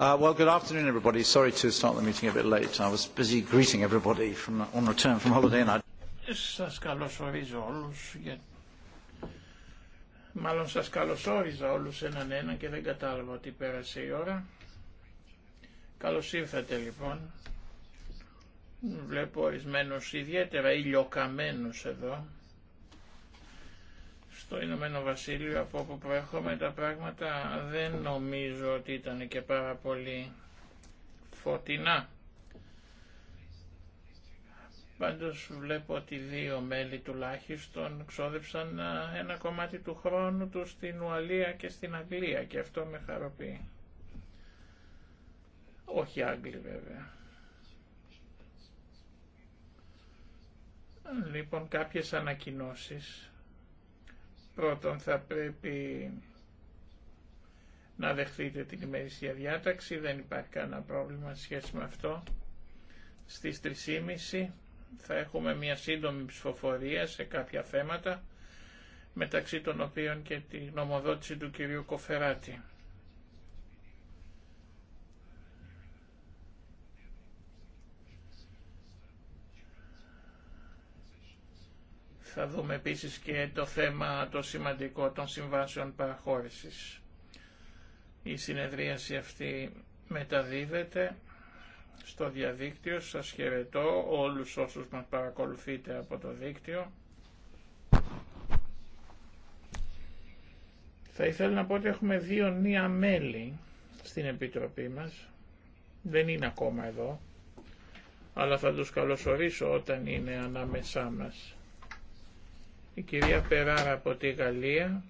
Uh, well, good afternoon, everybody. Sorry to start the meeting a bit late. I was busy greeting everybody from on return from holiday and I... Σας καλωσορίζω όλους. Για... Μάλλον σας καλωσόριζα όλους έναν ένα και δεν κατάλαβα ότι πέρασε η ώρα. Καλώς ήρθατε λοιπόν. Βλέπω ορισμένους ιδιαίτερα ηλιοκαμένους εδώ στο Ηνωμένο Βασίλειο από όπου προέρχομαι τα πράγματα δεν νομίζω ότι ήταν και πάρα πολύ φωτεινά. Πάντως βλέπω ότι δύο μέλη τουλάχιστον ξόδεψαν ένα κομμάτι του χρόνου του στην Ουαλία και στην Αγγλία και αυτό με χαροποιεί. Όχι Άγγλοι βέβαια. Λοιπόν κάποιες ανακοινώσεις. Πρώτον θα πρέπει να δεχτείτε την ημερησία διάταξη, δεν υπάρχει κανένα πρόβλημα σχέση με αυτό. Στις 3.30 θα έχουμε μια σύντομη ψηφοφορία σε κάποια θέματα, μεταξύ των οποίων και τη νομοδότηση του κυρίου Κοφεράτη. Θα δούμε επίσης και το θέμα το σημαντικό των συμβάσεων παραχώρησης. Η συνεδρίαση αυτή μεταδίδεται στο διαδίκτυο. Σας χαιρετώ όλους όσους μας παρακολουθείτε από το δίκτυο. Θα ήθελα να πω ότι έχουμε δύο νέα μέλη στην Επιτροπή μας. Δεν είναι ακόμα εδώ, αλλά θα τους καλωσορίσω όταν είναι ανάμεσά μας η κυρία Περάρα από τη Γαλλία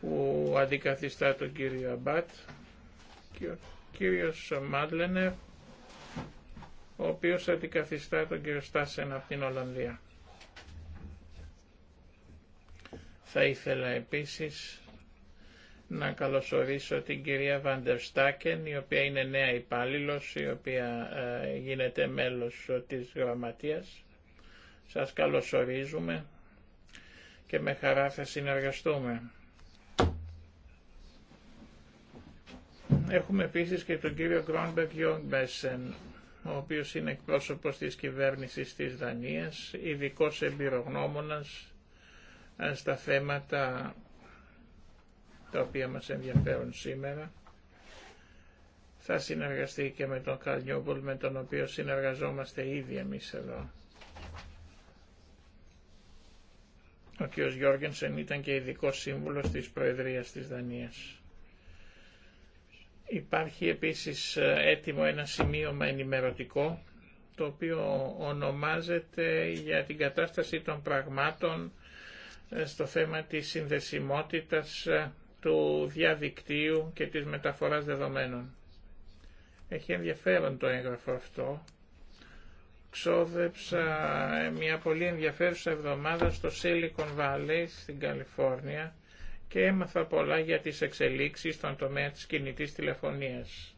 που αντικαθιστά τον κύριο Αμπάτ και ο κύριος Μάντλενερ ο οποίος αντικαθιστά τον κύριο Στάσεν από την Ολλανδία. Θα ήθελα επίσης να καλωσορίσω την κυρία Βαντερστάκεν, η οποία είναι νέα υπάλληλος, η οποία ε, γίνεται μέλος της γραμματείας σας καλωσορίζουμε και με χαρά θα συνεργαστούμε. Έχουμε επίσης και τον κύριο Γκρόνμπερ Μέσεν, ο οποίος είναι εκπρόσωπος της κυβέρνησης της Δανίας, ειδικό εμπειρογνώμονας ε, στα θέματα τα οποία μας ενδιαφέρουν σήμερα. Θα συνεργαστεί και με τον Καλνιόμπολ, με τον οποίο συνεργαζόμαστε ήδη εμείς εδώ. Ο κ. Γιώργενσεν ήταν και ειδικό σύμβουλος της Προεδρίας της Δανίας. Υπάρχει επίσης ε, έτοιμο ένα σημείωμα ενημερωτικό, το οποίο ονομάζεται για την κατάσταση των πραγμάτων ε, στο θέμα της συνδεσιμότητας ε, του διαδικτύου και της μεταφοράς δεδομένων. Έχει ενδιαφέρον το έγγραφο αυτό, ξόδεψα μια πολύ ενδιαφέρουσα εβδομάδα στο Silicon Valley στην Καλιφόρνια και έμαθα πολλά για τις εξελίξεις στον τομέα της κινητής τηλεφωνίας.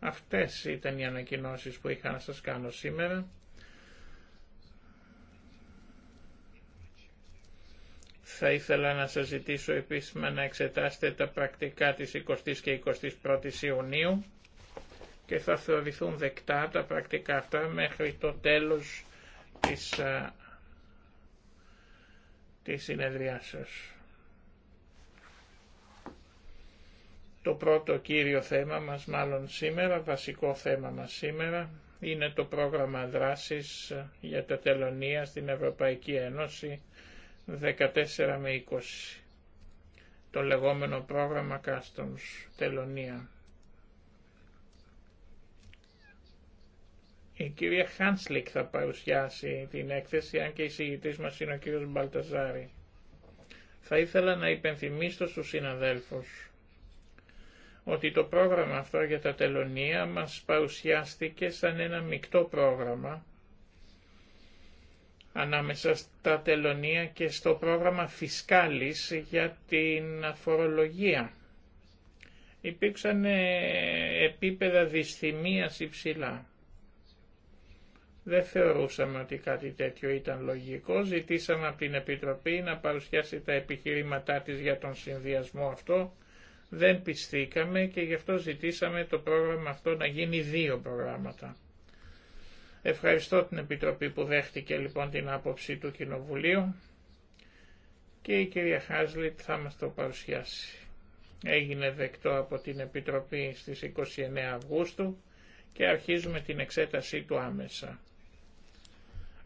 Αυτές ήταν οι ανακοινώσεις που είχα να σας κάνω σήμερα. Θα ήθελα να σας ζητήσω επίσημα να εξετάσετε τα πρακτικά της 20 και 21ης Ιουνίου και θα θεωρηθούν δεκτά τα πρακτικά αυτά μέχρι το τέλος της, της συνεδριάσεως. Το πρώτο κύριο θέμα μας μάλλον σήμερα, βασικό θέμα μας σήμερα, είναι το πρόγραμμα δράσης για τα τελωνία στην Ευρωπαϊκή Ένωση 14 με 20. Το λεγόμενο πρόγραμμα Customs, τελωνία. Η κυρία Χάνσλικ θα παρουσιάσει την έκθεση, αν και η συγητής μας είναι ο κύριος Μπαλταζάρη. Θα ήθελα να υπενθυμίσω στους συναδέλφους ότι το πρόγραμμα αυτό για τα τελωνία μας παρουσιάστηκε σαν ένα μεικτό πρόγραμμα ανάμεσα στα τελωνία και στο πρόγραμμα φυσκάλης για την φορολογία. Υπήρξαν επίπεδα δυσθυμίας υψηλά. Δεν θεωρούσαμε ότι κάτι τέτοιο ήταν λογικό. Ζητήσαμε από την Επιτροπή να παρουσιάσει τα επιχειρήματά της για τον συνδυασμό αυτό. Δεν πιστήκαμε και γι' αυτό ζητήσαμε το πρόγραμμα αυτό να γίνει δύο προγράμματα. Ευχαριστώ την Επιτροπή που δέχτηκε λοιπόν την άποψη του Κοινοβουλίου και η κυρία Χάσλιτ θα μας το παρουσιάσει. Έγινε δεκτό από την Επιτροπή στις 29 Αυγούστου και αρχίζουμε την εξέτασή του άμεσα.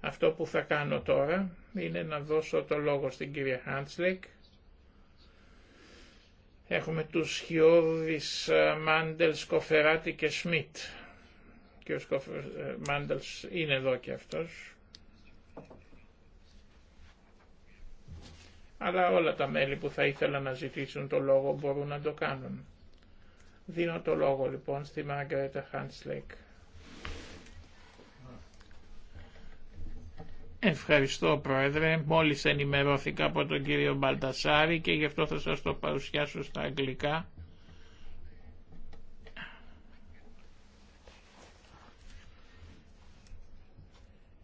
Αυτό που θα κάνω τώρα είναι να δώσω το λόγο στην κυρία Χάντσλεκ. Έχουμε τους Χιώδης ε, Μάντελ, Σκοφεράτη και Σμιτ. Και ο ε, Μάντελ είναι εδώ και αυτός. Αλλά όλα τα μέλη που θα ήθελα να ζητήσουν το λόγο μπορούν να το κάνουν. Δίνω το λόγο λοιπόν στη Μαγκρέτα Χάντσλεκ. Ευχαριστώ Πρόεδρε. Μόλις ενημερώθηκα από τον κύριο Μπαλτασάρη και γι' αυτό θα σας το παρουσιάσω στα αγγλικά.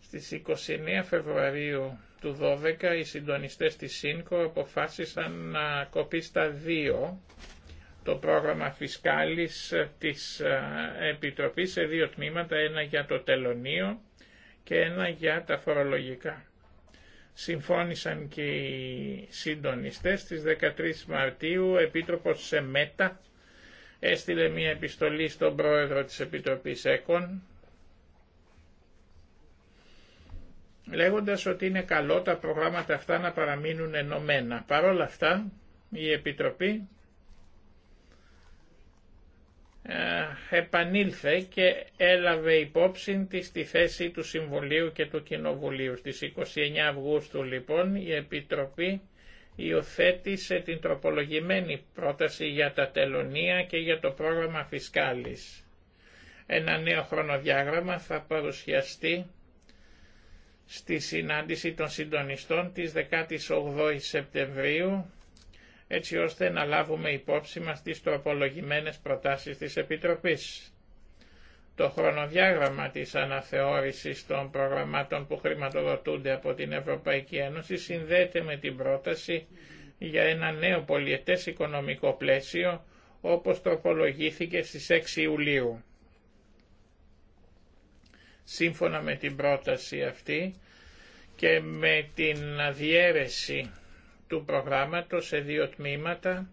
Στις 29 Φεβρουαρίου του 12 οι συντονιστές της ΣΥΝΚΟ αποφάσισαν να κοπεί στα δύο το πρόγραμμα φυσκάλης της ε, Επιτροπής σε δύο τμήματα, ένα για το τελωνίο και ένα για τα φορολογικά. Συμφώνησαν και οι συντονιστές στις 13 Μαρτίου, ο Επίτροπος Σεμέτα έστειλε μια επιστολή στον πρόεδρο της Επιτροπής ΕΚΟΝ, λέγοντας ότι είναι καλό τα προγράμματα αυτά να παραμείνουν ενωμένα. Παρ' όλα αυτά, η Επιτροπή ε, επανήλθε και έλαβε υπόψη της τη θέση του Συμβουλίου και του Κοινοβουλίου. Στις 29 Αυγούστου λοιπόν η Επιτροπή υιοθέτησε την τροπολογημένη πρόταση για τα τελωνία και για το πρόγραμμα φυσκάλης. Ένα νέο χρονοδιάγραμμα θα παρουσιαστεί στη συνάντηση των συντονιστών της 18 Σεπτεμβρίου έτσι ώστε να λάβουμε υπόψη μας τις τροπολογημένες προτάσεις της Επιτροπής. Το χρονοδιάγραμμα της αναθεώρησης των προγραμμάτων που χρηματοδοτούνται από την Ευρωπαϊκή Ένωση συνδέεται με την πρόταση για ένα νέο πολιετές οικονομικό πλαίσιο, όπως τροπολογήθηκε στις 6 Ιουλίου. Σύμφωνα με την πρόταση αυτή και με την διαίρεση του προγράμματος σε δύο τμήματα.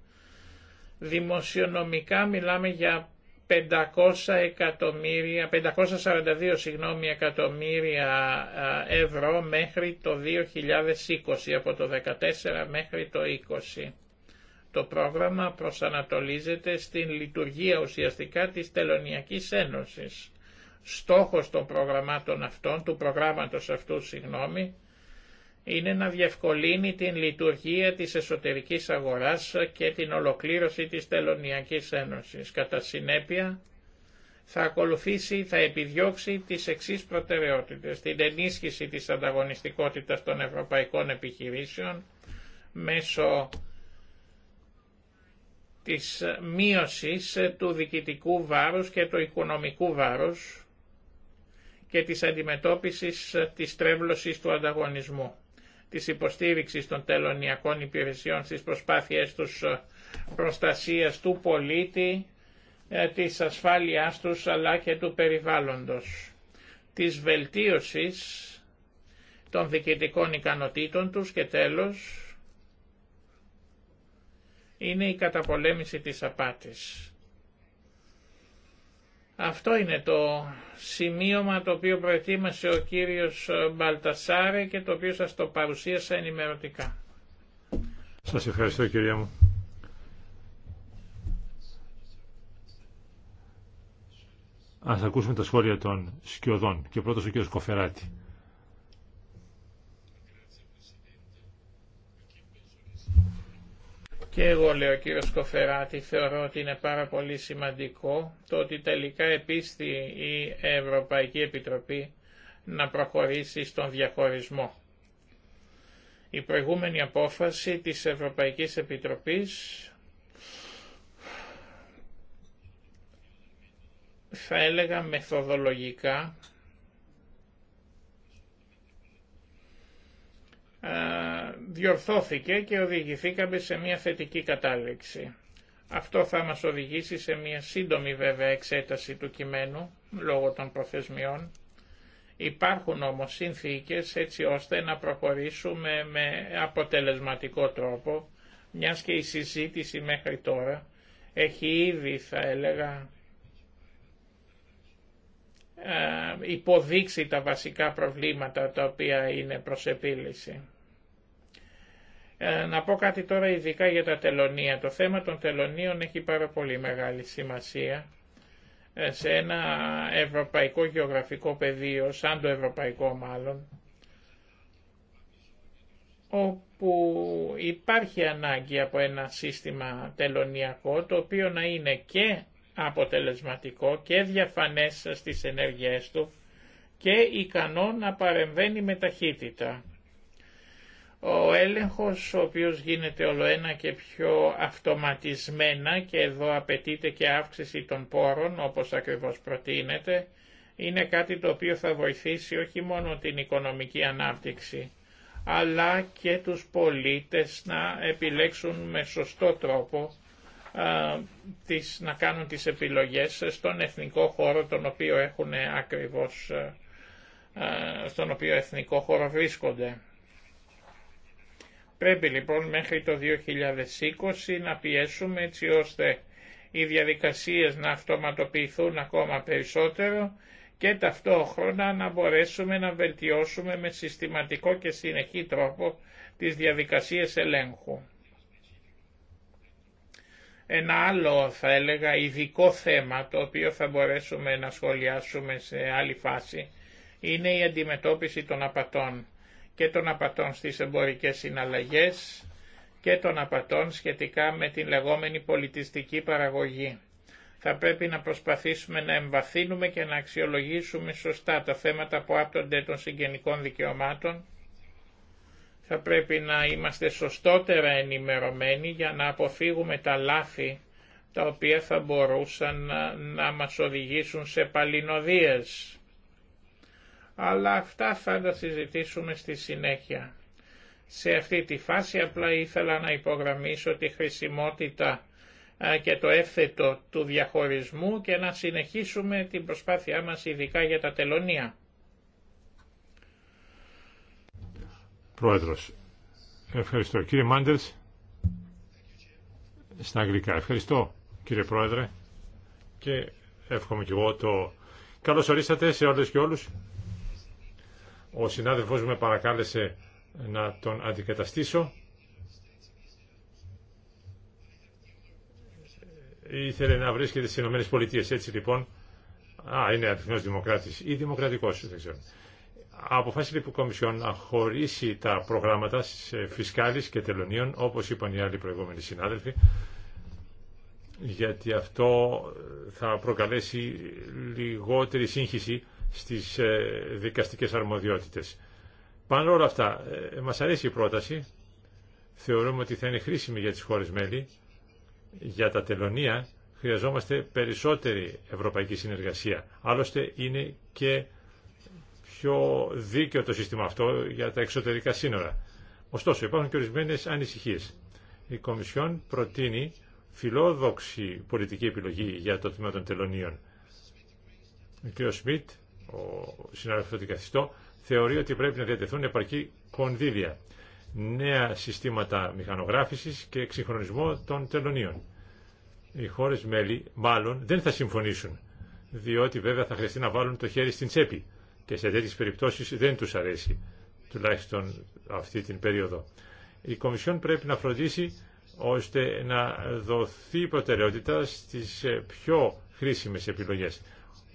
Δημοσιονομικά μιλάμε για 500 εκατομμύρια, 542 εκατομμύρια ευρώ μέχρι το 2020, από το 14 μέχρι το 20. Το πρόγραμμα προσανατολίζεται στην λειτουργία ουσιαστικά της Τελωνιακής Ένωσης. Στόχος των προγραμμάτων αυτών, του προγράμματος αυτού, συγγνώμη, είναι να διευκολύνει την λειτουργία της εσωτερικής αγοράς και την ολοκλήρωση της Τελωνιακής Ένωσης. Κατά συνέπεια, θα ακολουθήσει, θα επιδιώξει τις εξής προτεραιότητες, την ενίσχυση της ανταγωνιστικότητας των ευρωπαϊκών επιχειρήσεων μέσω της μείωσης του διοικητικού βάρους και του οικονομικού βάρους και της αντιμετώπισης της τρέβλωσης του ανταγωνισμού της υποστήριξης των τελωνιακών υπηρεσιών στις προσπάθειες τους ε, προστασίας του πολίτη, ε, της ασφάλειάς τους αλλά και του περιβάλλοντος, της βελτίωσης των διοικητικών ικανοτήτων τους και τέλος είναι η καταπολέμηση της απάτης. Αυτό είναι το σημείωμα το οποίο προετοίμασε ο κύριος Μπαλτασάρε και το οποίο σας το παρουσίασα ενημερωτικά. Σας ευχαριστώ κυρία μου. Ας ακούσουμε τα σχόλια των σκιωδών και πρώτος ο κύριος Κοφεράτη. Και εγώ λέω κύριο Σκοφεράτη, θεωρώ ότι είναι πάρα πολύ σημαντικό το ότι τελικά επίστη η Ευρωπαϊκή Επιτροπή να προχωρήσει στον διαχωρισμό. Η προηγούμενη απόφαση της Ευρωπαϊκής Επιτροπής θα έλεγα μεθοδολογικά διορθώθηκε και οδηγηθήκαμε σε μια θετική κατάληξη. Αυτό θα μας οδηγήσει σε μια σύντομη βέβαια εξέταση του κειμένου λόγω των προθεσμιών. Υπάρχουν όμως συνθήκες έτσι ώστε να προχωρήσουμε με αποτελεσματικό τρόπο, μιας και η συζήτηση μέχρι τώρα έχει ήδη θα έλεγα ε, υποδείξει τα βασικά προβλήματα τα οποία είναι προς επίλυση. Ε, να πω κάτι τώρα ειδικά για τα τελωνία. Το θέμα των τελωνίων έχει πάρα πολύ μεγάλη σημασία ε, σε ένα ευρωπαϊκό γεωγραφικό πεδίο, σαν το ευρωπαϊκό μάλλον, όπου υπάρχει ανάγκη από ένα σύστημα τελωνιακό το οποίο να είναι και αποτελεσματικό και διαφανές στις ενέργειές του και ικανό να παρεμβαίνει με ταχύτητα. Ο έλεγχος ο οποίος γίνεται όλο ένα και πιο αυτοματισμένα και εδώ απαιτείται και αύξηση των πόρων όπως ακριβώς προτείνεται είναι κάτι το οποίο θα βοηθήσει όχι μόνο την οικονομική ανάπτυξη αλλά και τους πολίτες να επιλέξουν με σωστό τρόπο τις, να κάνουν τις επιλογές στον εθνικό χώρο τον οποίο έχουν ακριβώς στον οποίο εθνικό χώρο βρίσκονται. Πρέπει λοιπόν μέχρι το 2020 να πιέσουμε έτσι ώστε οι διαδικασίες να αυτοματοποιηθούν ακόμα περισσότερο και ταυτόχρονα να μπορέσουμε να βελτιώσουμε με συστηματικό και συνεχή τρόπο τις διαδικασίες ελέγχου. Ένα άλλο θα έλεγα ειδικό θέμα το οποίο θα μπορέσουμε να σχολιάσουμε σε άλλη φάση είναι η αντιμετώπιση των απατών και των απατών στις εμπορικές συναλλαγές και των απατών σχετικά με την λεγόμενη πολιτιστική παραγωγή. Θα πρέπει να προσπαθήσουμε να εμβαθύνουμε και να αξιολογήσουμε σωστά τα θέματα που άπτονται των συγγενικών δικαιωμάτων. Θα πρέπει να είμαστε σωστότερα ενημερωμένοι για να αποφύγουμε τα λάθη τα οποία θα μπορούσαν να, να μας οδηγήσουν σε παλινοδίες αλλά αυτά θα τα συζητήσουμε στη συνέχεια. Σε αυτή τη φάση απλά ήθελα να υπογραμμίσω τη χρησιμότητα και το έφθετο του διαχωρισμού και να συνεχίσουμε την προσπάθειά μας ειδικά για τα τελωνία. Πρόεδρος, ευχαριστώ. Κύριε Μάντερς, στα αγγλικά. Ευχαριστώ κύριε Πρόεδρε και εύχομαι και εγώ το... Καλώς ορίσατε σε όλες και όλους. Ο συνάδελφός μου με παρακάλεσε να τον αντικαταστήσω. Ήθελε να βρίσκεται στι Ηνωμένε Πολιτείες. Έτσι λοιπόν, α, είναι αριθμός δημοκράτης ή δημοκρατικό, δεν δημοκρατικό, αποφάσισα λοιπόν η Κομισιόν να χωρίσει τα προγράμματα σε φυσκάλης και τελωνίων, όπως είπαν οι άλλοι προηγούμενοι συνάδελφοι, γιατί αυτό θα προκαλέσει λιγότερη σύγχυση στις ε, δικαστικές αρμοδιότητες. Πάνω όλα αυτά, ε, μας αρέσει η πρόταση. Θεωρούμε ότι θα είναι χρήσιμη για τις χώρες μέλη. Για τα τελωνία χρειαζόμαστε περισσότερη ευρωπαϊκή συνεργασία. Άλλωστε είναι και πιο δίκαιο το σύστημα αυτό για τα εξωτερικά σύνορα. Ωστόσο, υπάρχουν και ορισμένε ανησυχίε. Η Κομισιόν προτείνει φιλόδοξη πολιτική επιλογή για το τμήμα των τελωνίων. Ο κ. Σμιτ ο συνάδελφος δικαστητό, θεωρεί ότι πρέπει να διατεθούν επαρκή κονδύλια, νέα συστήματα μηχανογράφησης και εξυγχρονισμό των τελωνίων. Οι χώρες μέλη μάλλον δεν θα συμφωνήσουν, διότι βέβαια θα χρειαστεί να βάλουν το χέρι στην τσέπη και σε τέτοιες περιπτώσεις δεν τους αρέσει, τουλάχιστον αυτή την περίοδο. Η Κομισιόν πρέπει να φροντίσει ώστε να δοθεί προτεραιότητα στις πιο χρήσιμες επιλογές.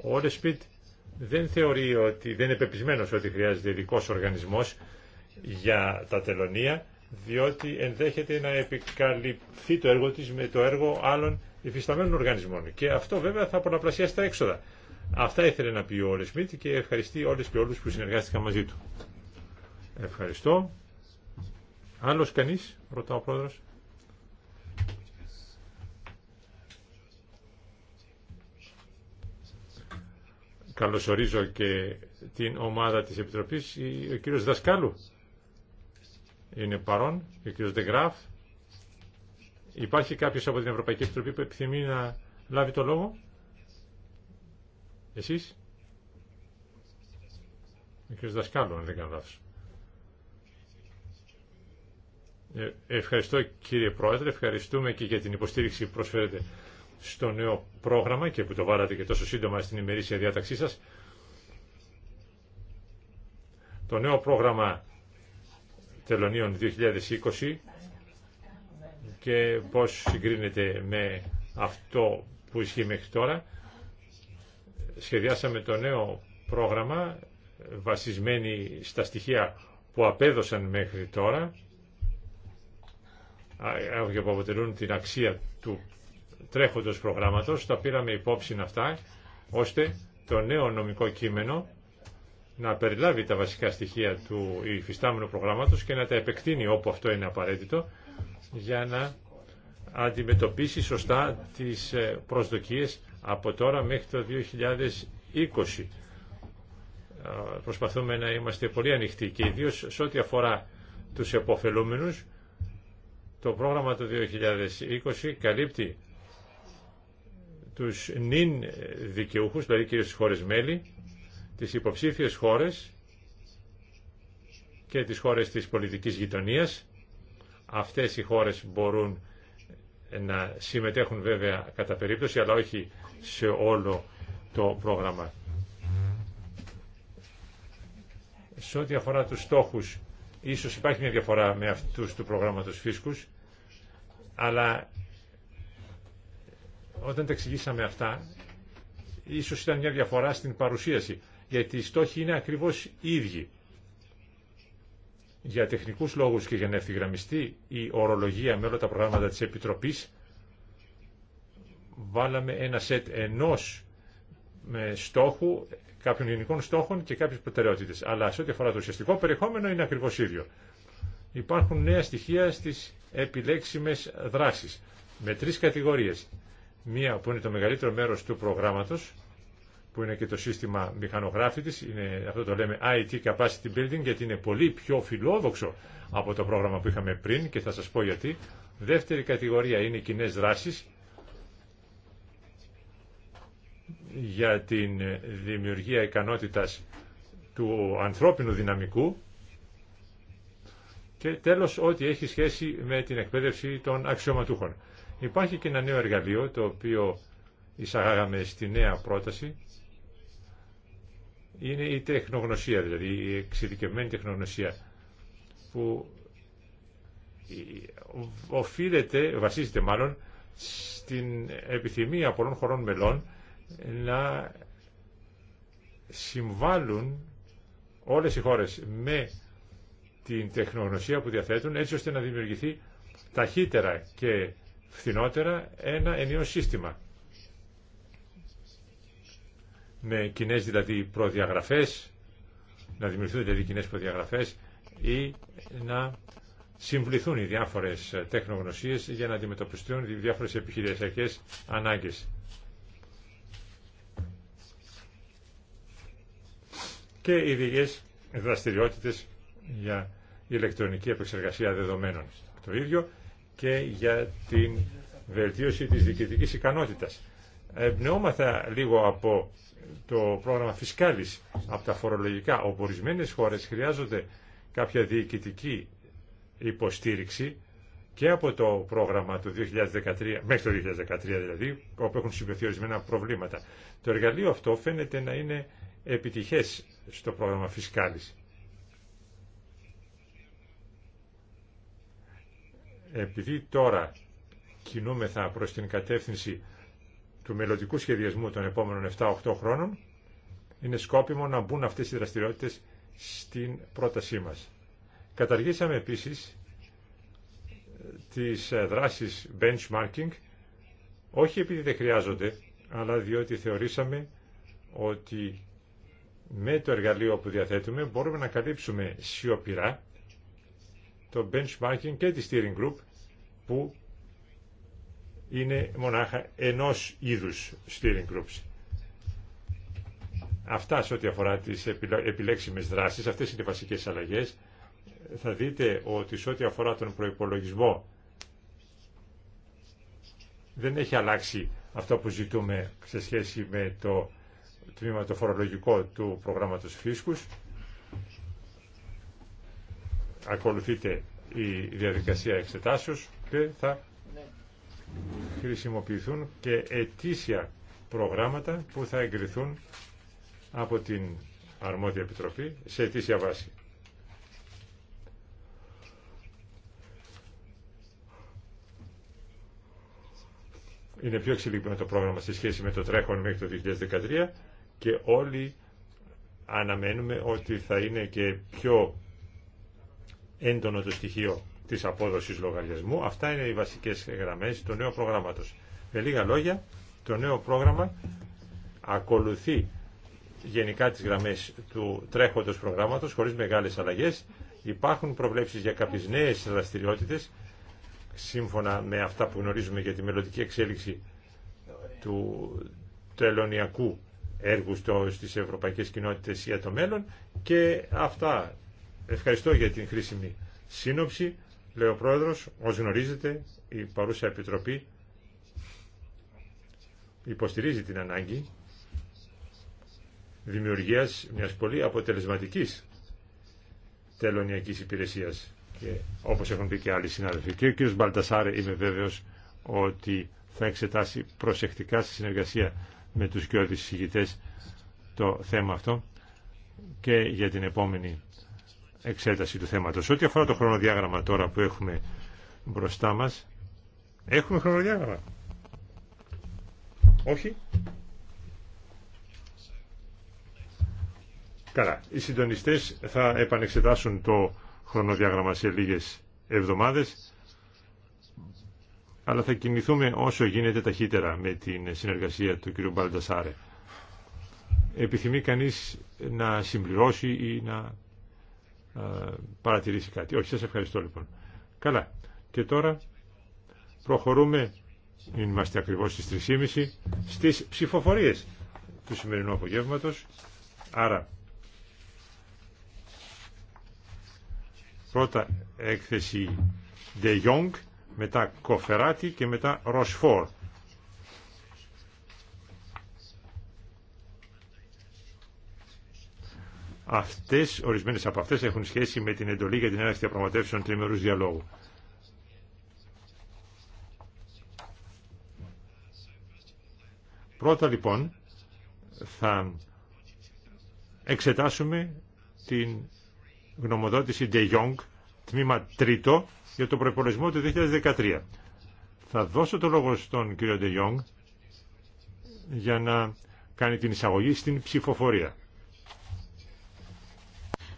Ο δεν θεωρεί ότι, δεν είναι πεπισμένος ότι χρειάζεται ειδικό οργανισμός για τα τελωνία, διότι ενδέχεται να επικαλυφθεί το έργο της με το έργο άλλων υφισταμένων οργανισμών. Και αυτό βέβαια θα πολλαπλασιάσει τα έξοδα. Αυτά ήθελε να πει ο Όλε Σμιτ και ευχαριστεί όλες και όλου που συνεργάστηκαν μαζί του. Ευχαριστώ. Άλλο κανεί, ρωτά ο πρόεδρος. Καλωσορίζω και την ομάδα της Επιτροπής, ο κύριος Δασκάλου. Είναι παρόν, ο κύριος Ντεγράφ. Υπάρχει κάποιος από την Ευρωπαϊκή Επιτροπή που επιθυμεί να λάβει το λόγο. Εσείς. Ο κύριος Δασκάλου, αν δεν κάνω λάθος. Ε, ευχαριστώ κύριε Πρόεδρε, ευχαριστούμε και για την υποστήριξη που προσφέρετε στο νέο πρόγραμμα και που το βάλατε και τόσο σύντομα στην ημερήσια διάταξή σας. Το νέο πρόγραμμα Τελωνίων 2020 και πώς συγκρίνεται με αυτό που ισχύει μέχρι τώρα. Σχεδιάσαμε το νέο πρόγραμμα βασισμένοι στα στοιχεία που απέδωσαν μέχρι τώρα και που αποτελούν την αξία του τρέχοντος προγράμματος, τα πήραμε υπόψη αυτά, ώστε το νέο νομικό κείμενο να περιλάβει τα βασικά στοιχεία του υφιστάμενου προγράμματος και να τα επεκτείνει όπου αυτό είναι απαραίτητο για να αντιμετωπίσει σωστά τις ε, προσδοκίες από τώρα μέχρι το 2020. Προσπαθούμε να είμαστε πολύ ανοιχτοί και ιδίω σε ό,τι αφορά τους εποφελούμενους το πρόγραμμα του 2020 καλύπτει τους νυν δικαιούχους, δηλαδή κυρίως τις χώρες μέλη, τις υποψήφιες χώρες και τις χώρες της πολιτικής γειτονίας. Αυτές οι χώρες μπορούν να συμμετέχουν βέβαια κατά περίπτωση, αλλά όχι σε όλο το πρόγραμμα. Σε ό,τι αφορά τους στόχους, ίσως υπάρχει μια διαφορά με αυτούς του προγράμματος φίσκους, αλλά όταν τα εξηγήσαμε αυτά, ίσως ήταν μια διαφορά στην παρουσίαση, γιατί οι στόχοι είναι ακριβώς ίδιοι. Για τεχνικούς λόγους και για να ευθυγραμμιστεί η ορολογία με όλα τα προγράμματα της Επιτροπής, βάλαμε ένα σετ ενός με στόχου, κάποιων γενικών στόχων και κάποιες προτεραιότητε. Αλλά σε ό,τι αφορά το ουσιαστικό περιεχόμενο είναι ακριβώς ίδιο. Υπάρχουν νέα στοιχεία στις επιλέξιμε δράσεις με τρεις κατηγορίες μία που είναι το μεγαλύτερο μέρος του προγράμματος, που είναι και το σύστημα μηχανογράφητης, είναι, αυτό το λέμε IT Capacity Building, γιατί είναι πολύ πιο φιλόδοξο από το πρόγραμμα που είχαμε πριν και θα σας πω γιατί. Δεύτερη κατηγορία είναι οι κοινέ δράσεις για την δημιουργία ικανότητας του ανθρώπινου δυναμικού και τέλος ό,τι έχει σχέση με την εκπαίδευση των αξιωματούχων. Υπάρχει και ένα νέο εργαλείο το οποίο εισαγάγαμε στη νέα πρόταση. Είναι η τεχνογνωσία, δηλαδή η εξειδικευμένη τεχνογνωσία που οφείλεται, βασίζεται μάλλον, στην επιθυμία πολλών χωρών μελών να συμβάλλουν όλες οι χώρες με την τεχνογνωσία που διαθέτουν έτσι ώστε να δημιουργηθεί ταχύτερα και φθηνότερα ένα ενίο σύστημα. Με κοινέ δηλαδή προδιαγραφές, να δημιουργηθούν δηλαδή κοινέ προδιαγραφές ή να συμβληθούν οι διάφορε τεχνογνωσίες για να αντιμετωπιστούν οι διάφορε επιχειρησιακές ανάγκες. και ειδικέ δραστηριότητες για ηλεκτρονική επεξεργασία δεδομένων. Το ίδιο και για την βελτίωση της διοικητικής ικανότητας. Εμπνεώμαθα λίγο από το πρόγραμμα Φισκάλης, από τα φορολογικά. Ορισμένε χώρες χρειάζονται κάποια διοικητική υποστήριξη και από το πρόγραμμα του 2013, μέχρι το 2013 δηλαδή, όπου έχουν συμπεθεί ορισμένα προβλήματα. Το εργαλείο αυτό φαίνεται να είναι επιτυχές στο πρόγραμμα Φισκάλης. Επειδή τώρα κινούμεθα προς την κατεύθυνση του μελλοντικού σχεδιασμού των επόμενων 7-8 χρόνων, είναι σκόπιμο να μπουν αυτές οι δραστηριότητες στην πρότασή μας. Καταργήσαμε επίσης ε, τις ε, δράσεις benchmarking, όχι επειδή δεν χρειάζονται, αλλά διότι θεωρήσαμε ότι με το εργαλείο που διαθέτουμε μπορούμε να καλύψουμε σιωπηρά το benchmarking και τη steering group που είναι μονάχα ενός είδους steering groups. Αυτά σε ό,τι αφορά τις επιλέξιμες δράσεις, αυτές είναι οι βασικές αλλαγές. Θα δείτε ότι σε ό,τι αφορά τον προϋπολογισμό δεν έχει αλλάξει αυτό που ζητούμε σε σχέση με το τμήμα το φορολογικό του προγράμματος φίσκους. Ακολουθείτε η διαδικασία εξετάσεως και θα χρησιμοποιηθούν και ετήσια προγράμματα που θα εγκριθούν από την Αρμόδια Επιτροπή σε ετήσια βάση. Είναι πιο εξελιγμένο το πρόγραμμα σε σχέση με το τρέχον μέχρι το 2013 και όλοι αναμένουμε ότι θα είναι και πιο έντονο το στοιχείο της απόδοσης λογαριασμού. Αυτά είναι οι βασικές γραμμές του νέου προγράμματος. Με λίγα λόγια, το νέο πρόγραμμα ακολουθεί γενικά τις γραμμές του τρέχοντος προγράμματος χωρίς μεγάλες αλλαγές. Υπάρχουν προβλέψεις για κάποιες νέες δραστηριότητες σύμφωνα με αυτά που γνωρίζουμε για τη μελλοντική εξέλιξη του τελωνιακού έργου στο, στις ευρωπαϊκές κοινότητες για το μέλλον και αυτά. Ευχαριστώ για την χρήσιμη σύνοψη λέει ο Πρόεδρος, ως γνωρίζετε η παρούσα Επιτροπή υποστηρίζει την ανάγκη δημιουργίας μιας πολύ αποτελεσματικής τελωνιακής υπηρεσίας και όπως έχουν πει και άλλοι συνάδελφοι. Και ο κ. Μπαλτασάρε είμαι βέβαιος ότι θα εξετάσει προσεκτικά στη συνεργασία με τους και συγιτές το θέμα αυτό και για την επόμενη εξέταση του θέματος. Ό,τι αφορά το χρονοδιάγραμμα τώρα που έχουμε μπροστά μας, έχουμε χρονοδιάγραμμα. Όχι. Καλά. Οι συντονιστές θα επανεξετάσουν το χρονοδιάγραμμα σε λίγες εβδομάδες, αλλά θα κινηθούμε όσο γίνεται ταχύτερα με την συνεργασία του κ. Μπαλτασάρε. Επιθυμεί κανείς να συμπληρώσει ή να ε, παρατηρήσει κάτι. Όχι, σας ευχαριστώ λοιπόν. Καλά. Και τώρα προχωρούμε, είμαστε ακριβώς στις 3.30, στις ψηφοφορίες του σημερινού απογεύματος. Άρα, πρώτα έκθεση De Jong, μετά Κοφεράτη και μετά Ροσφόρ. Αυτέ, ορισμένες από αυτές έχουν σχέση με την εντολή για την έναρξη διαπραγματεύσεων τριμερού διαλόγου. Πρώτα λοιπόν θα εξετάσουμε την γνωμοδότηση De Jong, τμήμα τρίτο, για το προπολογισμό του 2013. Θα δώσω το λόγο στον κύριο De Jong για να κάνει την εισαγωγή στην ψηφοφορία.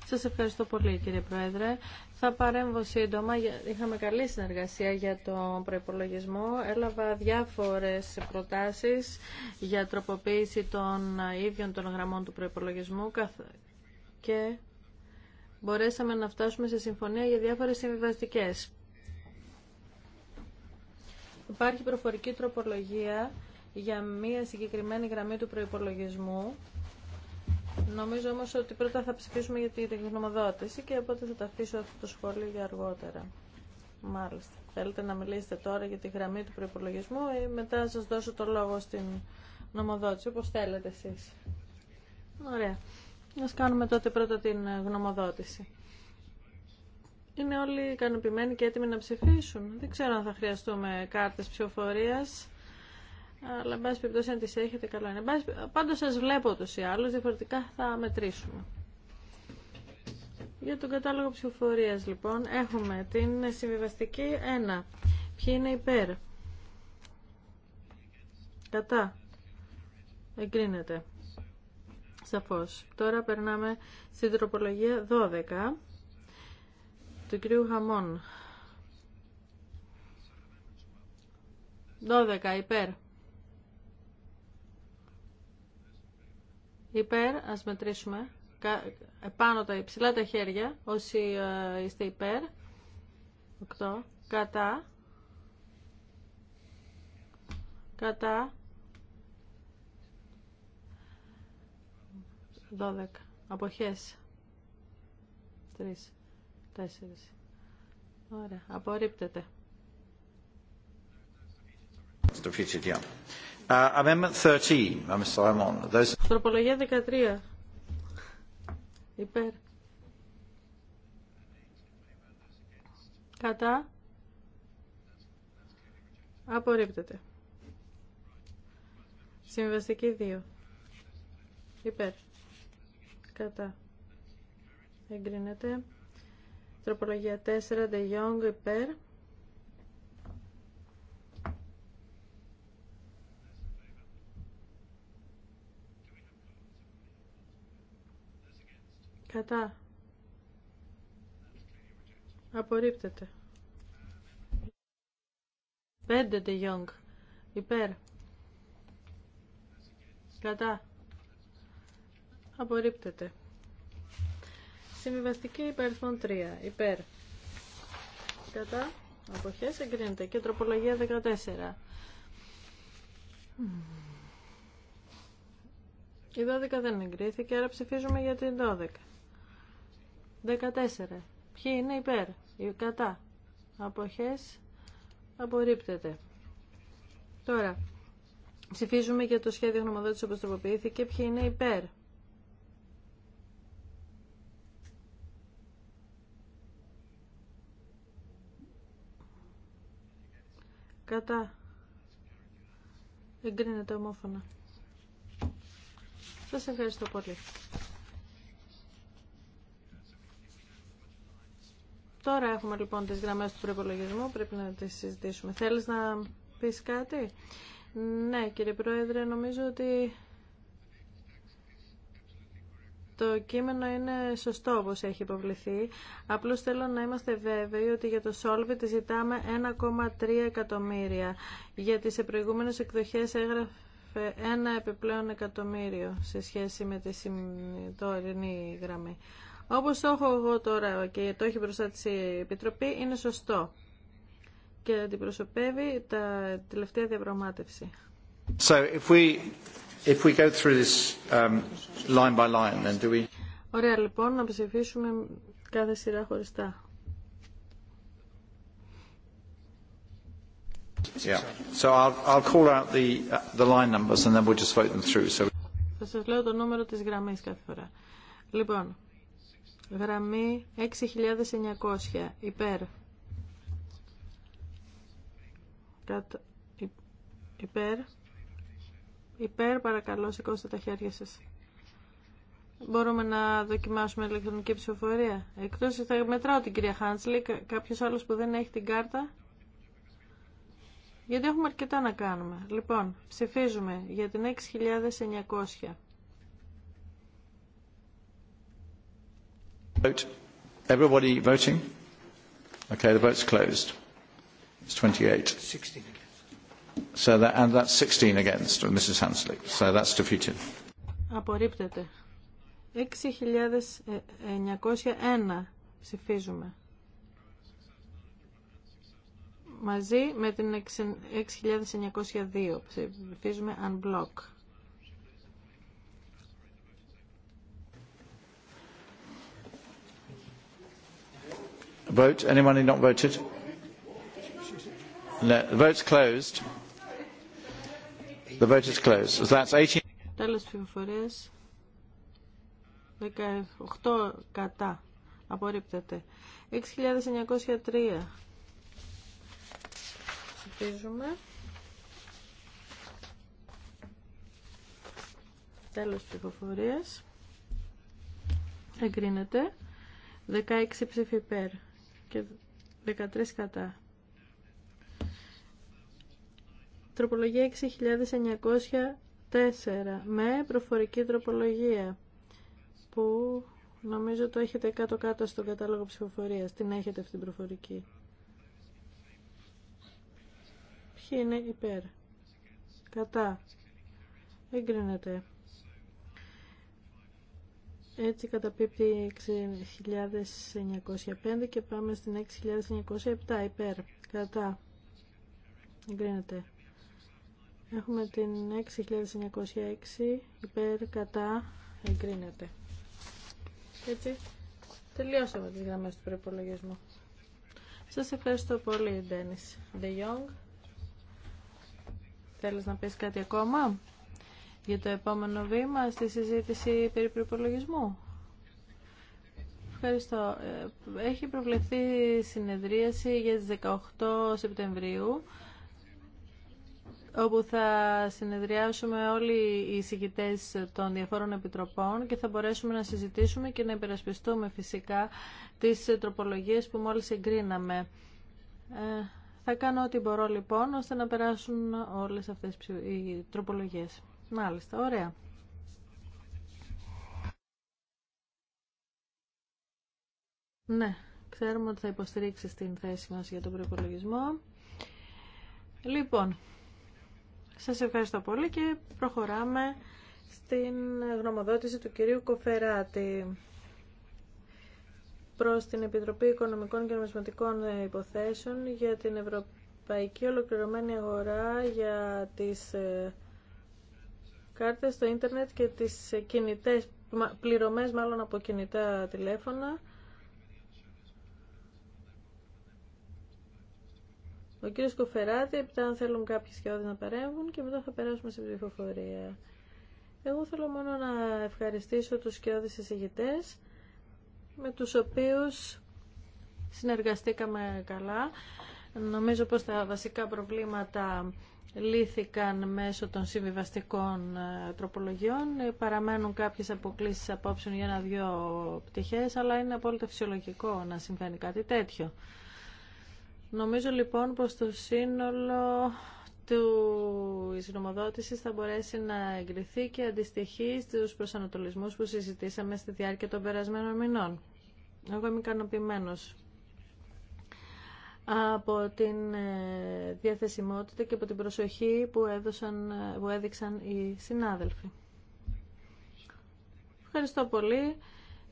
Σας ευχαριστώ πολύ κύριε Πρόεδρε. Θα παρέμβω σύντομα. Είχαμε καλή συνεργασία για τον προπολογισμό. Έλαβα διάφορες προτάσεις για τροποποίηση των ίδιων των γραμμών του προπολογισμού και μπορέσαμε να φτάσουμε σε συμφωνία για διάφορες συμβιβαστικέ. Υπάρχει προφορική τροπολογία για μία συγκεκριμένη γραμμή του προϋπολογισμού Νομίζω όμως ότι πρώτα θα ψηφίσουμε για την γνωμοδότηση και οπότε θα τα αφήσω αυτό το σχόλιο για αργότερα. Μάλιστα. Θέλετε να μιλήσετε τώρα για τη γραμμή του προπολογισμού ή μετά σας δώσω το λόγο στην γνωμοδότηση, όπως θέλετε εσείς. Ωραία. Ας κάνουμε τότε πρώτα την γνωμοδότηση. Είναι όλοι ικανοποιημένοι και έτοιμοι να ψηφίσουν. Δεν ξέρω αν θα χρειαστούμε κάρτες ψηφοφορίας. Αλλά, εν πάση περιπτώσει, αν τις έχετε, καλό είναι. Πάντως, σας βλέπω τους ή άλλους, διαφορετικά θα μετρήσουμε. Για τον κατάλογο ψηφοφορίας, λοιπόν, έχουμε την συμβιβαστική 1. Ποιοι είναι υπέρ. Κατά. Εγκρίνεται. Σαφώς. Τώρα περνάμε στην τροπολογία 12 του κυρίου Χαμών. 12 υπέρ. Υπέρ, ας μετρήσουμε. Πάνω τα υψηλά τα χέρια, όσοι ε, είστε υπέρ. 8. Κατά. Κατά. 12. Αποχές. 3. 4. Ωραία. Απορρίπτεται. Στο φίτσι, Uh, Amendment 13, Τροπολογία 13. Υπέρ. Κατά. Απορρίπτεται. Συμβαστική 2. Υπέρ. Κατά. Εγκρίνεται. Τροπολογία 4. De Jong. Υπέρ. Κατά. Απορρίπτεται. Πέντε de Jong. Υπέρ. Κατά. Απορρίπτεται. Συμβιβαστική υπαριθμών 3. Υπέρ. Κατά. Αποχές εγκρίνεται. Και τροπολογία 14. Η 12 δεν εγκρίθηκε, άρα ψηφίζουμε για την 12. 14. Ποιοι είναι υπέρ, ή κατά, αποχές, απορρίπτεται. Τώρα, ψηφίζουμε για το σχέδιο γνωμοδότηση όπως τροποποιήθηκε. Ποιοι είναι υπέρ. Κατά. Εγκρίνεται ομόφωνα. Σας ευχαριστώ πολύ. Τώρα έχουμε λοιπόν τις γραμμές του προπολογισμού, πρέπει να τις συζητήσουμε. Θέλεις να πεις κάτι? Ναι, κύριε Πρόεδρε, νομίζω ότι το κείμενο είναι σωστό όπως έχει υποβληθεί. Απλώς θέλω να είμαστε βέβαιοι ότι για το Solvit ζητάμε 1,3 εκατομμύρια. Γιατί σε προηγούμενες εκδοχές έγραφε ένα επιπλέον εκατομμύριο σε σχέση με τη τωρινή γραμμή. Όπω το έχω εγώ τώρα και το έχει μπροστά η Επιτροπή είναι σωστό και αντιπροσωπεύει τα τελευταία διαπραγμάτευση. So if we, if we go through this um, Ωραία λοιπόν να ψηφίσουμε κάθε σειρά χωριστά. Yeah. So I'll, Θα σας λέω το νούμερο της γραμμής κάθε φορά. Λοιπόν, Γραμμή 6900. Υπέρ. Υπέρ. Υπέρ, παρακαλώ, σηκώστε τα χέρια σας. Μπορούμε να δοκιμάσουμε ηλεκτρονική ψηφοφορία. Εκτός θα μετράω την κυρία Χάνσλι, κάποιος άλλος που δεν έχει την κάρτα. Γιατί έχουμε αρκετά να κάνουμε. Λοιπόν, ψηφίζουμε για την 6900. Vote. Everybody voting? Okay, the vote's closed. It's 28. 16 against. So that, and that's 16 against, Mrs. Hansley. So that's defeated. Απορρίπτεται. 6.901 ψηφίζουμε. Μαζί με την 6.902 ψηφίζουμε unblock. Vote. Anyone who not voted? No. The vote's closed. The vote is closed. So that's 18. Τέλος ψηφοφορίας. 18 κατά. Απορρίπτεται. 6.903. Ψηφίζουμε. Τέλος ψηφοφορίας. Εγκρίνεται. 16 ψήφι υπέρ και 13 κατά. Τροπολογία 6904 με προφορική τροπολογία που νομίζω το έχετε κάτω-κάτω στον κατάλογο ψηφοφορίας. Την έχετε αυτή την προφορική. Ποιοι είναι υπέρ. Κατά. Εγκρίνεται. Έτσι καταπίπτει 6.905 και πάμε στην 6.907 υπέρ. Κατά. Εγκρίνεται. Έχουμε την 6.906 υπέρ. Κατά. Εγκρίνεται. Έτσι. Τελειώσαμε τις γραμμές του προϋπολογισμού. Σας ευχαριστώ πολύ, Ντένις. Ντε Θέλεις να πεις κάτι ακόμα? για το επόμενο βήμα στη συζήτηση περί προπολογισμού. Ευχαριστώ. Ε, έχει προβλεφθεί συνεδρίαση για τις 18 Σεπτεμβρίου όπου θα συνεδριάσουμε όλοι οι συγκητές των διαφόρων επιτροπών και θα μπορέσουμε να συζητήσουμε και να υπερασπιστούμε φυσικά τις τροπολογίες που μόλις εγκρίναμε. Ε, θα κάνω ό,τι μπορώ λοιπόν ώστε να περάσουν όλες αυτές οι τροπολογίες. Μάλιστα, ωραία. Ναι, ξέρουμε ότι θα υποστηρίξει την θέση μας για τον προπολογισμό. Λοιπόν, σας ευχαριστώ πολύ και προχωράμε στην γνωμοδότηση του κυρίου Κοφεράτη προς την Επιτροπή Οικονομικών και Νομισματικών Υποθέσεων για την Ευρωπαϊκή Ολοκληρωμένη Αγορά για τις ε, κάρτες στο ίντερνετ και τις κινητές, πληρωμές μάλλον από κινητά τηλέφωνα. Ο κύριος Κοφεράτη, επειδή αν θέλουν κάποιοι σχεδόν να παρέμβουν και μετά θα περάσουμε σε ψηφοφορία. Εγώ θέλω μόνο να ευχαριστήσω τους σκιώδεις εισηγητές με τους οποίους συνεργαστήκαμε καλά. Νομίζω πως τα βασικά προβλήματα λύθηκαν μέσω των συμβιβαστικών ε, τροπολογιών. Παραμένουν κάποιες αποκλήσεις απόψεων για ένα-δυο πτυχές, αλλά είναι απόλυτα φυσιολογικό να συμβαίνει κάτι τέτοιο. Νομίζω λοιπόν πως το σύνολο του νομοδότηση θα μπορέσει να εγκριθεί και αντιστοιχεί στους προσανατολισμούς που συζητήσαμε στη διάρκεια των περασμένων μηνών. Εγώ είμαι ικανοποιημένο από την ε, διαθεσιμότητα και από την προσοχή που, έδωσαν, που έδειξαν οι συνάδελφοι. Ευχαριστώ πολύ.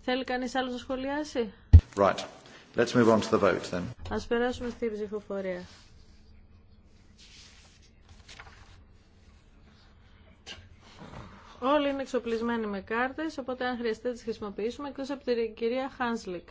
Θέλει κανείς άλλος να σχολιάσει? Right. Let's move on to the vote, then. Ας περάσουμε στη ψηφοφορία. Όλοι είναι εξοπλισμένοι με κάρτες, οπότε αν χρειαστεί να τις χρησιμοποιήσουμε, εκτός από την κυρία Χάνσλικ.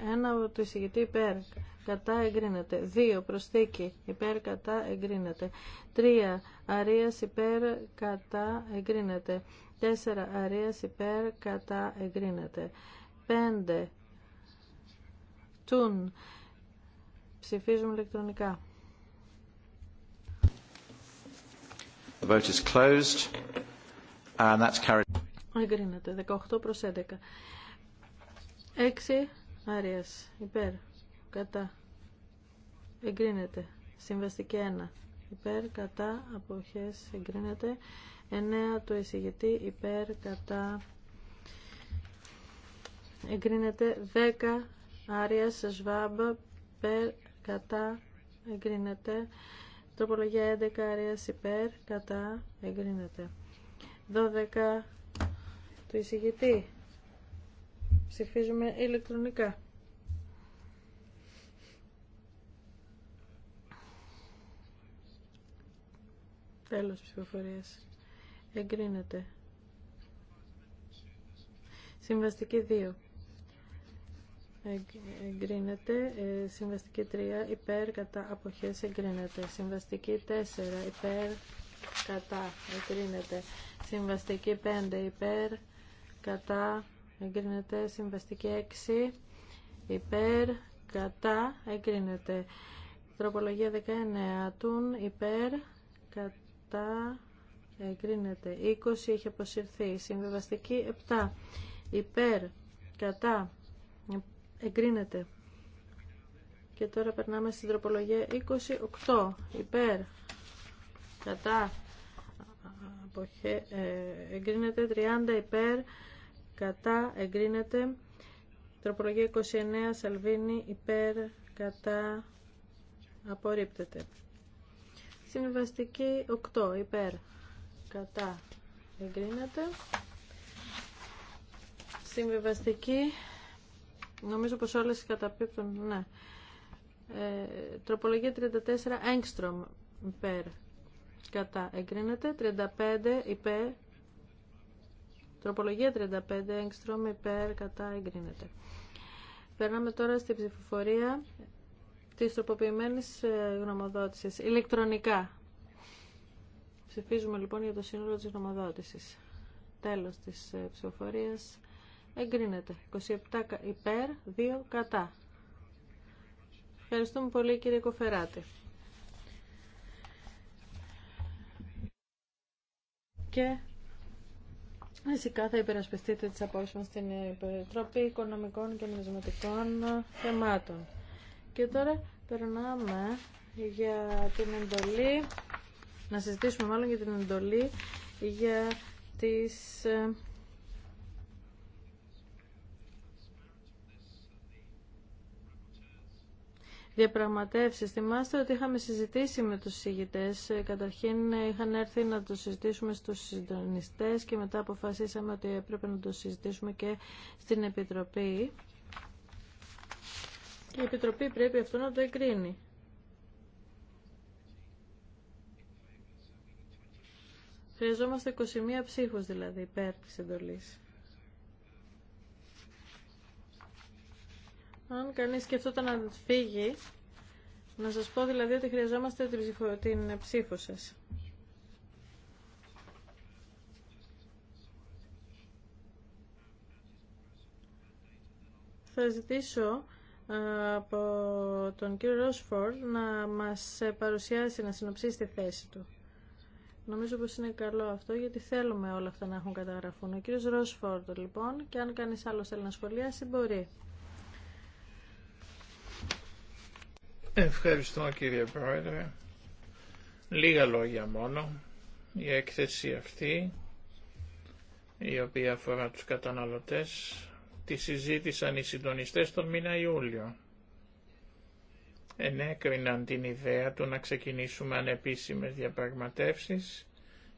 1 του εισηγητή υπέρ, κατά εγκρίνεται. 2 προσθήκη υπέρ, κατά εγκρίνεται. 3 αρίας υπέρ, κατά εγκρίνεται. 4 αρίας υπέρ, κατά εγκρίνεται. 5 τουν ψηφίζουμε ηλεκτρονικά. The vote closed and that's carried. Εγκρίνεται 18 προς 11. 6 Άριας, υπέρ, κατά, εγκρίνεται. Συμβαστική 1, υπέρ, κατά, αποχές, εγκρίνεται. 9 το εισηγητή, υπέρ, κατά, εγκρίνεται. 10 Άριας, Σβάμπ, υπέρ, κατά, εγκρίνεται. Τροπολογία 11 Άριας, υπέρ, κατά, εγκρίνεται. 12 το εισηγητή, Ψηφίζουμε ηλεκτρονικά. Τέλος ψηφοφορίας. Εγκρίνεται. Συμβαστική 2. Εγκρίνεται. Ε, συμβαστική 3. Υπέρ κατά αποχές εγκρίνεται. Συμβαστική 4. Υπέρ κατά εγκρίνεται. Συμβαστική 5. Υπέρ κατά εγκρίνεται συμβαστική 6 υπέρ κατά εγκρίνεται τροπολογία 19 τουν υπέρ κατά εγκρίνεται 20 έχει αποσυρθεί συμβαστική 7 υπέρ κατά εγκρίνεται και τώρα περνάμε στην τροπολογία 28 υπέρ κατά ε, εγκρίνεται 30 υπέρ κατά εγκρίνεται τροπολογία 29 Σαλβίνη υπέρ κατά απορρίπτεται συμβιβαστική 8 υπέρ κατά εγκρίνεται συμβιβαστική νομίζω πως όλες καταπίπτουν ναι ε, τροπολογία 34 έγκστρομ υπέρ κατά εγκρίνεται 35 υπέρ Τροπολογία 35, Έγκστρομ υπέρ, κατά, εγκρίνεται. Περνάμε τώρα στη ψηφοφορία της τροποποιημένης ε, γνωμοδότησης, ηλεκτρονικά. Ψηφίζουμε λοιπόν για το σύνολο της γνωμοδότησης. Τέλος της ε, ψηφοφορίας. Εγκρίνεται. 27 υπέρ, 2 κατά. Ευχαριστούμε πολύ κύριε Κοφεράτη. Και Φυσικά θα υπερασπιστείτε τις απόψεις μας στην Επιτροπή Οικονομικών και Νομισματικών Θεμάτων. Και τώρα περνάμε για την εντολή, να συζητήσουμε μάλλον για την εντολή για τις ε, διαπραγματεύσεις. Θυμάστε ότι είχαμε συζητήσει με τους συζητητές. Ε, καταρχήν ε, είχαν έρθει να το συζητήσουμε στους συντονιστές και μετά αποφασίσαμε ότι έπρεπε να το συζητήσουμε και στην Επιτροπή. η Επιτροπή πρέπει αυτό να το εγκρίνει. Χρειαζόμαστε 21 ψήφους δηλαδή υπέρ της εντολής. Αν κανείς σκεφτόταν να φύγει, να σας πω δηλαδή ότι χρειαζόμαστε την ψήφο σας. Θα ζητήσω από τον κύριο Ρόσφορντ να μας παρουσιάσει, να συνοψίσει τη θέση του. Νομίζω πως είναι καλό αυτό γιατί θέλουμε όλα αυτά να έχουν καταγραφούν. Ο κύριος Ρόσφορντ λοιπόν και αν κανείς άλλος θέλει να σχολιάσει μπορεί. Ευχαριστώ κύριε Πρόεδρε. Λίγα λόγια μόνο. Η έκθεση αυτή, η οποία αφορά τους καταναλωτές, τη συζήτησαν οι συντονιστές τον μήνα Ιούλιο. Ενέκριναν την ιδέα του να ξεκινήσουμε ανεπίσημες διαπραγματεύσεις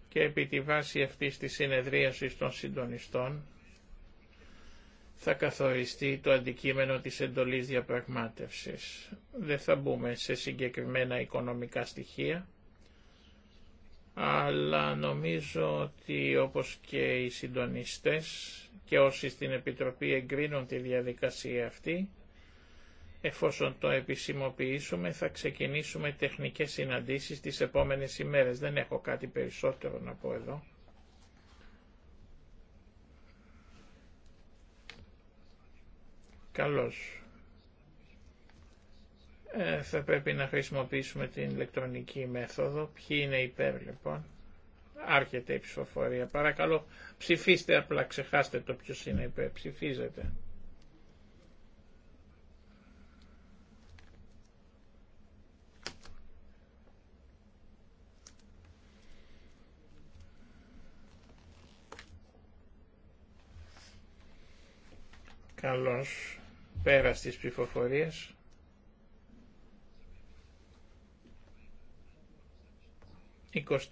και επί τη βάση αυτής της συνεδρίασης των συντονιστών θα καθοριστεί το αντικείμενο της εντολής διαπραγμάτευσης. Δεν θα μπούμε σε συγκεκριμένα οικονομικά στοιχεία, αλλά νομίζω ότι όπως και οι συντονιστές και όσοι στην Επιτροπή εγκρίνουν τη διαδικασία αυτή, εφόσον το επισημοποιήσουμε θα ξεκινήσουμε τεχνικές συναντήσεις τις επόμενες ημέρες. Δεν έχω κάτι περισσότερο να πω εδώ. Καλώς. Ε, θα πρέπει να χρησιμοποιήσουμε την ηλεκτρονική μέθοδο. Ποιοι είναι υπέρ λοιπόν. Άρχεται η ψηφοφορία. Παρακαλώ ψηφίστε απλά ξεχάστε το ποιος είναι υπέρ. Ψηφίζετε. Καλώς πέρα της ψηφοφορίας.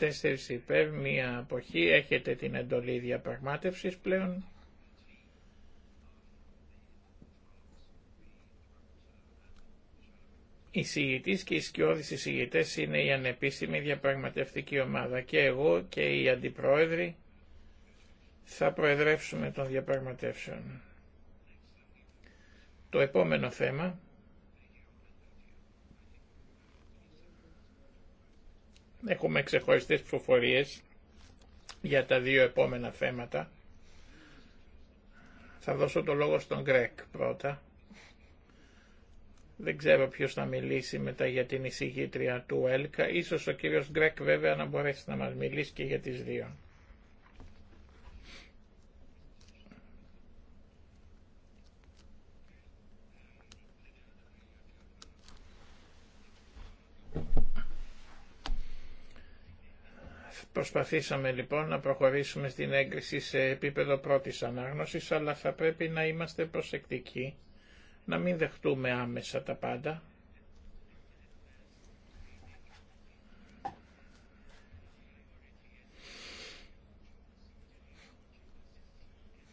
«24 υπέρ, μία αποχή, έχετε την εντολή διαπραγμάτευσης πλέον». Οι συγητή και οι σκιώδεις συγητέ είναι η ανεπίσημη διαπραγματευτική ομάδα και εγώ και οι αντιπρόεδροι θα προεδρεύσουμε των διαπραγματεύσεων. Το επόμενο θέμα έχουμε ξεχωριστές ψηφοφορίε για τα δύο επόμενα θέματα. Θα δώσω το λόγο στον Γκρέκ πρώτα. Δεν ξέρω ποιος θα μιλήσει μετά για την εισηγήτρια του ΕΛΚΑ. Ίσως ο κύριος Γκρέκ βέβαια να μπορέσει να μας μιλήσει και για τις δύο. Προσπαθήσαμε λοιπόν να προχωρήσουμε στην έγκριση σε επίπεδο πρώτης ανάγνωσης, αλλά θα πρέπει να είμαστε προσεκτικοί, να μην δεχτούμε άμεσα τα πάντα.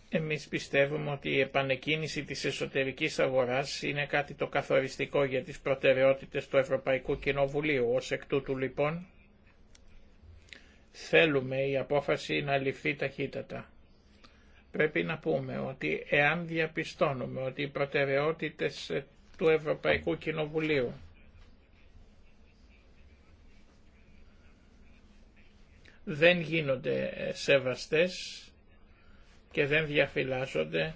Εμείς πιστεύουμε ότι η επανεκκίνηση της εσωτερικής αγοράς είναι κάτι το καθοριστικό για τις προτεραιότητες του Ευρωπαϊκού Κοινοβουλίου. Ως εκ τούτου λοιπόν Θέλουμε η απόφαση να ληφθεί ταχύτατα. Πρέπει να πούμε ότι εάν διαπιστώνουμε ότι οι προτεραιότητες του Ευρωπαϊκού Κοινοβουλίου δεν γίνονται σεβαστές και δεν διαφυλάσσονται,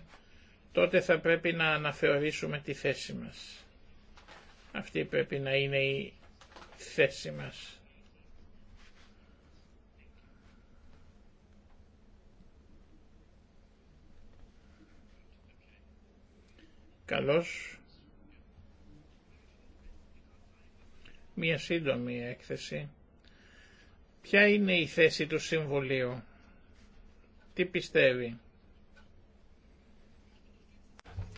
τότε θα πρέπει να αναθεωρήσουμε τη θέση μας. Αυτή πρέπει να είναι η θέση μας. Καλώς. Μία σύντομη έκθεση. Ποια είναι η θέση του Συμβουλίου. Τι πιστεύει.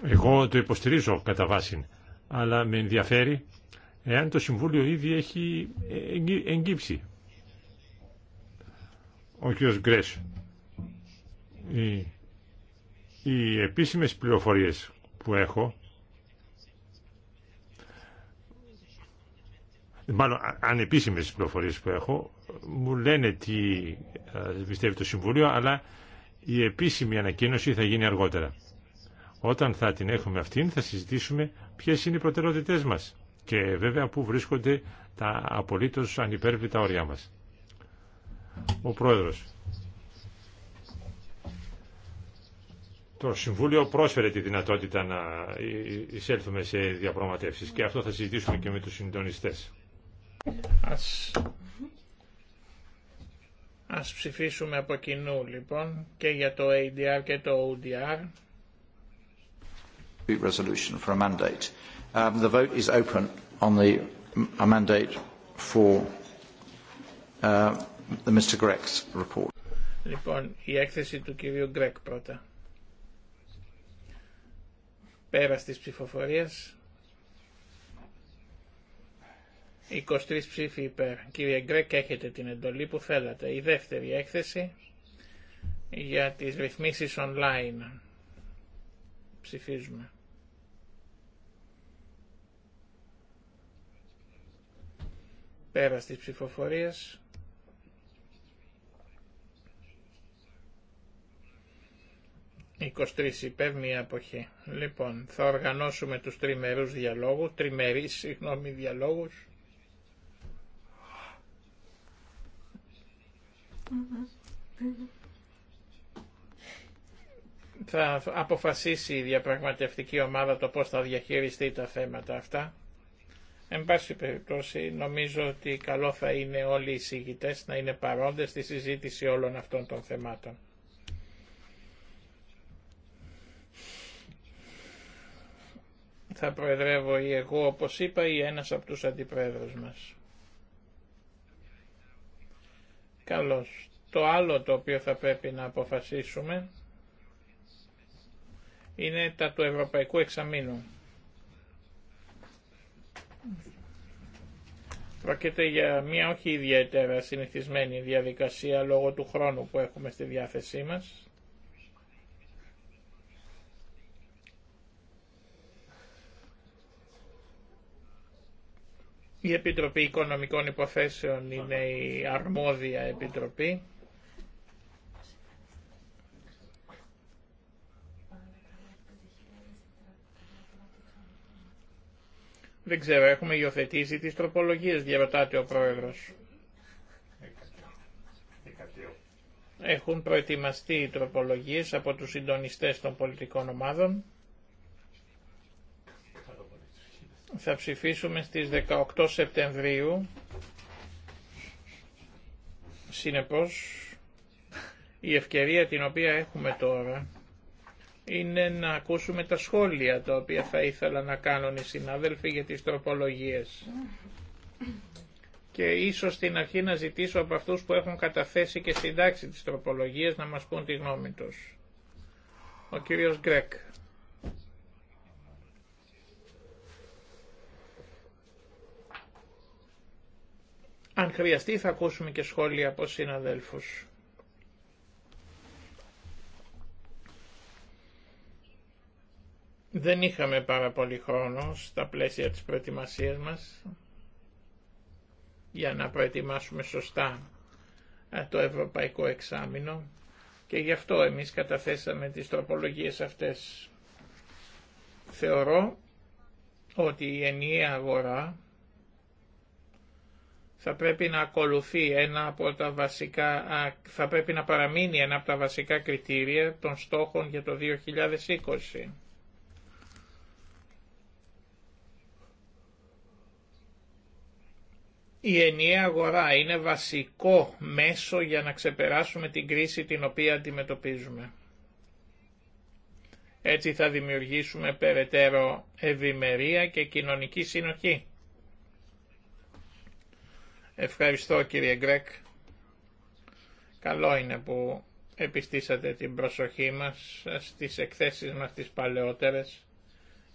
Εγώ το υποστηρίζω κατά βάση, αλλά με ενδιαφέρει εάν το Συμβούλιο ήδη έχει εγκύψει. Ο κ. Γκρέσ. Οι, οι επίσημες πληροφορίες που έχω μάλλον ανεπίσημες πληροφορίες που έχω μου λένε τι πιστεύει το Συμβούλιο αλλά η επίσημη ανακοίνωση θα γίνει αργότερα. Όταν θα την έχουμε αυτήν θα συζητήσουμε ποιες είναι οι προτεραιότητές μας και βέβαια πού βρίσκονται τα απολύτως ανυπέρβλητα όρια μας. Ο Πρόεδρος. Το Συμβούλιο πρόσφερε τη δυνατότητα να ε, ε, εισέλθουμε σε διαπραγματεύσεις και αυτό θα συζητήσουμε και με τους συντονιστές. Ας, ας ψηφίσουμε από κοινού λοιπόν και για το ADR και το ODR. Resolution for a mandate. Um, the vote is open on the a mandate for uh, the Mr. report. Λοιπόν, η έκθεση του κυρίου Γκρέκ πρώτα. Πέρας της ψηφοφορίας. 23 ψήφοι υπέρ. Κύριε Γκρέκ, έχετε την εντολή που θέλατε. Η δεύτερη έκθεση για τις ρυθμίσεις online. Ψηφίζουμε. Πέρας της ψηφοφορίας. 23 υπέρ μία εποχή. Λοιπόν, θα οργανώσουμε τους τριμερούς διαλόγους, τριμερείς, συγγνώμη, διαλόγους. Θα αποφασίσει η διαπραγματευτική ομάδα το πώς θα διαχειριστεί τα θέματα αυτά. Εν πάση περιπτώσει, νομίζω ότι καλό θα είναι όλοι οι συγητές να είναι παρόντες στη συζήτηση όλων αυτών των θεμάτων. θα προεδρεύω ή εγώ όπως είπα ή ένας από τους αντιπρόεδρους μας. Καλώς. Το άλλο το οποίο θα πρέπει να αποφασίσουμε είναι τα του Ευρωπαϊκού Εξαμήνου. Πρόκειται για μια όχι ιδιαίτερα συνηθισμένη διαδικασία λόγω του χρόνου που έχουμε στη διάθεσή μας. Η Επιτροπή Οικονομικών Υποθέσεων είναι η αρμόδια επιτροπή. Δεν ξέρω, έχουμε υιοθετήσει τις τροπολογίες, διαρωτάται ο Πρόεδρος. Έχουν προετοιμαστεί οι τροπολογίες από τους συντονιστές των πολιτικών ομάδων. Θα ψηφίσουμε στις 18 Σεπτεμβρίου. Συνεπώς, η ευκαιρία την οποία έχουμε τώρα είναι να ακούσουμε τα σχόλια τα οποία θα ήθελα να κάνουν οι συνάδελφοι για τις τροπολογίες. Και ίσως στην αρχή να ζητήσω από αυτούς που έχουν καταθέσει και συντάξει τις τροπολογίες να μας πούν τη γνώμη τους. Ο κύριος Γκρέκ. Αν χρειαστεί θα ακούσουμε και σχόλια από συναδέλφους. Δεν είχαμε πάρα πολύ χρόνο στα πλαίσια της προετοιμασίας μας για να προετοιμάσουμε σωστά ε, το Ευρωπαϊκό Εξάμεινο και γι' αυτό εμείς καταθέσαμε τις τροπολογίες αυτές. Θεωρώ ότι η ενιαία αγορά θα πρέπει να ακολουθεί ένα από τα βασικά, θα πρέπει να παραμείνει ένα από τα βασικά κριτήρια των στόχων για το 2020. Η ενιαία αγορά είναι βασικό μέσο για να ξεπεράσουμε την κρίση την οποία αντιμετωπίζουμε. Έτσι θα δημιουργήσουμε περαιτέρω ευημερία και κοινωνική συνοχή. Ευχαριστώ κύριε Γκρέκ. Καλό είναι που επιστήσατε την προσοχή μας στις εκθέσεις μας τις παλαιότερες,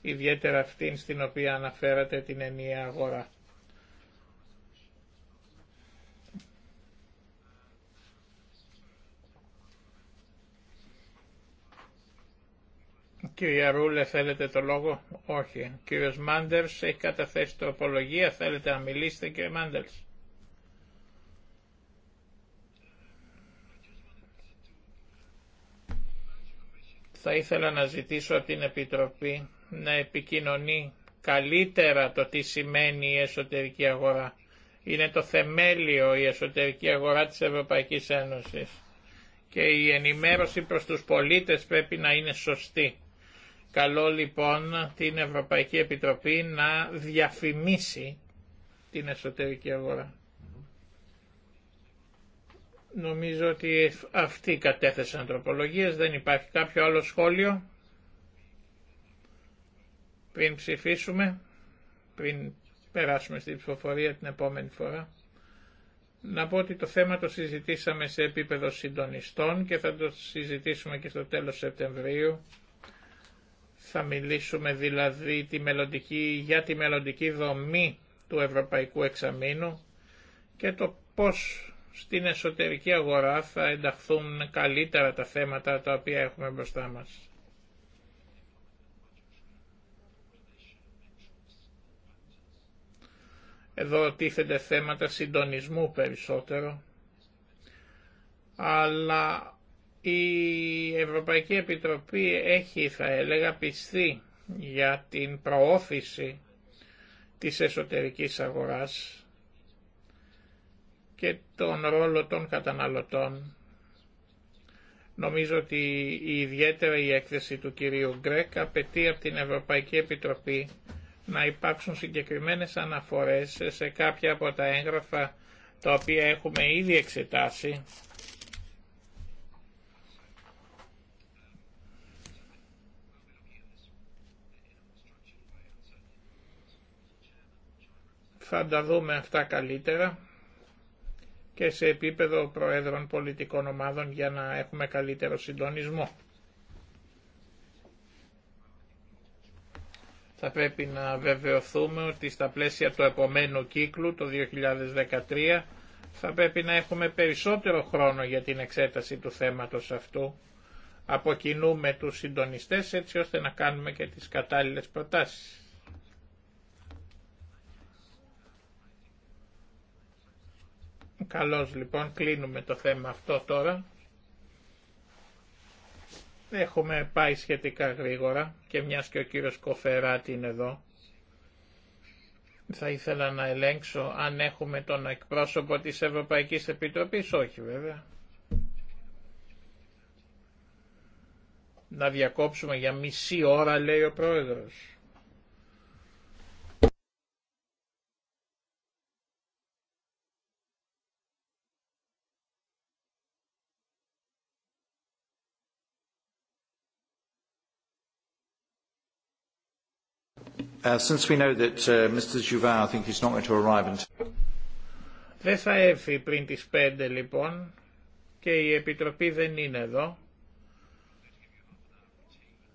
ιδιαίτερα αυτήν στην οποία αναφέρατε την ενιαία αγορά. Κύριε Ρούλε, θέλετε το λόγο. Όχι. Κύριος Μάντερς έχει καταθέσει το απολογία. Θέλετε να μιλήσετε κύριε Μάντερς. Θα ήθελα να ζητήσω από την Επιτροπή να επικοινωνεί καλύτερα το τι σημαίνει η εσωτερική αγορά. Είναι το θεμέλιο η εσωτερική αγορά της Ευρωπαϊκής Ένωσης και η ενημέρωση προς τους πολίτες πρέπει να είναι σωστή. Καλό λοιπόν την Ευρωπαϊκή Επιτροπή να διαφημίσει την εσωτερική αγορά. Νομίζω ότι η κατέθεσαν ανθρωπολογίας δεν υπάρχει κάποιο άλλο σχόλιο πριν ψηφίσουμε, πριν περάσουμε στην ψηφοφορία την επόμενη φορά. Να πω ότι το θέμα το συζητήσαμε σε επίπεδο συντονιστών και θα το συζητήσουμε και στο τέλος Σεπτεμβρίου. Θα μιλήσουμε δηλαδή τη μελλοντική, για τη μελλοντική δομή του Ευρωπαϊκού Εξαμήνου και το πώς στην εσωτερική αγορά θα ενταχθούν καλύτερα τα θέματα τα οποία έχουμε μπροστά μας. Εδώ τίθενται θέματα συντονισμού περισσότερο, αλλά η Ευρωπαϊκή Επιτροπή έχει, θα έλεγα, πιστεί για την προώθηση της εσωτερικής αγοράς και τον ρόλο των καταναλωτών. Νομίζω ότι η ιδιαίτερη έκθεση του κυρίου Γκρέκ απαιτεί από την Ευρωπαϊκή Επιτροπή να υπάρξουν συγκεκριμένες αναφορές σε κάποια από τα έγγραφα τα οποία έχουμε ήδη εξετάσει θα τα δούμε αυτά καλύτερα και σε επίπεδο προέδρων πολιτικών ομάδων για να έχουμε καλύτερο συντονισμό. Θα πρέπει να βεβαιωθούμε ότι στα πλαίσια του επομένου κύκλου, το 2013, θα πρέπει να έχουμε περισσότερο χρόνο για την εξέταση του θέματος αυτού. Αποκινούμε τους συντονιστές έτσι ώστε να κάνουμε και τις κατάλληλες προτάσεις. Καλώς λοιπόν κλείνουμε το θέμα αυτό τώρα. Έχουμε πάει σχετικά γρήγορα και μιας και ο κύριος Κοφεράτη είναι εδώ. Θα ήθελα να ελέγξω αν έχουμε τον εκπρόσωπο της Ευρωπαϊκής Επιτροπής. Όχι βέβαια. Να διακόψουμε για μισή ώρα λέει ο πρόεδρος. Δεν θα έρθει πριν τις 5 λοιπόν και η Επιτροπή δεν είναι εδώ.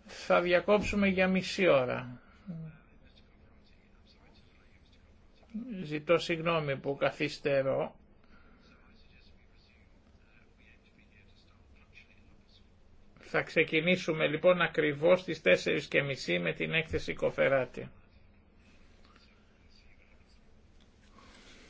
Θα διακόψουμε για μισή ώρα. Ζητώ συγγνώμη που καθυστερώ. Θα ξεκινήσουμε λοιπόν ακριβώς στις και μισή με την έκθεση Κοφεράτη.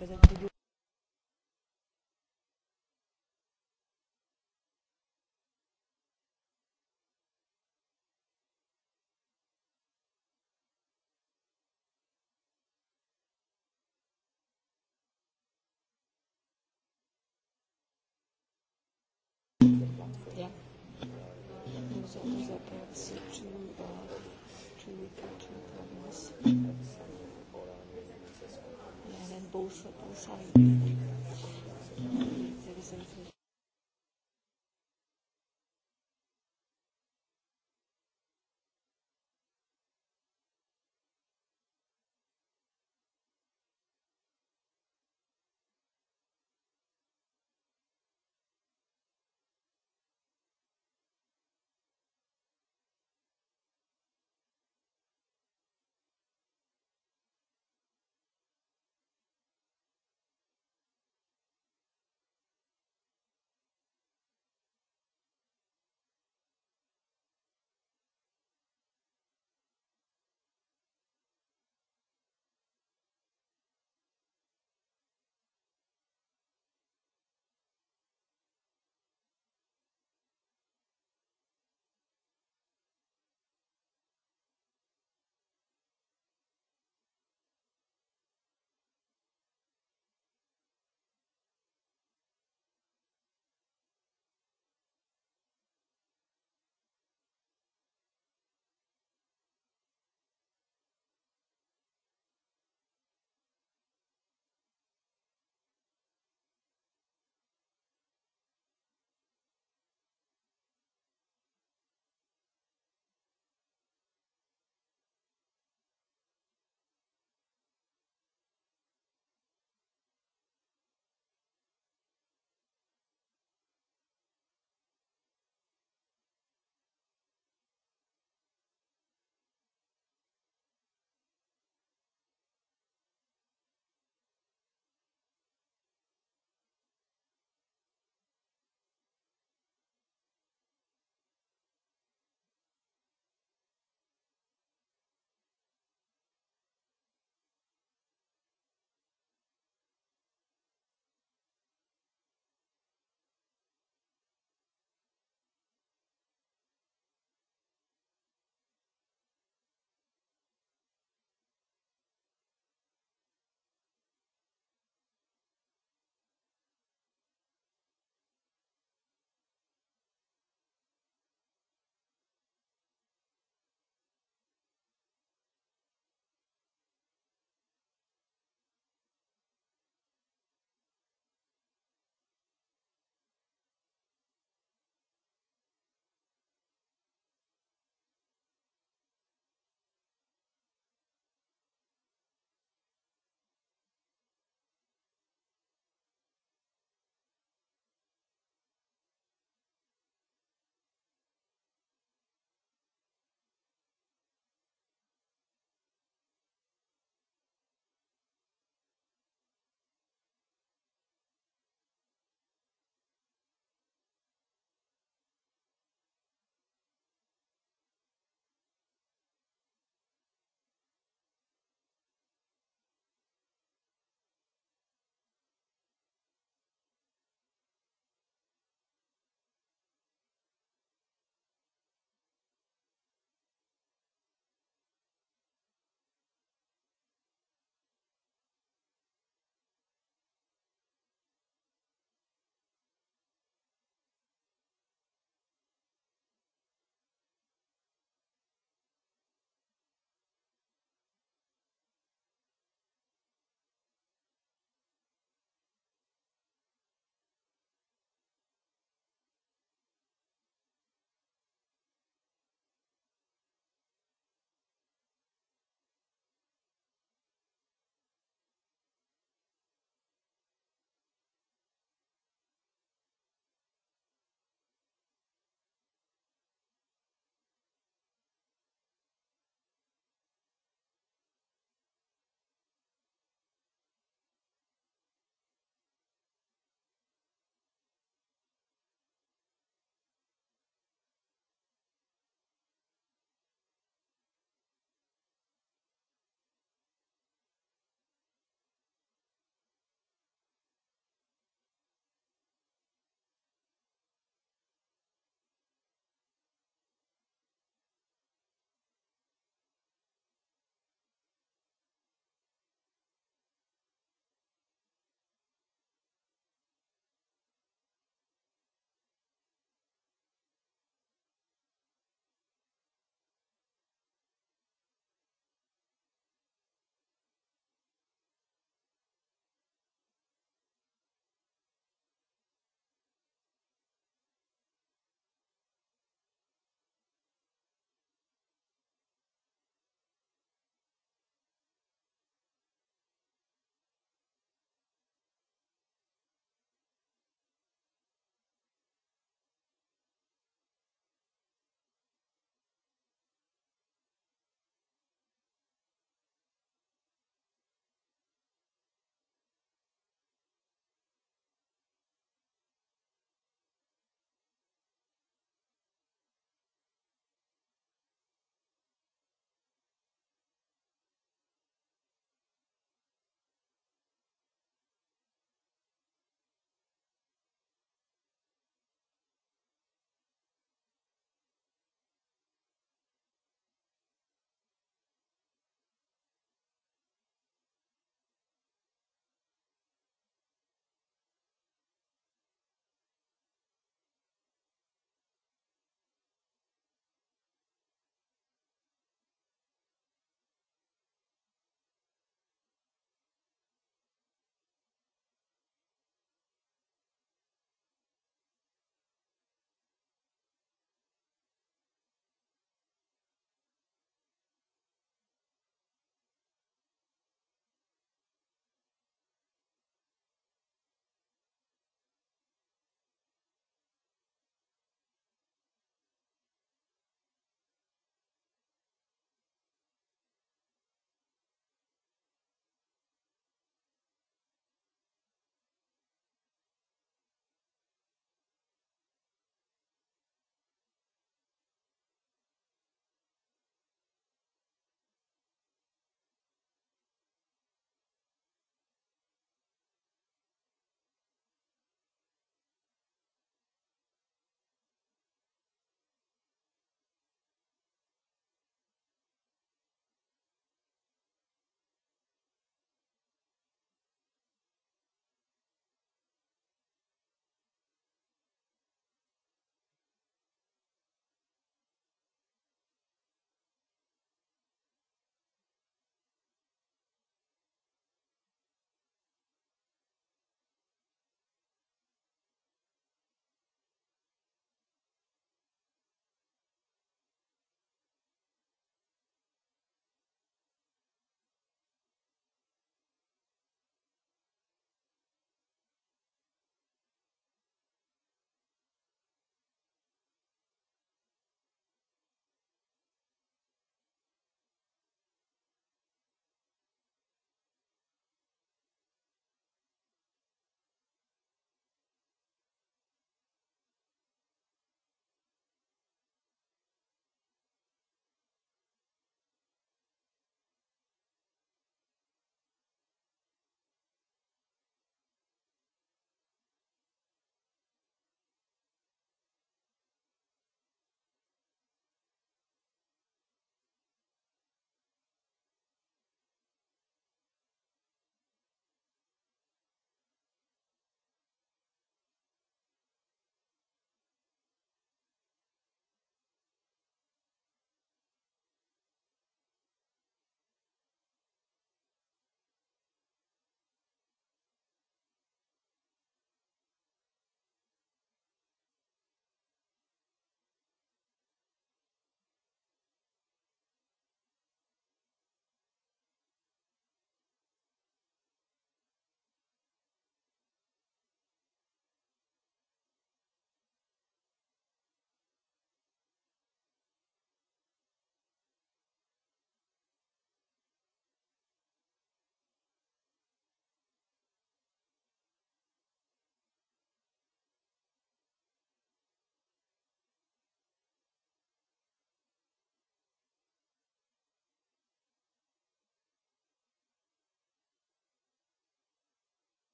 representative uso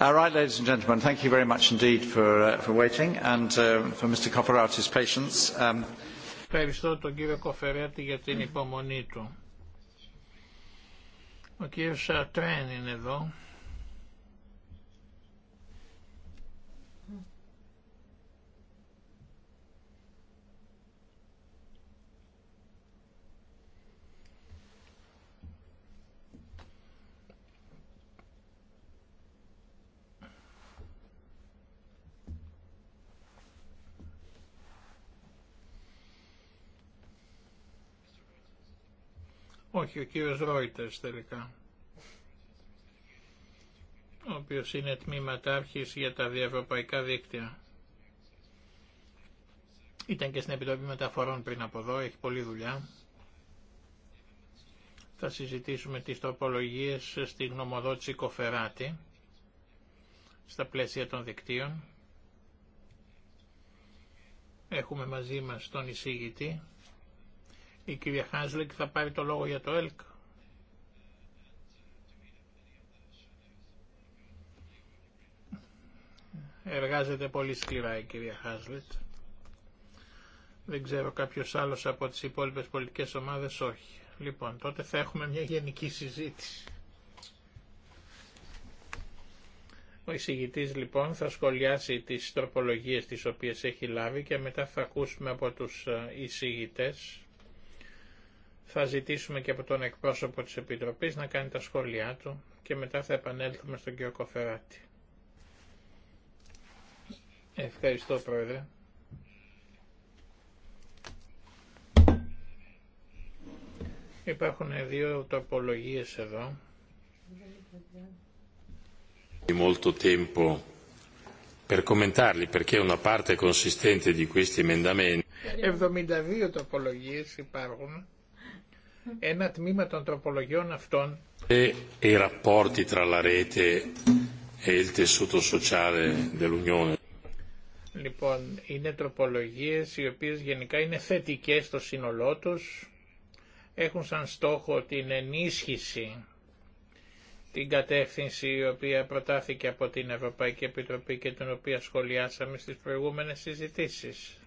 All right, ladies and gentlemen, thank you very much indeed for, for waiting and for Mr. Kofferati's patience. Ευχαριστώ τον κύριο Κοφερέτη για την υπομονή του. Ο κύριος Σαρτρέν είναι εδώ. Όχι, ο κύριος Ρόιτερς τελικά, ο οποίος είναι τμήματάρχης για τα διευρωπαϊκά δίκτυα. Ήταν και στην Επιτροπή Μεταφορών πριν από εδώ, έχει πολλή δουλειά. Θα συζητήσουμε τις τροπολογίες στη γνωμοδότηση Κοφεράτη, στα πλαίσια των δικτύων. Έχουμε μαζί μας τον εισήγητη, η κυρία Χάνσλεκ θα πάρει το λόγο για το ΕΛΚ. Εργάζεται πολύ σκληρά η κυρία Χάσλετ. Δεν ξέρω κάποιος άλλος από τις υπόλοιπες πολιτικές ομάδες, όχι. Λοιπόν, τότε θα έχουμε μια γενική συζήτηση. Ο εισηγητής λοιπόν θα σχολιάσει τις τροπολογίες τις οποίες έχει λάβει και μετά θα ακούσουμε από τους ε, εισηγητές θα ζητήσουμε και από τον εκπρόσωπο της Επιτροπής να κάνει τα σχόλιά του και μετά θα επανέλθουμε στον κύριο Κοφεράτη. Ευχαριστώ Πρόεδρε. Υπάρχουν δύο τοπολογίες εδώ. Molto tempo per commentarli perché una parte consistente di questi emendamenti 72 si υπάρχουν ένα τμήμα των τροπολογιών αυτών ε, ε, Λοιπόν, είναι τροπολογίες οι οποίες γενικά είναι θετικές στο σύνολό τους, έχουν σαν στόχο την ενίσχυση, την κατεύθυνση η οποία προτάθηκε από την Ευρωπαϊκή Επιτροπή και την οποία σχολιάσαμε στις προηγούμενες συζητήσεις.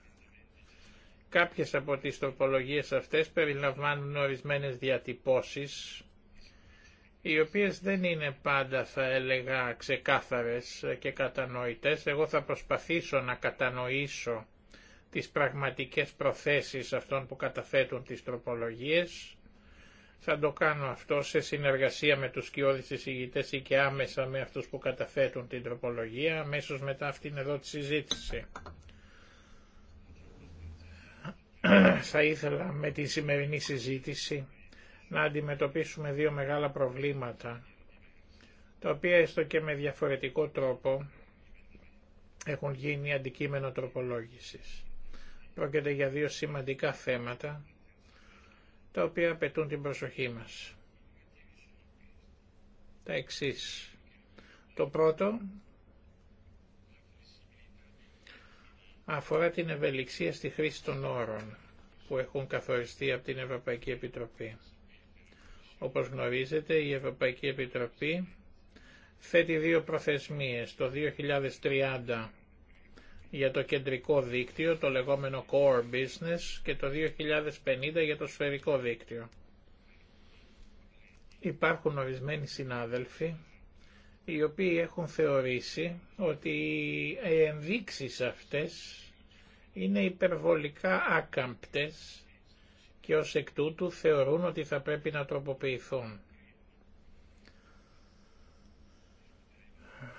Κάποιες από τις τροπολογίες αυτές περιλαμβάνουν ορισμένες διατυπώσεις, οι οποίες δεν είναι πάντα θα έλεγα ξεκάθαρες και κατανοητές. Εγώ θα προσπαθήσω να κατανοήσω τις πραγματικές προθέσεις αυτών που καταθέτουν τις τροπολογίες. Θα το κάνω αυτό σε συνεργασία με τους κοιόδης εισηγητές ή και άμεσα με αυτούς που καταθέτουν την τροπολογία, αμέσως μετά αυτήν εδώ τη συζήτηση. Θα ήθελα με τη σημερινή συζήτηση να αντιμετωπίσουμε δύο μεγάλα προβλήματα, τα οποία έστω και με διαφορετικό τρόπο έχουν γίνει αντικείμενο τροπολόγησης. Πρόκειται για δύο σημαντικά θέματα, τα οποία απαιτούν την προσοχή μας. Τα εξής. Το πρώτο αφορά την ευελιξία στη χρήση των όρων που έχουν καθοριστεί από την Ευρωπαϊκή Επιτροπή. Όπως γνωρίζετε, η Ευρωπαϊκή Επιτροπή θέτει δύο προθεσμίες. Το 2030 για το κεντρικό δίκτυο, το λεγόμενο Core Business, και το 2050 για το σφαιρικό δίκτυο. Υπάρχουν ορισμένοι συνάδελφοι οι οποίοι έχουν θεωρήσει ότι οι ενδείξεις αυτές είναι υπερβολικά άκαμπτες και ως εκ τούτου θεωρούν ότι θα πρέπει να τροποποιηθούν.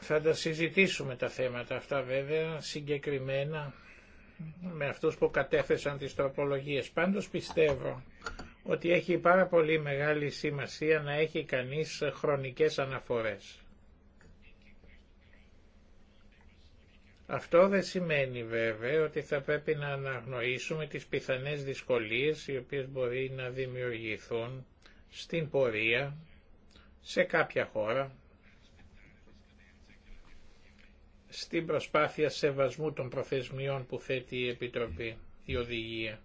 Θα τα συζητήσουμε τα θέματα αυτά βέβαια συγκεκριμένα με αυτούς που κατέθεσαν τις τροπολογίες. Πάντως πιστεύω ότι έχει πάρα πολύ μεγάλη σημασία να έχει κανείς χρονικές αναφορές. Αυτό δεν σημαίνει βέβαια ότι θα πρέπει να αναγνωρίσουμε τις πιθανές δυσκολίες οι οποίες μπορεί να δημιουργηθούν στην πορεία σε κάποια χώρα στην προσπάθεια σεβασμού των προθεσμιών που θέτει η Επιτροπή, η Οδηγία.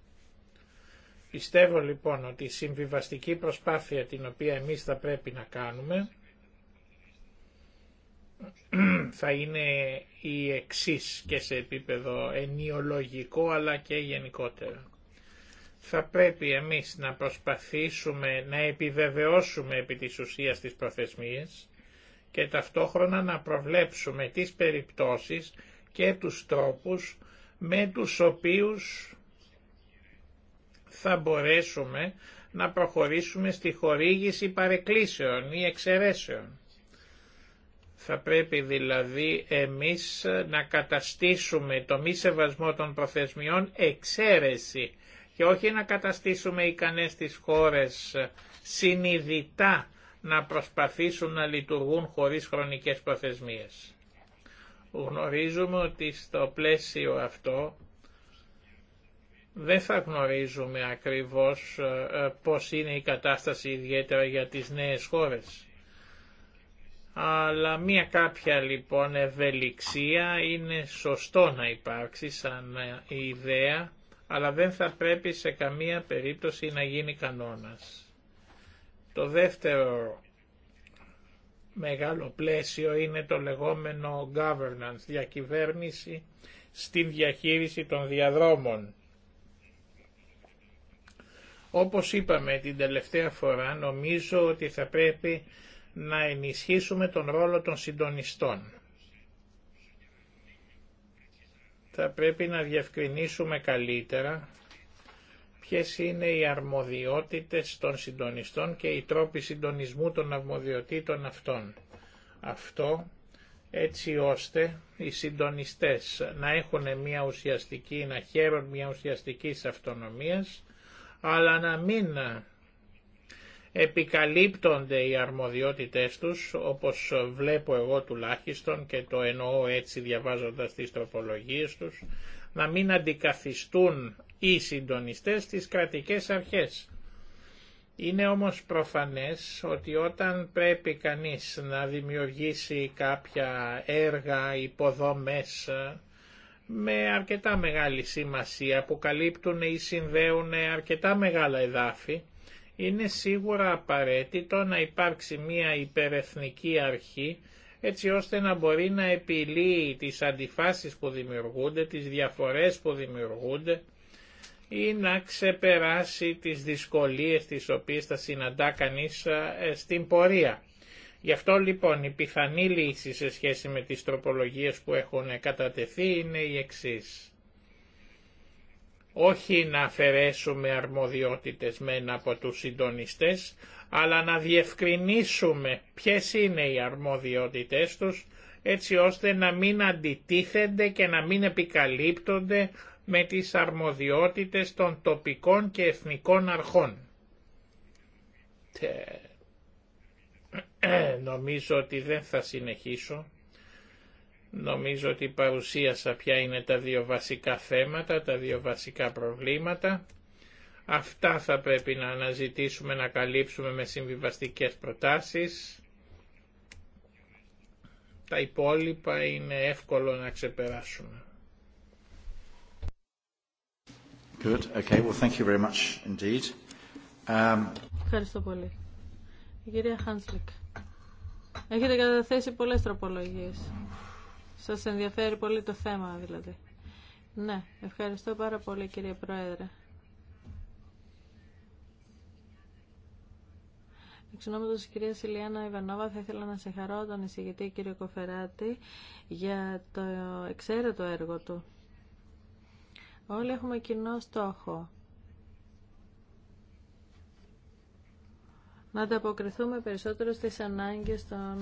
Πιστεύω λοιπόν ότι η συμβιβαστική προσπάθεια την οποία εμείς θα πρέπει να κάνουμε θα είναι η εξή και σε επίπεδο ενιολογικό αλλά και γενικότερο. Θα πρέπει εμείς να προσπαθήσουμε να επιβεβαιώσουμε επί της ουσίας τις προθεσμίες και ταυτόχρονα να προβλέψουμε τις περιπτώσεις και τους τρόπους με τους οποίους θα μπορέσουμε να προχωρήσουμε στη χορήγηση παρεκκλήσεων ή εξαιρέσεων θα πρέπει δηλαδή εμείς να καταστήσουμε το μη σεβασμό των προθεσμιών εξαίρεση και όχι να καταστήσουμε ικανές τις χώρες συνειδητά να προσπαθήσουν να λειτουργούν χωρίς χρονικές προθεσμίες. Γνωρίζουμε ότι στο πλαίσιο αυτό δεν θα γνωρίζουμε ακριβώς ε, ε, πώς είναι η κατάσταση ιδιαίτερα για τις νέες χώρες αλλά μία κάποια λοιπόν ευελιξία είναι σωστό να υπάρξει σαν ε, ιδέα, αλλά δεν θα πρέπει σε καμία περίπτωση να γίνει κανόνας. Το δεύτερο μεγάλο πλαίσιο είναι το λεγόμενο governance, διακυβέρνηση στην διαχείριση των διαδρόμων. Όπως είπαμε την τελευταία φορά, νομίζω ότι θα πρέπει να ενισχύσουμε τον ρόλο των συντονιστών. Θα πρέπει να διευκρινίσουμε καλύτερα ποιες είναι οι αρμοδιότητες των συντονιστών και οι τρόποι συντονισμού των αρμοδιοτήτων αυτών. Αυτό έτσι ώστε οι συντονιστές να έχουν μια ουσιαστική, να χαίρουν μια ουσιαστική αυτονομίας, αλλά να μην επικαλύπτονται οι αρμοδιότητες τους, όπως βλέπω εγώ τουλάχιστον και το εννοώ έτσι διαβάζοντας τις τροπολογίες τους, να μην αντικαθιστούν οι συντονιστές τις κρατικές αρχές. Είναι όμως προφανές ότι όταν πρέπει κανείς να δημιουργήσει κάποια έργα, υποδομές με αρκετά μεγάλη σημασία που καλύπτουν ή συνδέουν αρκετά μεγάλα εδάφη, είναι σίγουρα απαραίτητο να υπάρξει μία υπερεθνική αρχή έτσι ώστε να μπορεί να επιλύει τις αντιφάσεις που δημιουργούνται, τις διαφορές που δημιουργούνται ή να ξεπεράσει τις δυσκολίες τις οποίες θα συναντά κανείς ε, στην πορεία. Γι' αυτό λοιπόν η πιθανή λύση σε σχέση με τις τροπολογίες που έχουν κατατεθεί είναι η εξής όχι να αφαιρέσουμε αρμοδιότητες μεν από τους συντονιστές, αλλά να διευκρινίσουμε ποιες είναι οι αρμοδιότητες τους, έτσι ώστε να μην αντιτίθενται και να μην επικαλύπτονται με τις αρμοδιότητες των τοπικών και εθνικών αρχών. Νομίζω ότι δεν θα συνεχίσω. Νομίζω ότι παρουσίασα ποια είναι τα δύο βασικά θέματα, τα δύο βασικά προβλήματα. Αυτά θα πρέπει να αναζητήσουμε, να καλύψουμε με συμβιβαστικές προτάσεις. Τα υπόλοιπα είναι εύκολο να ξεπεράσουμε. Good. Okay. Well, thank you very much indeed. Um... Ευχαριστώ πολύ. κυρία Χάνσλικ. Έχετε καταθέσει πολλές τροπολογίες. Σας ενδιαφέρει πολύ το θέμα δηλαδή. Ναι, ευχαριστώ πάρα πολύ κύριε Πρόεδρε. Εξ τη κυρία Ηλιάνα Ιβανόβα, θα ήθελα να σε χαρώ τον εισηγητή κύριο Κοφεράτη για το εξαίρετο έργο του. Όλοι έχουμε κοινό στόχο να ανταποκριθούμε περισσότερο στις ανάγκες των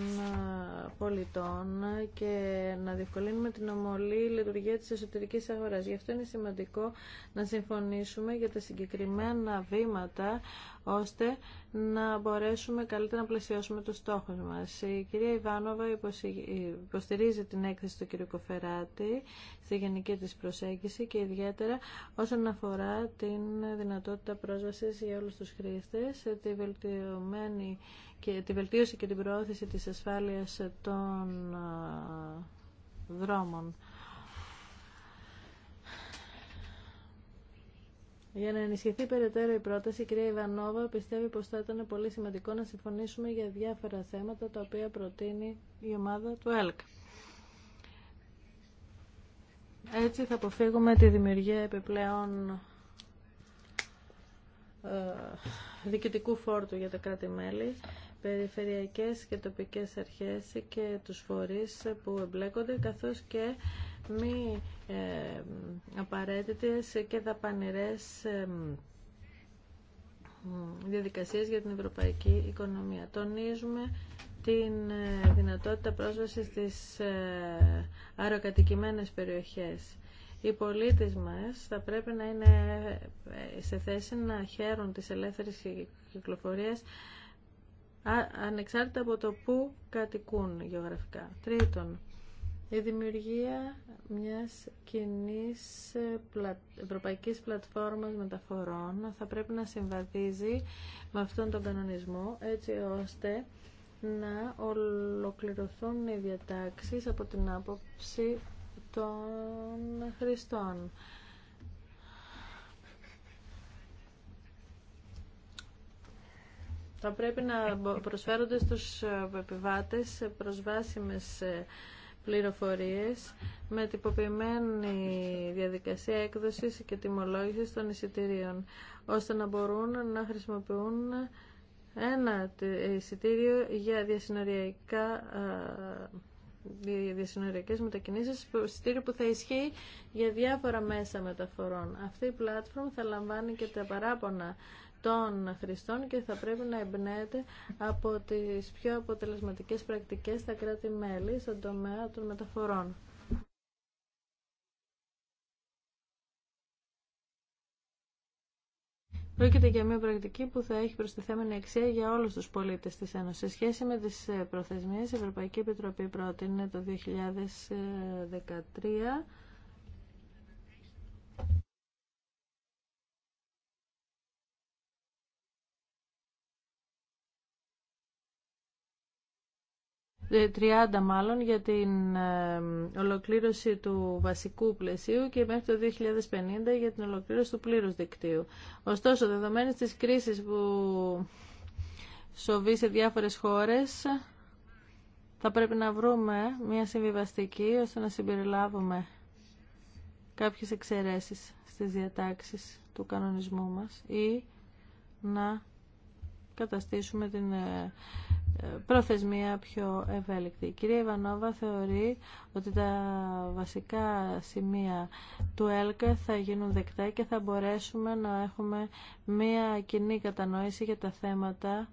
πολιτών και να διευκολύνουμε την ομολή λειτουργία της εσωτερικής αγοράς. Γι' αυτό είναι σημαντικό να συμφωνήσουμε για τα συγκεκριμένα βήματα ώστε να μπορέσουμε καλύτερα να πλαισιώσουμε τους στόχους μας. Η κυρία Ιβάνοβα υποστηρίζει την έκθεση του κυρίου Κοφεράτη στη γενική της προσέγγιση και ιδιαίτερα όσον αφορά την δυνατότητα πρόσβασης για όλους τους χρήστες, τη βελτιωμένη και τη βελτίωση και την προώθηση της ασφάλειας των δρόμων. Για να ενισχυθεί περαιτέρω η πρόταση, η κυρία Ιβανόβα πιστεύει πως θα ήταν πολύ σημαντικό να συμφωνήσουμε για διάφορα θέματα τα οποία προτείνει η ομάδα του ΕΛΚ. Έτσι θα αποφύγουμε τη δημιουργία επιπλέον ε, διοικητικού φόρτου για τα κράτη-μέλη, περιφερειακές και τοπικές αρχές και τους φορείς που εμπλέκονται, καθώς και μη ε, απαραίτητες και δαπανηρές ε, διαδικασίες για την ευρωπαϊκή οικονομία. Τονίζουμε την ε, δυνατότητα πρόσβασης στις ε, αεροκατοικημένες περιοχές. Οι πολίτες μας θα πρέπει να είναι ε, σε θέση να χαίρουν τις ελεύθερες κυκλοφορίες ανεξάρτητα από το πού κατοικούν γεωγραφικά. Τρίτον, η δημιουργία μιας κοινή ε, ευρωπαϊκής πλατφόρμας μεταφορών θα πρέπει να συμβαδίζει με αυτόν τον κανονισμό έτσι ώστε να ολοκληρωθούν οι διατάξεις από την άποψη των χρηστών. Θα πρέπει να προσφέρονται στους ε, επιβάτες ε, προσβάσιμες πληροφορίες με τυποποιημένη διαδικασία έκδοσης και τιμολόγησης των εισιτηρίων, ώστε να μπορούν να χρησιμοποιούν ένα εισιτήριο για διασυνοριακά διασυνοριακές μετακινήσεις, εισιτήριο που θα ισχύει για διάφορα μέσα μεταφορών. Αυτή η πλατφόρμα θα λαμβάνει και τα παράπονα των χρηστών και θα πρέπει να εμπνέεται από τις πιο αποτελεσματικές πρακτικές στα κράτη-μέλη στον τομέα των μεταφορών. Πρόκειται για μια πρακτική που θα έχει προστιθέμενη αξία για όλους τους πολίτες της Ένωσης. Σε σχέση με τις ε, προθεσμίες, η Ευρωπαϊκή Επιτροπή πρότεινε το 2013 30 μάλλον για την ολοκλήρωση του βασικού πλαισίου και μέχρι το 2050 για την ολοκλήρωση του πλήρους δικτύου. Ωστόσο, δεδομένης της κρίσης που σοβεί σε διάφορες χώρες, θα πρέπει να βρούμε μια συμβιβαστική ώστε να συμπεριλάβουμε κάποιες εξαιρέσεις στις διατάξεις του κανονισμού μας ή να καταστήσουμε την ε, προθεσμία πιο ευέλικτη. Η κυρία Ιβανόβα θεωρεί ότι τα βασικά σημεία του ΕΛΚΑ θα γίνουν δεκτά και θα μπορέσουμε να έχουμε μία κοινή κατανόηση για τα θέματα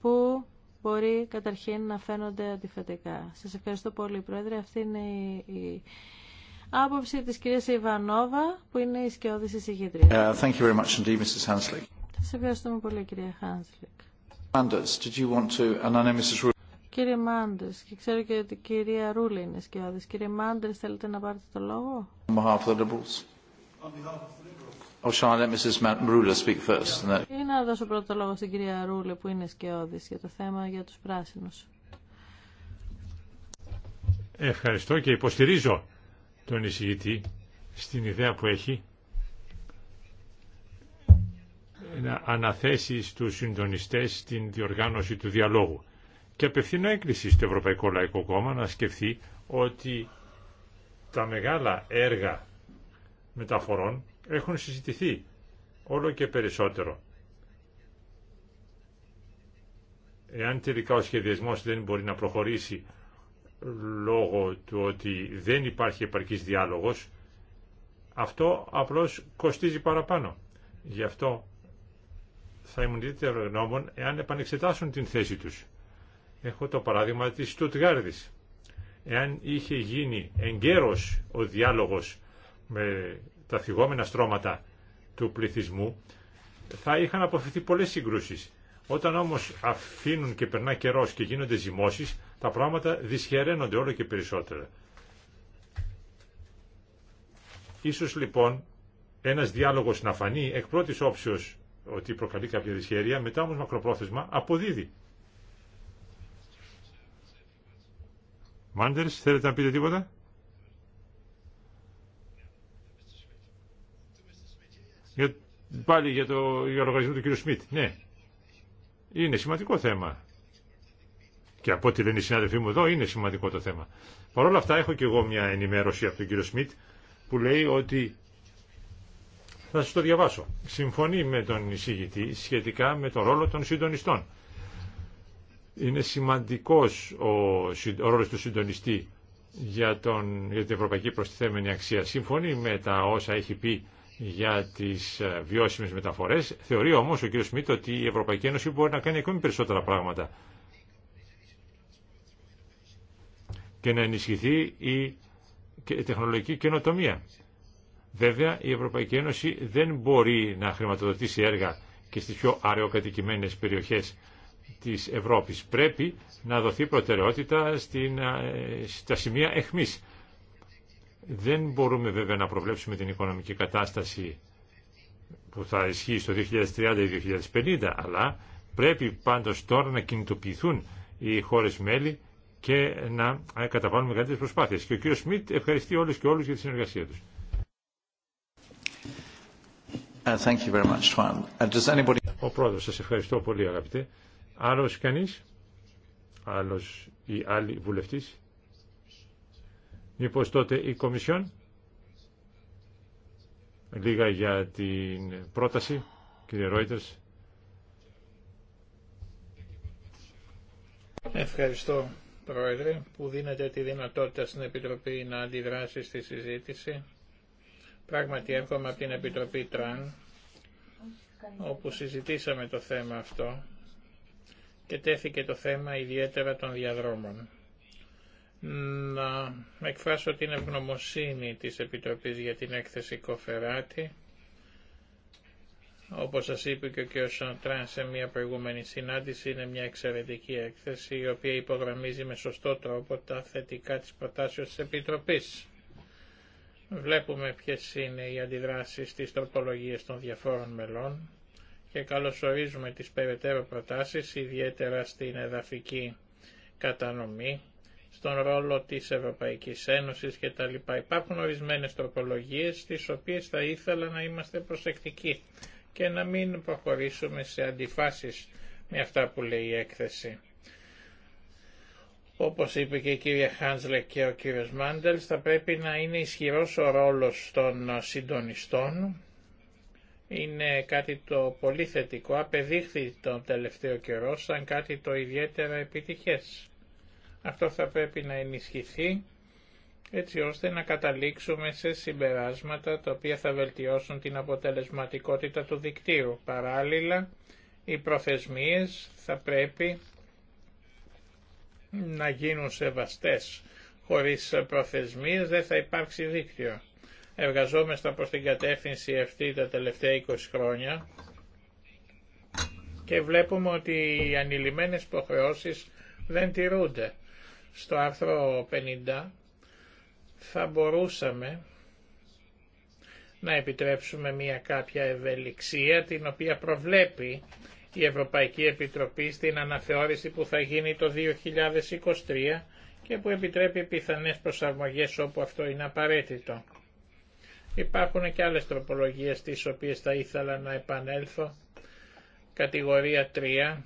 που μπορεί καταρχήν να φαίνονται αντιφατικά. Σας ευχαριστώ πολύ, Πρόεδρε. Αυτή είναι η άποψη της κυρίας Ιβανόβα, που είναι η σκαιόδηση Uh, Σας ευχαριστούμε πολύ, κυρία Χάνσλικ. Κύριε Μάντε, και ξέρω και ότι η κυρία Ρούλη είναι σκιώδη. Κύριε Μάντε, θέλετε να πάρετε το λόγο. Oh, Ή να δώσω πρώτο λόγο στην κυρία Ρούλε που είναι σκιώδη για το θέμα για του πράσινου. Ευχαριστώ και υποστηρίζω τον εισηγητή στην ιδέα που έχει να αναθέσει στους συντονιστές την διοργάνωση του διαλόγου. Και απευθύνω έκκληση στο Ευρωπαϊκό Λαϊκό Κόμμα να σκεφτεί ότι τα μεγάλα έργα μεταφορών έχουν συζητηθεί όλο και περισσότερο. Εάν τελικά ο σχεδιασμός δεν μπορεί να προχωρήσει λόγω του ότι δεν υπάρχει επαρκής διάλογος, αυτό απλώς κοστίζει παραπάνω. Γι' αυτό θα ήμουν ιδιαίτερα γνώμων εάν επανεξετάσουν την θέση τους. Έχω το παράδειγμα της Στουτγάρδης. Εάν είχε γίνει εγκαίρος ο διάλογος με τα θυγόμενα στρώματα του πληθυσμού, θα είχαν αποφευθεί πολλές συγκρούσεις. Όταν όμως αφήνουν και περνά καιρός και γίνονται ζυμώσεις, τα πράγματα δυσχεραίνονται όλο και περισσότερο. Ίσως λοιπόν ένας διάλογος να φανεί εκ πρώτης όψεως ότι προκαλεί κάποια δυσχέρεια, μετά όμως μακροπρόθεσμα αποδίδει. Μάντερς, θέλετε να πείτε τίποτα? Για, πάλι για το για λογαριασμό του κ. Σμιτ. Ναι. Είναι σημαντικό θέμα. Και από ό,τι λένε οι συνάδελφοί μου εδώ, είναι σημαντικό το θέμα. Παρ' όλα αυτά, έχω και εγώ μια ενημέρωση από τον κύριο Σμιτ που λέει ότι θα σα το διαβάσω. Συμφωνεί με τον εισηγητή σχετικά με τον ρόλο των συντονιστών. Είναι σημαντικός ο, ο ρόλος του συντονιστή για, τον, για την ευρωπαϊκή προστιθέμενη αξία. Συμφωνεί με τα όσα έχει πει για τις ε, βιώσιμες μεταφορές. Θεωρεί όμως ο κ. Σμίτ ότι η Ευρωπαϊκή Ένωση μπορεί να κάνει ακόμη περισσότερα πράγματα και να ενισχυθεί η τεχνολογική καινοτομία. Βέβαια, η Ευρωπαϊκή Ένωση δεν μπορεί να χρηματοδοτήσει έργα και στις πιο αραιοκατοικημένες περιοχές της Ευρώπης. Πρέπει να δοθεί προτεραιότητα στην, ε, στα σημεία εχμής. Δεν μπορούμε βέβαια να προβλέψουμε την οικονομική κατάσταση που θα ισχύει στο 2030 ή 2050, αλλά πρέπει πάντως τώρα να κινητοποιηθούν οι χώρες μέλη και να ε, καταβάλουμε μεγαλύτερες προσπάθειες. Και ο κύριος Σμιτ ευχαριστεί όλους και όλους για τη συνεργασία τους. Uh, uh, Ο πρόεδρος, σας ευχαριστώ πολύ αγαπητέ. Άλλος κανείς, άλλος ή άλλη βουλευτής. Μήπως τότε η Κομισιόν. Λίγα για την πρόταση, κύριε Ρόιτερς. Ευχαριστώ, Πρόεδρε, που δίνετε τη δυνατότητα στην Επιτροπή να αντιδράσει στη συζήτηση. Πράγματι έρχομαι από την Επιτροπή Τραν, όπου συζητήσαμε το θέμα αυτό και τέθηκε το θέμα ιδιαίτερα των διαδρόμων. Να εκφράσω την ευγνωμοσύνη της Επιτροπής για την έκθεση Κοφεράτη, όπως σας είπε και ο κ. Σαντράν σε μια προηγούμενη συνάντηση, είναι μια εξαιρετική έκθεση η οποία υπογραμμίζει με σωστό τρόπο τα θετικά της προτάσεως της Επιτροπής. Βλέπουμε ποιες είναι οι αντιδράσεις στις τροπολογίες των διαφόρων μελών και καλωσορίζουμε τις περαιτέρω προτάσεις, ιδιαίτερα στην εδαφική κατανομή, στον ρόλο της Ευρωπαϊκής Ένωσης κτλ. Υπάρχουν ορισμένες τροπολογίες στις οποίες θα ήθελα να είμαστε προσεκτικοί και να μην προχωρήσουμε σε αντιφάσεις με αυτά που λέει η έκθεση. Όπως είπε και η κυρία Χάνσλε και ο κύριος Μάντελ, θα πρέπει να είναι ισχυρός ο ρόλος των συντονιστών. Είναι κάτι το πολύ θετικό, απεδείχθη τον τελευταίο καιρό σαν κάτι το ιδιαίτερα επιτυχές. Αυτό θα πρέπει να ενισχυθεί έτσι ώστε να καταλήξουμε σε συμπεράσματα τα οποία θα βελτιώσουν την αποτελεσματικότητα του δικτύου. Παράλληλα, οι προθεσμίες θα πρέπει να γίνουν σεβαστές χωρίς προθεσμίες δεν θα υπάρξει δίκτυο. Εργαζόμεστε προς την κατεύθυνση αυτή τα τελευταία 20 χρόνια και βλέπουμε ότι οι ανηλυμένες υποχρεώσεις δεν τηρούνται. Στο άρθρο 50 θα μπορούσαμε να επιτρέψουμε μια κάποια ευελιξία την οποία προβλέπει η Ευρωπαϊκή Επιτροπή στην αναθεώρηση που θα γίνει το 2023 και που επιτρέπει πιθανές προσαρμογές όπου αυτό είναι απαραίτητο. Υπάρχουν και άλλες τροπολογίες τις οποίες θα ήθελα να επανέλθω. Κατηγορία 3.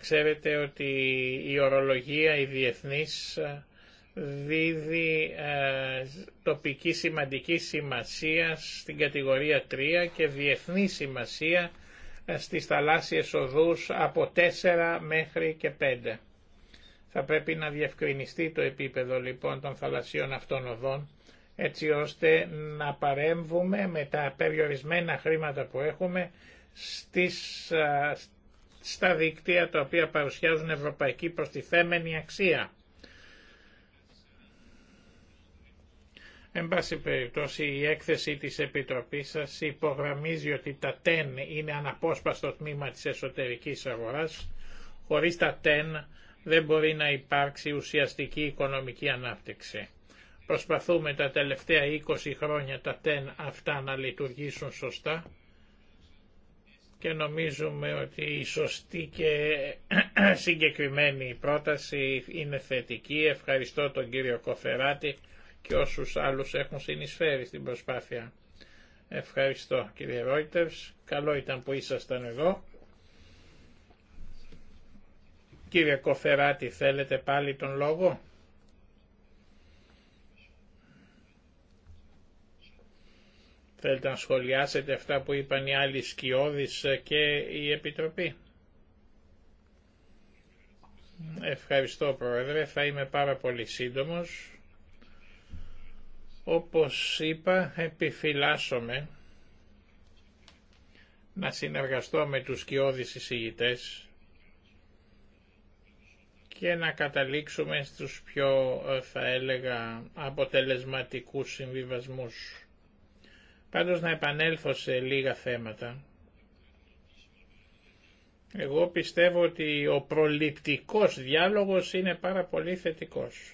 Ξέρετε ότι η ορολογία, η διεθνής, δίδει τοπική σημαντική σημασία στην κατηγορία 3 και διεθνή σημασία στις θαλάσσιες οδούς από 4 μέχρι και 5. Θα πρέπει να διευκρινιστεί το επίπεδο λοιπόν των θαλασσίων αυτών οδών έτσι ώστε να παρέμβουμε με τα περιορισμένα χρήματα που έχουμε στις, στα δίκτυα τα οποία παρουσιάζουν ευρωπαϊκή προστιθέμενη αξία. Εν πάση περιπτώσει η έκθεση της Επιτροπής σας υπογραμμίζει ότι τα TEN είναι αναπόσπαστο τμήμα της εσωτερικής αγοράς. Χωρίς τα TEN δεν μπορεί να υπάρξει ουσιαστική οικονομική ανάπτυξη. Προσπαθούμε τα τελευταία 20 χρόνια τα TEN αυτά να λειτουργήσουν σωστά και νομίζουμε ότι η σωστή και συγκεκριμένη πρόταση είναι θετική. Ευχαριστώ τον κύριο Κοφεράτη και όσους άλλους έχουν συνεισφέρει στην προσπάθεια. Ευχαριστώ κύριε Ρόιτερς. Καλό ήταν που ήσασταν εδώ. Κύριε Κοφεράτη, θέλετε πάλι τον λόγο. Θέλετε να σχολιάσετε αυτά που είπαν οι άλλοι σκιώδεις και η Επιτροπή. Ευχαριστώ Πρόεδρε, θα είμαι πάρα πολύ σύντομος. Όπως είπα, επιφυλάσσομαι να συνεργαστώ με τους κοιόδης εισηγητές και να καταλήξουμε στους πιο, ε, θα έλεγα, αποτελεσματικούς συμβιβασμούς. Πάντως να επανέλθω σε λίγα θέματα. Εγώ πιστεύω ότι ο προληπτικός διάλογος είναι πάρα πολύ θετικός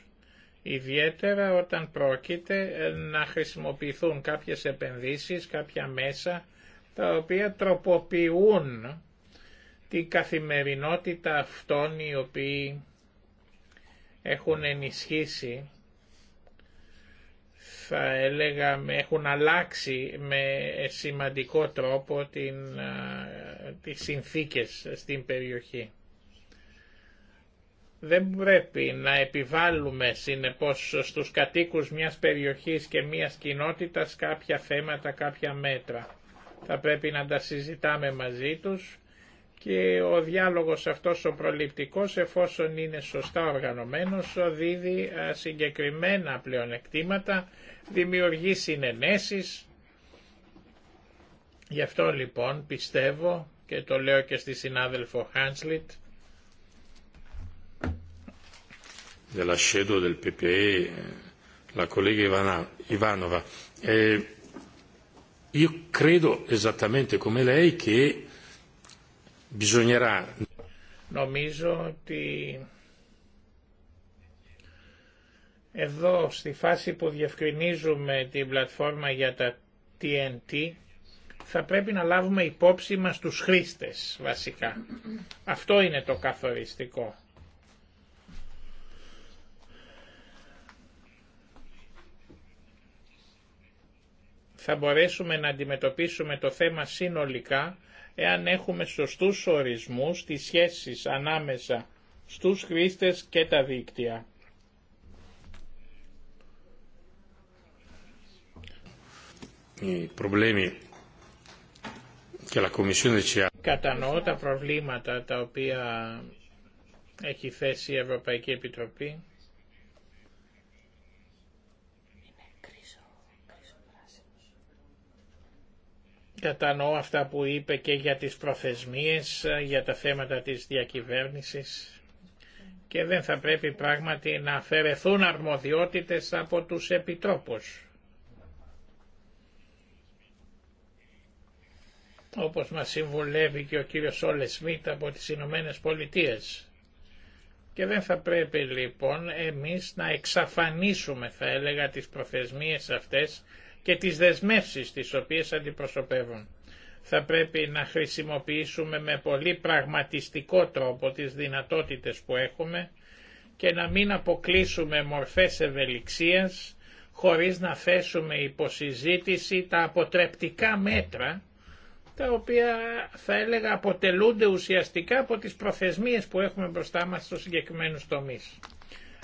ιδιαίτερα όταν πρόκειται ε, να χρησιμοποιηθούν κάποιες επενδύσεις, κάποια μέσα, τα οποία τροποποιούν την καθημερινότητα αυτών οι οποίοι έχουν ενισχύσει, θα έλεγα, έχουν αλλάξει με σημαντικό τρόπο την, ε, τις συνθήκες στην περιοχή. Δεν πρέπει να επιβάλλουμε συνεπώς στους κατοίκους μιας περιοχής και μιας κοινότητας κάποια θέματα, κάποια μέτρα. Θα πρέπει να τα συζητάμε μαζί τους και ο διάλογος αυτός ο προληπτικός εφόσον είναι σωστά οργανωμένος δίδει συγκεκριμένα πλεονεκτήματα, δημιουργεί συνενέσεις. Γι' αυτό λοιπόν πιστεύω και το λέω και στη συνάδελφο Χάνσλιτ della Shadow del PPE, eh, la collega Ivanova. E io credo esattamente come lei che bisognerà. Νομίζω ότι εδώ στη φάση που διευκρινίζουμε την πλατφόρμα για τα TNT θα πρέπει να λάβουμε υπόψη μας τους χρήστες βασικά. Αυτό είναι το καθοριστικό. θα μπορέσουμε να αντιμετωπίσουμε το θέμα συνολικά εάν έχουμε σωστούς ορισμούς τις σχέσεις ανάμεσα στους χρήστες και τα δίκτυα. Κατανοώ τα προβλήματα τα οποία έχει θέσει η Ευρωπαϊκή Επιτροπή Κατανοώ αυτά που είπε και για τις προθεσμίες, για τα θέματα της διακυβέρνησης και δεν θα πρέπει πράγματι να αφαιρεθούν αρμοδιότητες από τους επιτρόπους. όπως μας συμβουλεύει και ο κύριος Όλε Σμίτ από τις Ηνωμένε Πολιτείες. Και δεν θα πρέπει λοιπόν εμείς να εξαφανίσουμε θα έλεγα τις προθεσμίες αυτές και τις δεσμεύσεις τις οποίες αντιπροσωπεύουν. Θα πρέπει να χρησιμοποιήσουμε με πολύ πραγματιστικό τρόπο τις δυνατότητες που έχουμε και να μην αποκλείσουμε μορφές ευελιξίας χωρίς να θέσουμε υποσυζήτηση τα αποτρεπτικά μέτρα τα οποία θα έλεγα αποτελούνται ουσιαστικά από τις προθεσμίες που έχουμε μπροστά μας στους συγκεκριμένους τομείς.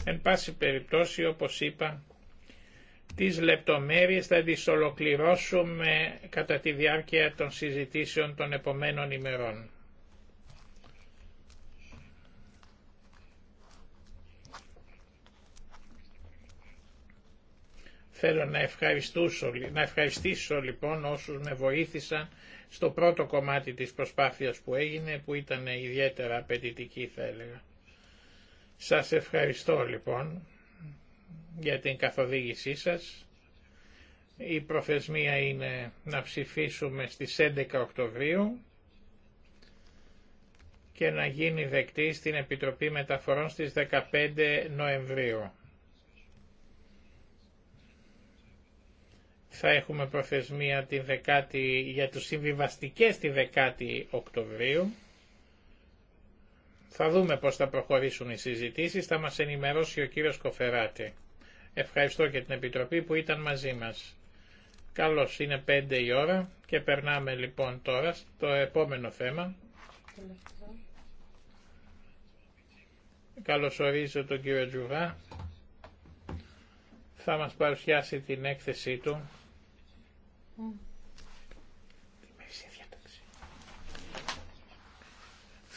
Εν πάση περιπτώσει, όπως είπα, Τις λεπτομέρειες θα τις ολοκληρώσουμε κατά τη διάρκεια των συζητήσεων των επομένων ημερών. Θέλω να, να ευχαριστήσω λοιπόν όσους με βοήθησαν στο πρώτο κομμάτι της προσπάθειας που έγινε, που ήταν ιδιαίτερα απαιτητική θα έλεγα. Σας ευχαριστώ λοιπόν για την καθοδήγησή σας. Η προθεσμία είναι να ψηφίσουμε στις 11 Οκτωβρίου και να γίνει δεκτή στην Επιτροπή Μεταφορών στις 15 Νοεμβρίου. Θα έχουμε προθεσμία την 10, για τους συμβιβαστικές τη 10 Οκτωβρίου. Θα δούμε πώς θα προχωρήσουν οι συζητήσεις, θα μας ενημερώσει ο κύριος Κοφεράτη. Ευχαριστώ και την Επιτροπή που ήταν μαζί μας. Καλώς είναι 5 η ώρα και περνάμε λοιπόν τώρα στο επόμενο θέμα. Καλωσορίζω τον κύριο Τζουβά. Θα μας παρουσιάσει την έκθεσή του. Mm.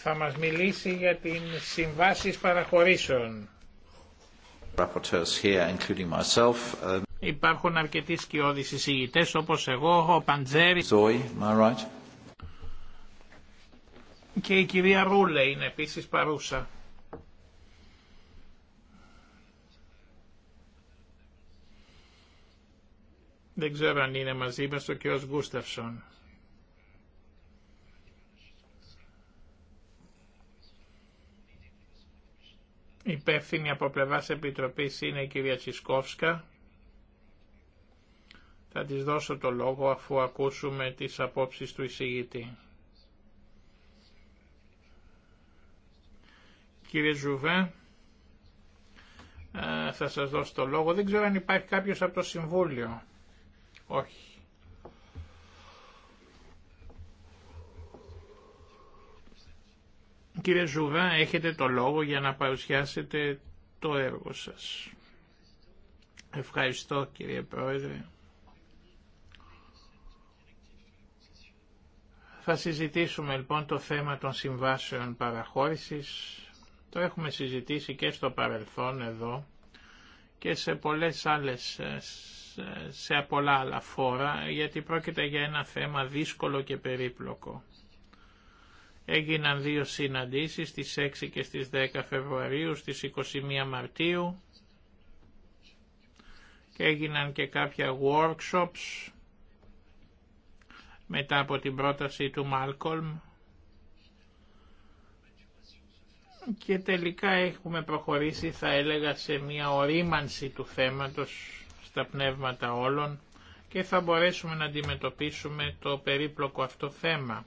θα μας μιλήσει για την συμβάσεις παραχωρήσεων. Uh, Υπάρχουν αρκετοί σκιώδεις εισηγητές όπως εγώ, ο Παντζέρη right? και η κυρία Ρούλε είναι επίσης παρούσα. Δεν ξέρω αν είναι μαζί μας ο κ. Γκούσταυσον. Υπεύθυνη από πλευρά Επιτροπή είναι η κυρία Τσισκόφσκα. Θα της δώσω το λόγο αφού ακούσουμε τις απόψεις του εισηγητή. Κύριε Ζουβέ, ε, θα σας δώσω το λόγο. Δεν ξέρω αν υπάρχει κάποιος από το Συμβούλιο. Όχι. Κύριε Ζουβά, έχετε το λόγο για να παρουσιάσετε το έργο σας. Ευχαριστώ κύριε Πρόεδρε. Θα συζητήσουμε λοιπόν το θέμα των συμβάσεων παραχώρησης. Το έχουμε συζητήσει και στο παρελθόν εδώ και σε πολλές άλλες, ε, σε πολλά άλλα φόρα, γιατί πρόκειται για ένα θέμα δύσκολο και περίπλοκο. Έγιναν δύο συναντήσεις στις 6 και στις 10 Φεβρουαρίου, στις 21 Μαρτίου και έγιναν και κάποια workshops μετά από την πρόταση του Μάλκολμ και τελικά έχουμε προχωρήσει θα έλεγα σε μια ορίμανση του θέματος στα πνεύματα όλων και θα μπορέσουμε να αντιμετωπίσουμε το περίπλοκο αυτό θέμα.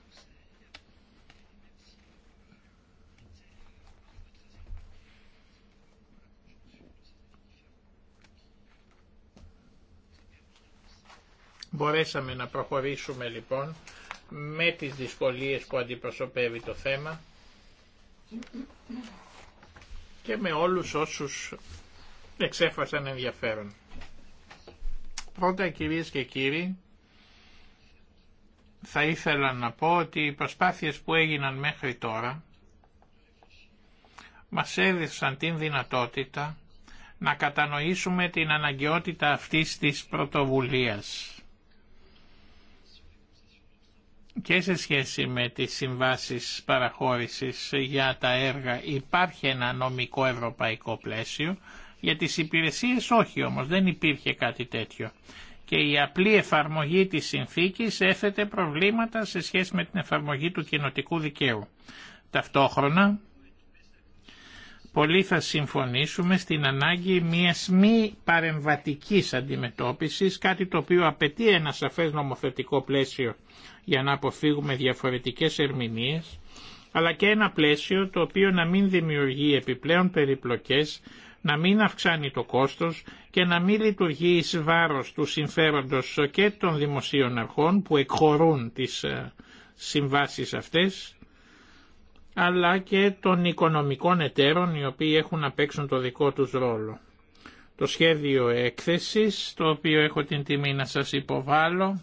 Μπορέσαμε να προχωρήσουμε λοιπόν με τις δυσκολίες που αντιπροσωπεύει το θέμα και με όλους όσους εξέφρασαν ενδιαφέρον. Πρώτα κυρίες και κύριοι, θα ήθελα να πω ότι οι προσπάθειες που έγιναν μέχρι τώρα μας έδειξαν την δυνατότητα να κατανοήσουμε την αναγκαιότητα αυτής της πρωτοβουλίας και σε σχέση με τις συμβάσεις παραχώρησης για τα έργα υπάρχει ένα νομικό ευρωπαϊκό πλαίσιο, για τις υπηρεσίες όχι όμως, δεν υπήρχε κάτι τέτοιο. Και η απλή εφαρμογή της συνθήκης έθετε προβλήματα σε σχέση με την εφαρμογή του κοινοτικού δικαίου. Ταυτόχρονα, πολλοί θα συμφωνήσουμε στην ανάγκη μιας μη παρεμβατικής αντιμετώπισης, κάτι το οποίο απαιτεί ένα σαφές νομοθετικό πλαίσιο για να αποφύγουμε διαφορετικές ερμηνείες, αλλά και ένα πλαίσιο το οποίο να μην δημιουργεί επιπλέον περιπλοκές, να μην αυξάνει το κόστος και να μην λειτουργεί εις βάρος του συμφέροντος και των δημοσίων αρχών που εκχωρούν τις ε, συμβάσεις αυτές, αλλά και των οικονομικών εταίρων οι οποίοι έχουν να παίξουν το δικό τους ρόλο. Το σχέδιο έκθεσης, το οποίο έχω την τιμή να σας υποβάλω,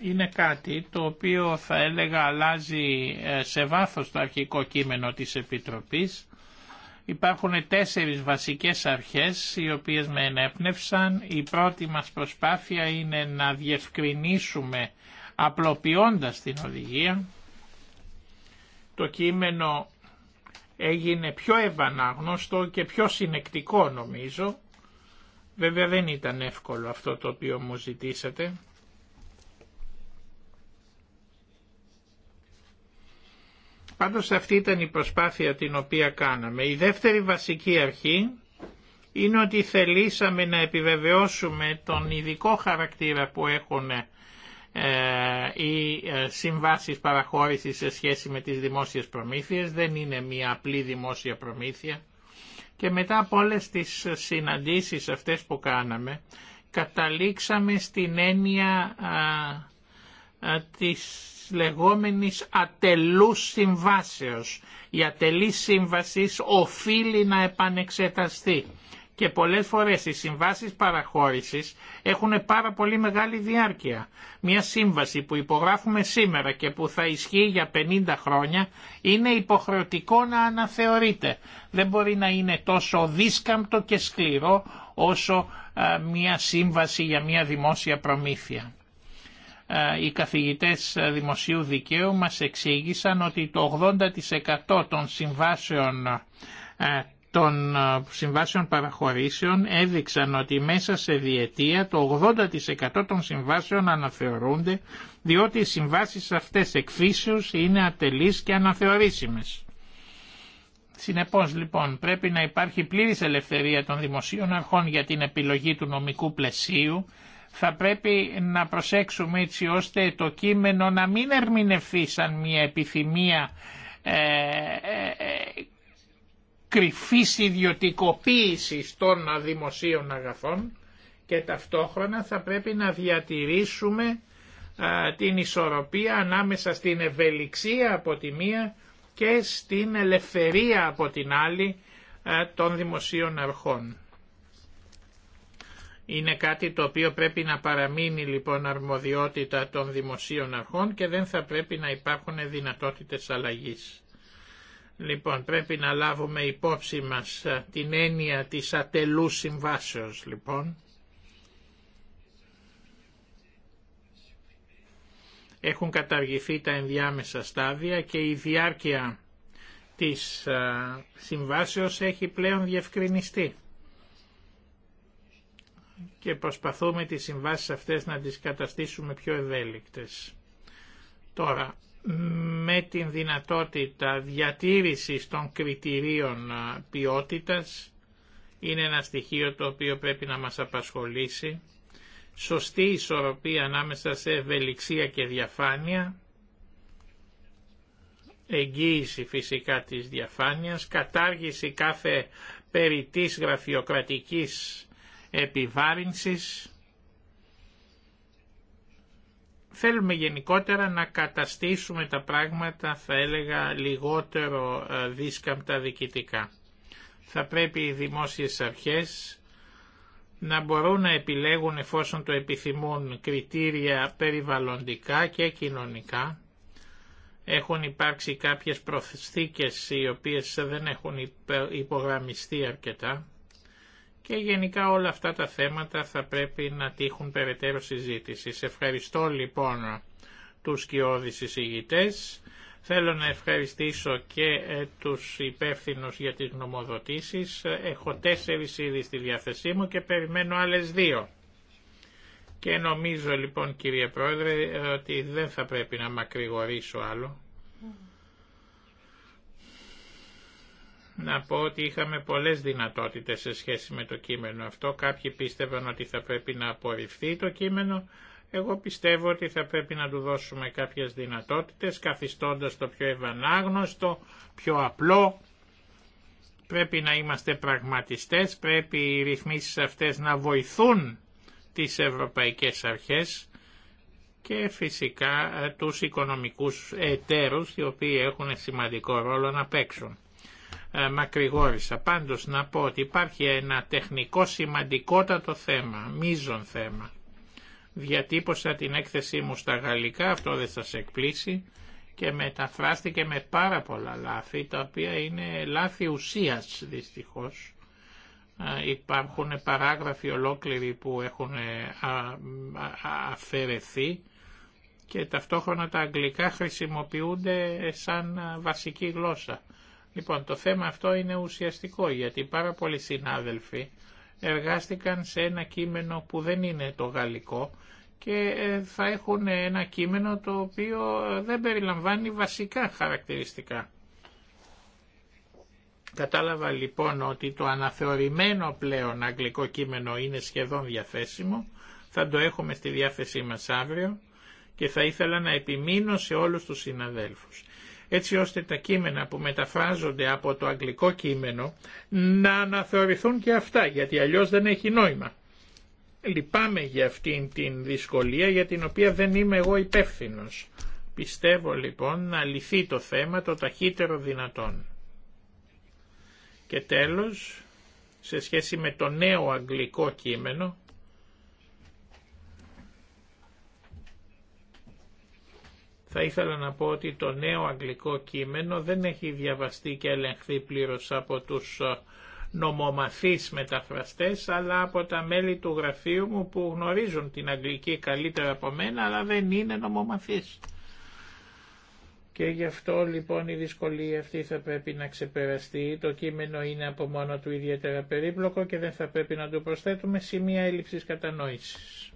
είναι κάτι το οποίο θα έλεγα αλλάζει ε, σε βάθος το αρχικό κείμενο της Επιτροπής. Υπάρχουν τέσσερις βασικές αρχές οι οποίες με ενέπνευσαν. Η πρώτη μας προσπάθεια είναι να διευκρινίσουμε απλοποιώντας την οδηγία. Το κείμενο έγινε πιο ευανάγνωστο και πιο συνεκτικό νομίζω. Βέβαια δεν ήταν εύκολο αυτό το οποίο μου ζητήσατε. Πάντως αυτή ήταν η προσπάθεια την οποία κάναμε. Η δεύτερη βασική αρχή είναι ότι θελήσαμε να επιβεβαιώσουμε τον ειδικό χαρακτήρα που έχουν ε, οι ε, συμβάσεις παραχώρησης σε σχέση με τις δημόσιες προμήθειες. Δεν είναι μια απλή δημόσια προμήθεια. Και μετά από όλες τις συναντήσεις αυτές που κάναμε, καταλήξαμε στην έννοια α, λεγόμενης ατελούς συμβάσεως. Η ατελή σύμβαση οφείλει να επανεξεταστεί και πολλές φορές οι συμβάσεις παραχώρησης έχουν πάρα πολύ μεγάλη διάρκεια. Μια σύμβαση που υπογράφουμε σήμερα και που θα ισχύει για 50 χρόνια είναι υποχρεωτικό να αναθεωρείται. Δεν μπορεί να είναι τόσο δίσκαμπτο και σκληρό όσο ε, μια σύμβαση για μια δημόσια προμήθεια. Ε, οι καθηγητές ε, δημοσίου δικαίου μας εξήγησαν ότι το 80% των συμβάσεων ε, των συμβάσεων παραχωρήσεων έδειξαν ότι μέσα σε διετία το 80% των συμβάσεων αναθεωρούνται διότι οι συμβάσεις αυτές εκφύσεως είναι ατελείς και αναθεωρήσιμες. Συνεπώς λοιπόν πρέπει να υπάρχει πλήρης ελευθερία των δημοσίων αρχών για την επιλογή του νομικού πλαισίου θα πρέπει να προσέξουμε έτσι ώστε το κείμενο να μην ερμηνευθεί σαν μια επιθυμία ε, ε, ε κρυφής ιδιωτικοποίησης των δημοσίων αγαθών και ταυτόχρονα θα πρέπει να διατηρήσουμε ε, την ισορροπία ανάμεσα στην ευελιξία από τη μία και στην ελευθερία από την άλλη ε, των δημοσίων αρχών. Είναι κάτι το οποίο πρέπει να παραμείνει λοιπόν αρμοδιότητα των δημοσίων αρχών και δεν θα πρέπει να υπάρχουν δυνατότητες αλλαγής. Λοιπόν, πρέπει να λάβουμε υπόψη μας ε, την έννοια της ατελούς συμβάσεως, λοιπόν. Έχουν καταργηθεί τα ενδιάμεσα στάδια και η διάρκεια της ε, συμβάσεως έχει πλέον διευκρινιστεί και προσπαθούμε τις συμβάσεις αυτές να τις καταστήσουμε πιο ευέλικτες. Τώρα, με την δυνατότητα διατήρησης των κριτηρίων ποιότητας είναι ένα στοιχείο το οποίο πρέπει να μας απασχολήσει. Σωστή ισορροπία ανάμεσα σε ευελιξία και διαφάνεια, εγγύηση φυσικά της διαφάνειας, κατάργηση κάθε περιττής γραφειοκρατικής επιβάρυνσης. Θέλουμε γενικότερα να καταστήσουμε τα πράγματα, θα έλεγα, λιγότερο ε, δίσκαμπτα διοικητικά. Θα πρέπει οι δημόσιες αρχές να μπορούν να επιλέγουν εφόσον το επιθυμούν κριτήρια περιβαλλοντικά και κοινωνικά. Έχουν υπάρξει κάποιες προσθήκες οι οποίες δεν έχουν υπογραμμιστεί αρκετά. Και γενικά όλα αυτά τα θέματα θα πρέπει να τύχουν περαιτέρω συζήτηση. Ευχαριστώ λοιπόν τους κοιόδης εισηγητές. Θέλω να ευχαριστήσω και ε, τους υπεύθυνους για τις νομοδοτήσεις. Έχω τέσσερις ήδη στη διάθεσή μου και περιμένω άλλες δύο. Και νομίζω λοιπόν κύριε Πρόεδρε ότι δεν θα πρέπει να μακρηγορήσω άλλο. να πω ότι είχαμε πολλές δυνατότητες σε σχέση με το κείμενο αυτό. Κάποιοι πίστευαν ότι θα πρέπει να απορριφθεί το κείμενο. Εγώ πιστεύω ότι θα πρέπει να του δώσουμε κάποιες δυνατότητες, καθιστώντας το πιο ευανάγνωστο, πιο απλό. Πρέπει να είμαστε πραγματιστές, πρέπει οι ρυθμίσεις αυτές να βοηθούν τις ευρωπαϊκές αρχές και φυσικά ε, τους οικονομικούς εταίρους οι οποίοι έχουν σημαντικό ρόλο να παίξουν. Ε, μακρηγόρησα. Πάντως να πω ότι υπάρχει ένα τεχνικό σημαντικότατο θέμα, μείζον θέμα. Διατύπωσα την έκθεσή μου στα γαλλικά, αυτό δεν σας εκπλήσει, και μεταφράστηκε με πάρα πολλά λάθη, τα οποία είναι λάθη ουσίας δυστυχώς. Ε, υπάρχουν παράγραφοι ολόκληροι που έχουν ε, αφαιρεθεί και ταυτόχρονα τα αγγλικά χρησιμοποιούνται σαν βασική γλώσσα. Λοιπόν, το θέμα αυτό είναι ουσιαστικό γιατί πάρα πολλοί συνάδελφοι εργάστηκαν σε ένα κείμενο που δεν είναι το γαλλικό και ε, θα έχουν ένα κείμενο το οποίο ε, δεν περιλαμβάνει βασικά χαρακτηριστικά. Κατάλαβα λοιπόν ότι το αναθεωρημένο πλέον αγγλικό κείμενο είναι σχεδόν διαθέσιμο, θα το έχουμε στη διάθεσή μας αύριο και θα ήθελα να επιμείνω σε όλους τους συναδέλφους έτσι ώστε τα κείμενα που μεταφράζονται από το αγγλικό κείμενο να αναθεωρηθούν και αυτά, γιατί αλλιώς δεν έχει νόημα. Λυπάμαι για αυτήν την δυσκολία για την οποία δεν είμαι εγώ υπεύθυνο. Πιστεύω λοιπόν να λυθεί το θέμα το ταχύτερο δυνατόν. Και τέλος, σε σχέση με το νέο αγγλικό κείμενο, Θα ήθελα να πω ότι το νέο αγγλικό κείμενο δεν έχει διαβαστεί και ελεγχθεί πλήρως από τους ε, νομομαθείς μεταφραστές, αλλά από τα μέλη του γραφείου μου που γνωρίζουν την αγγλική καλύτερα από μένα, αλλά δεν είναι νομομαθείς. Και γι' αυτό λοιπόν η δυσκολία αυτή θα πρέπει να ξεπεραστεί. Το κείμενο είναι από μόνο του ιδιαίτερα περίπλοκο και δεν θα πρέπει να του προσθέτουμε σημεία έλλειψης κατανόησης.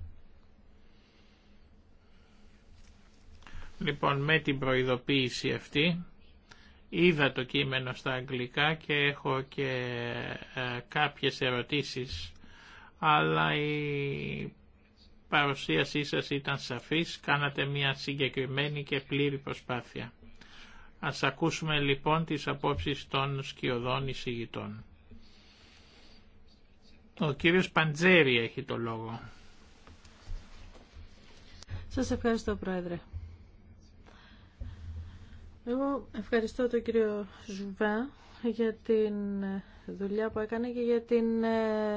Λοιπόν, με την προειδοποίηση αυτή, είδα το κείμενο στα αγγλικά και έχω και ε, κάποιες ερωτήσεις, αλλά η παρουσίασή σας ήταν σαφής, κάνατε μια συγκεκριμένη και πλήρη προσπάθεια. Ας ακούσουμε λοιπόν τις απόψεις των σκιωδών εισηγητών. Ο κύριος Παντζέρη έχει το λόγο. Σας ευχαριστώ Πρόεδρε. Εγώ ευχαριστώ τον κύριο Ζουβά για την ε, δουλειά που έκανε και για την ε,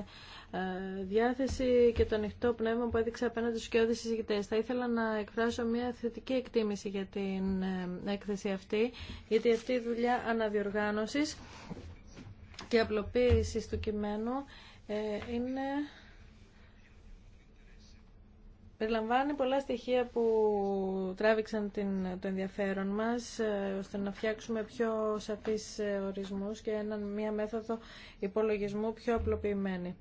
ε, διάθεση και το ανοιχτό πνεύμα που έδειξε απέναντι στους κοιόδης συζητητές. Θα ήθελα να εκφράσω μια θετική εκτίμηση για την έκθεση αυτή, γιατί αυτή η δουλειά αναδιοργάνωσης και απλοποίησης του κειμένου είναι Περιλαμβάνει πολλά στοιχεία που τράβηξαν την, το ενδιαφέρον μας ε, ώστε να φτιάξουμε πιο σαφείς ε, ορισμούς και ένα, μια μέθοδο υπολογισμού πιο απλοποιημένη.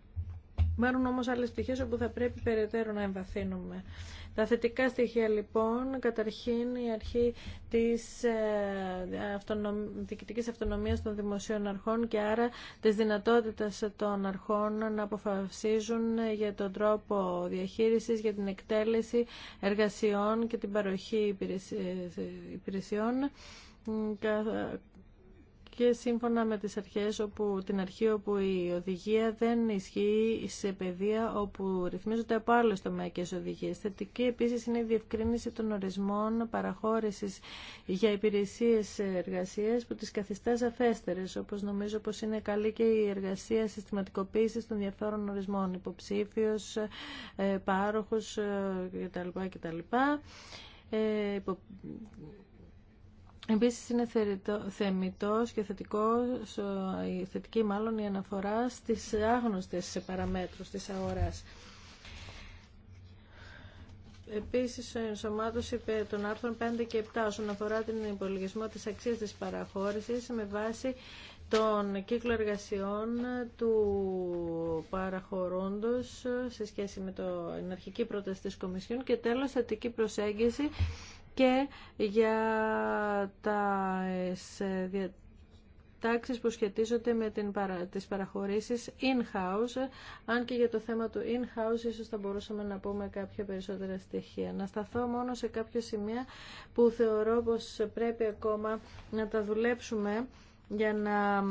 Μένουν όμως άλλες στοιχείες όπου θα πρέπει περαιτέρω να εμβαθύνουμε. Τα θετικά στοιχεία λοιπόν, καταρχήν η αρχή της ε, διοικητικής αυτονομίας των δημοσίων αρχών και άρα της δυνατότητας των αρχών να αποφασίζουν για τον τρόπο διαχείρισης, για την εκτέλεση εργασιών και την παροχή ε, υπηρεσιών και σύμφωνα με τις αρχές όπου, την αρχή όπου η οδηγία δεν ισχύει σε παιδεία όπου ρυθμίζονται από άλλες τομέακες οδηγίες. Θετική επίσης είναι η διευκρίνηση των ορισμών παραχώρησης για υπηρεσίες εργασίες που τις καθιστά αφέστερες, όπως νομίζω πως είναι καλή και η εργασία συστηματικοποίησης των διαφόρων ορισμών, υποψήφιος, ε, πάροχος ε, κτλ. κτλ. Ε, Επίσης είναι θεμητός και θετικός, θετική μάλλον η αναφορά στις άγνωστες παραμέτρους της αγοράς. Επίσης, η ενσωμάτωση των άρθρων 5 και 7 όσον αφορά την υπολογισμό της αξίας της παραχώρησης με βάση τον κύκλο εργασιών του παραχωρώντος σε σχέση με την αρχική πρόταση της Κομισιόν και τέλος θετική προσέγγιση και για τα ε, διατάξεις που σχετίζονται με την παρα... τις παραχωρήσεις in-house, αν και για το θέμα του in-house ίσως θα μπορούσαμε να πούμε κάποια περισσότερα στοιχεία. Να σταθώ μόνο σε κάποια σημεία που θεωρώ πως πρέπει ακόμα να τα δουλέψουμε για να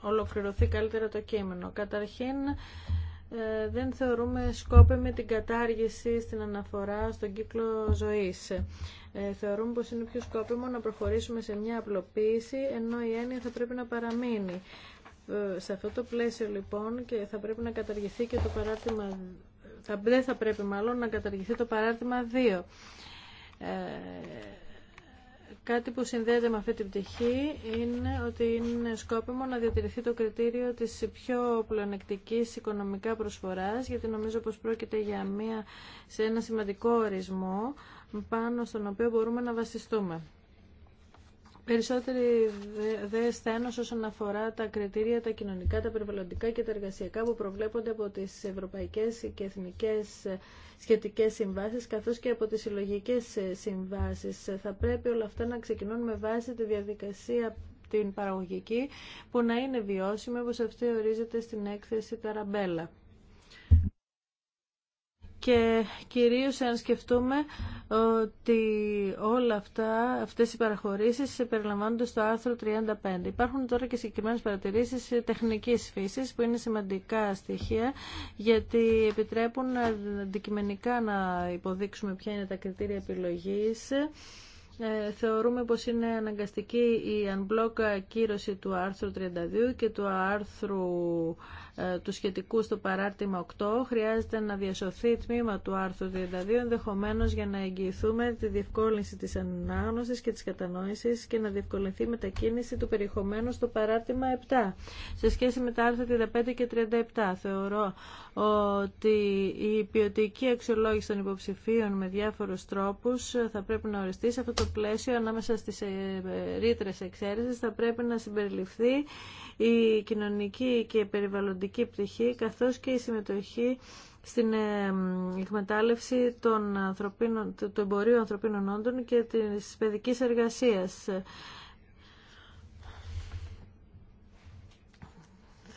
ολοκληρωθεί καλύτερα το κείμενο. Καταρχήν, ε, δεν θεωρούμε σκόπιμη την κατάργηση στην αναφορά στον κύκλο ζωής. Ε, θεωρούμε πως είναι πιο σκόπιμο να προχωρήσουμε σε μια απλοποίηση, ενώ η έννοια θα πρέπει να παραμείνει. Ε, σε αυτό το πλαίσιο λοιπόν και θα πρέπει να καταργηθεί και το παράρτημα... Θα, δεν θα πρέπει μάλλον να καταργηθεί το παράρτημα 2. Κάτι που συνδέεται με αυτή την πτυχή είναι ότι είναι σκόπιμο να διατηρηθεί το κριτήριο της πιο πλανεκτικής οικονομικά προσφοράς, γιατί νομίζω πως πρόκειται για μια, σε ένα σημαντικό ορισμό πάνω στον οποίο μπορούμε να βασιστούμε. Περισσότερη δε στένος όσον αφορά τα κριτήρια, τα κοινωνικά, τα περιβαλλοντικά και τα εργασιακά που προβλέπονται από τις ευρωπαϊκές και εθνικές σχετικές συμβάσεις καθώς και από τις συλλογικέ συμβάσεις. Θα πρέπει όλα αυτά να ξεκινούν με βάση τη διαδικασία την παραγωγική που να είναι βιώσιμη όπως αυτή ορίζεται στην έκθεση Ταραμπέλα και κυρίως αν σκεφτούμε ότι όλα αυτά, αυτές οι παραχωρήσεις περιλαμβάνονται στο άρθρο 35. Υπάρχουν τώρα και συγκεκριμένες παρατηρήσεις τεχνικής φύσης που είναι σημαντικά στοιχεία γιατί επιτρέπουν αντικειμενικά να υποδείξουμε ποια είναι τα κριτήρια επιλογής ε, θεωρούμε πως είναι αναγκαστική η unblock κύρωση του άρθρου 32 και του άρθρου του σχετικού στο παράρτημα 8 χρειάζεται να διασωθεί τμήμα του άρθρου 32 ενδεχομένω για να εγγυηθούμε τη διευκόλυνση της ανάγνωσης και της κατανόησης και να διευκολυνθεί η μετακίνηση του περιεχομένου στο παράρτημα 7. Σε σχέση με τα άρθρα 35 και 37 θεωρώ ότι η ποιοτική αξιολόγηση των υποψηφίων με διάφορους τρόπους θα πρέπει να οριστεί σε αυτό το πλαίσιο ανάμεσα στις ε, ε, ρήτρες εξαίρεσης θα πρέπει να συμπεριληφθεί η κοινωνική και περιβαλλοντική πτυχή, καθώς και η συμμετοχή στην ε, εκμετάλλευση των του εμπορίου ανθρωπίνων όντων και της παιδικής εργασίας.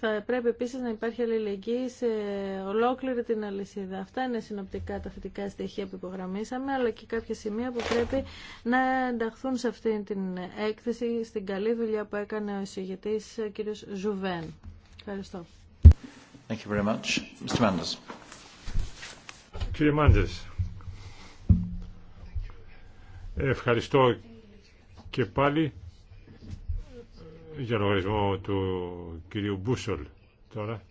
θα πρέπει επίσης να υπάρχει αλληλεγγύη σε ολόκληρη την αλυσίδα. Αυτά είναι συνοπτικά τα θετικά στοιχεία που υπογραμμίσαμε, αλλά και κάποια σημεία που πρέπει να ενταχθούν σε αυτή την έκθεση, στην καλή δουλειά που έκανε ο εισηγητής κ. Ζουβέν. Ευχαριστώ. Thank you very much. Mr. Κύριε Μάντες, ευχαριστώ και πάλι για λογαριασμό του κυρίου Μπούσολ τώρα.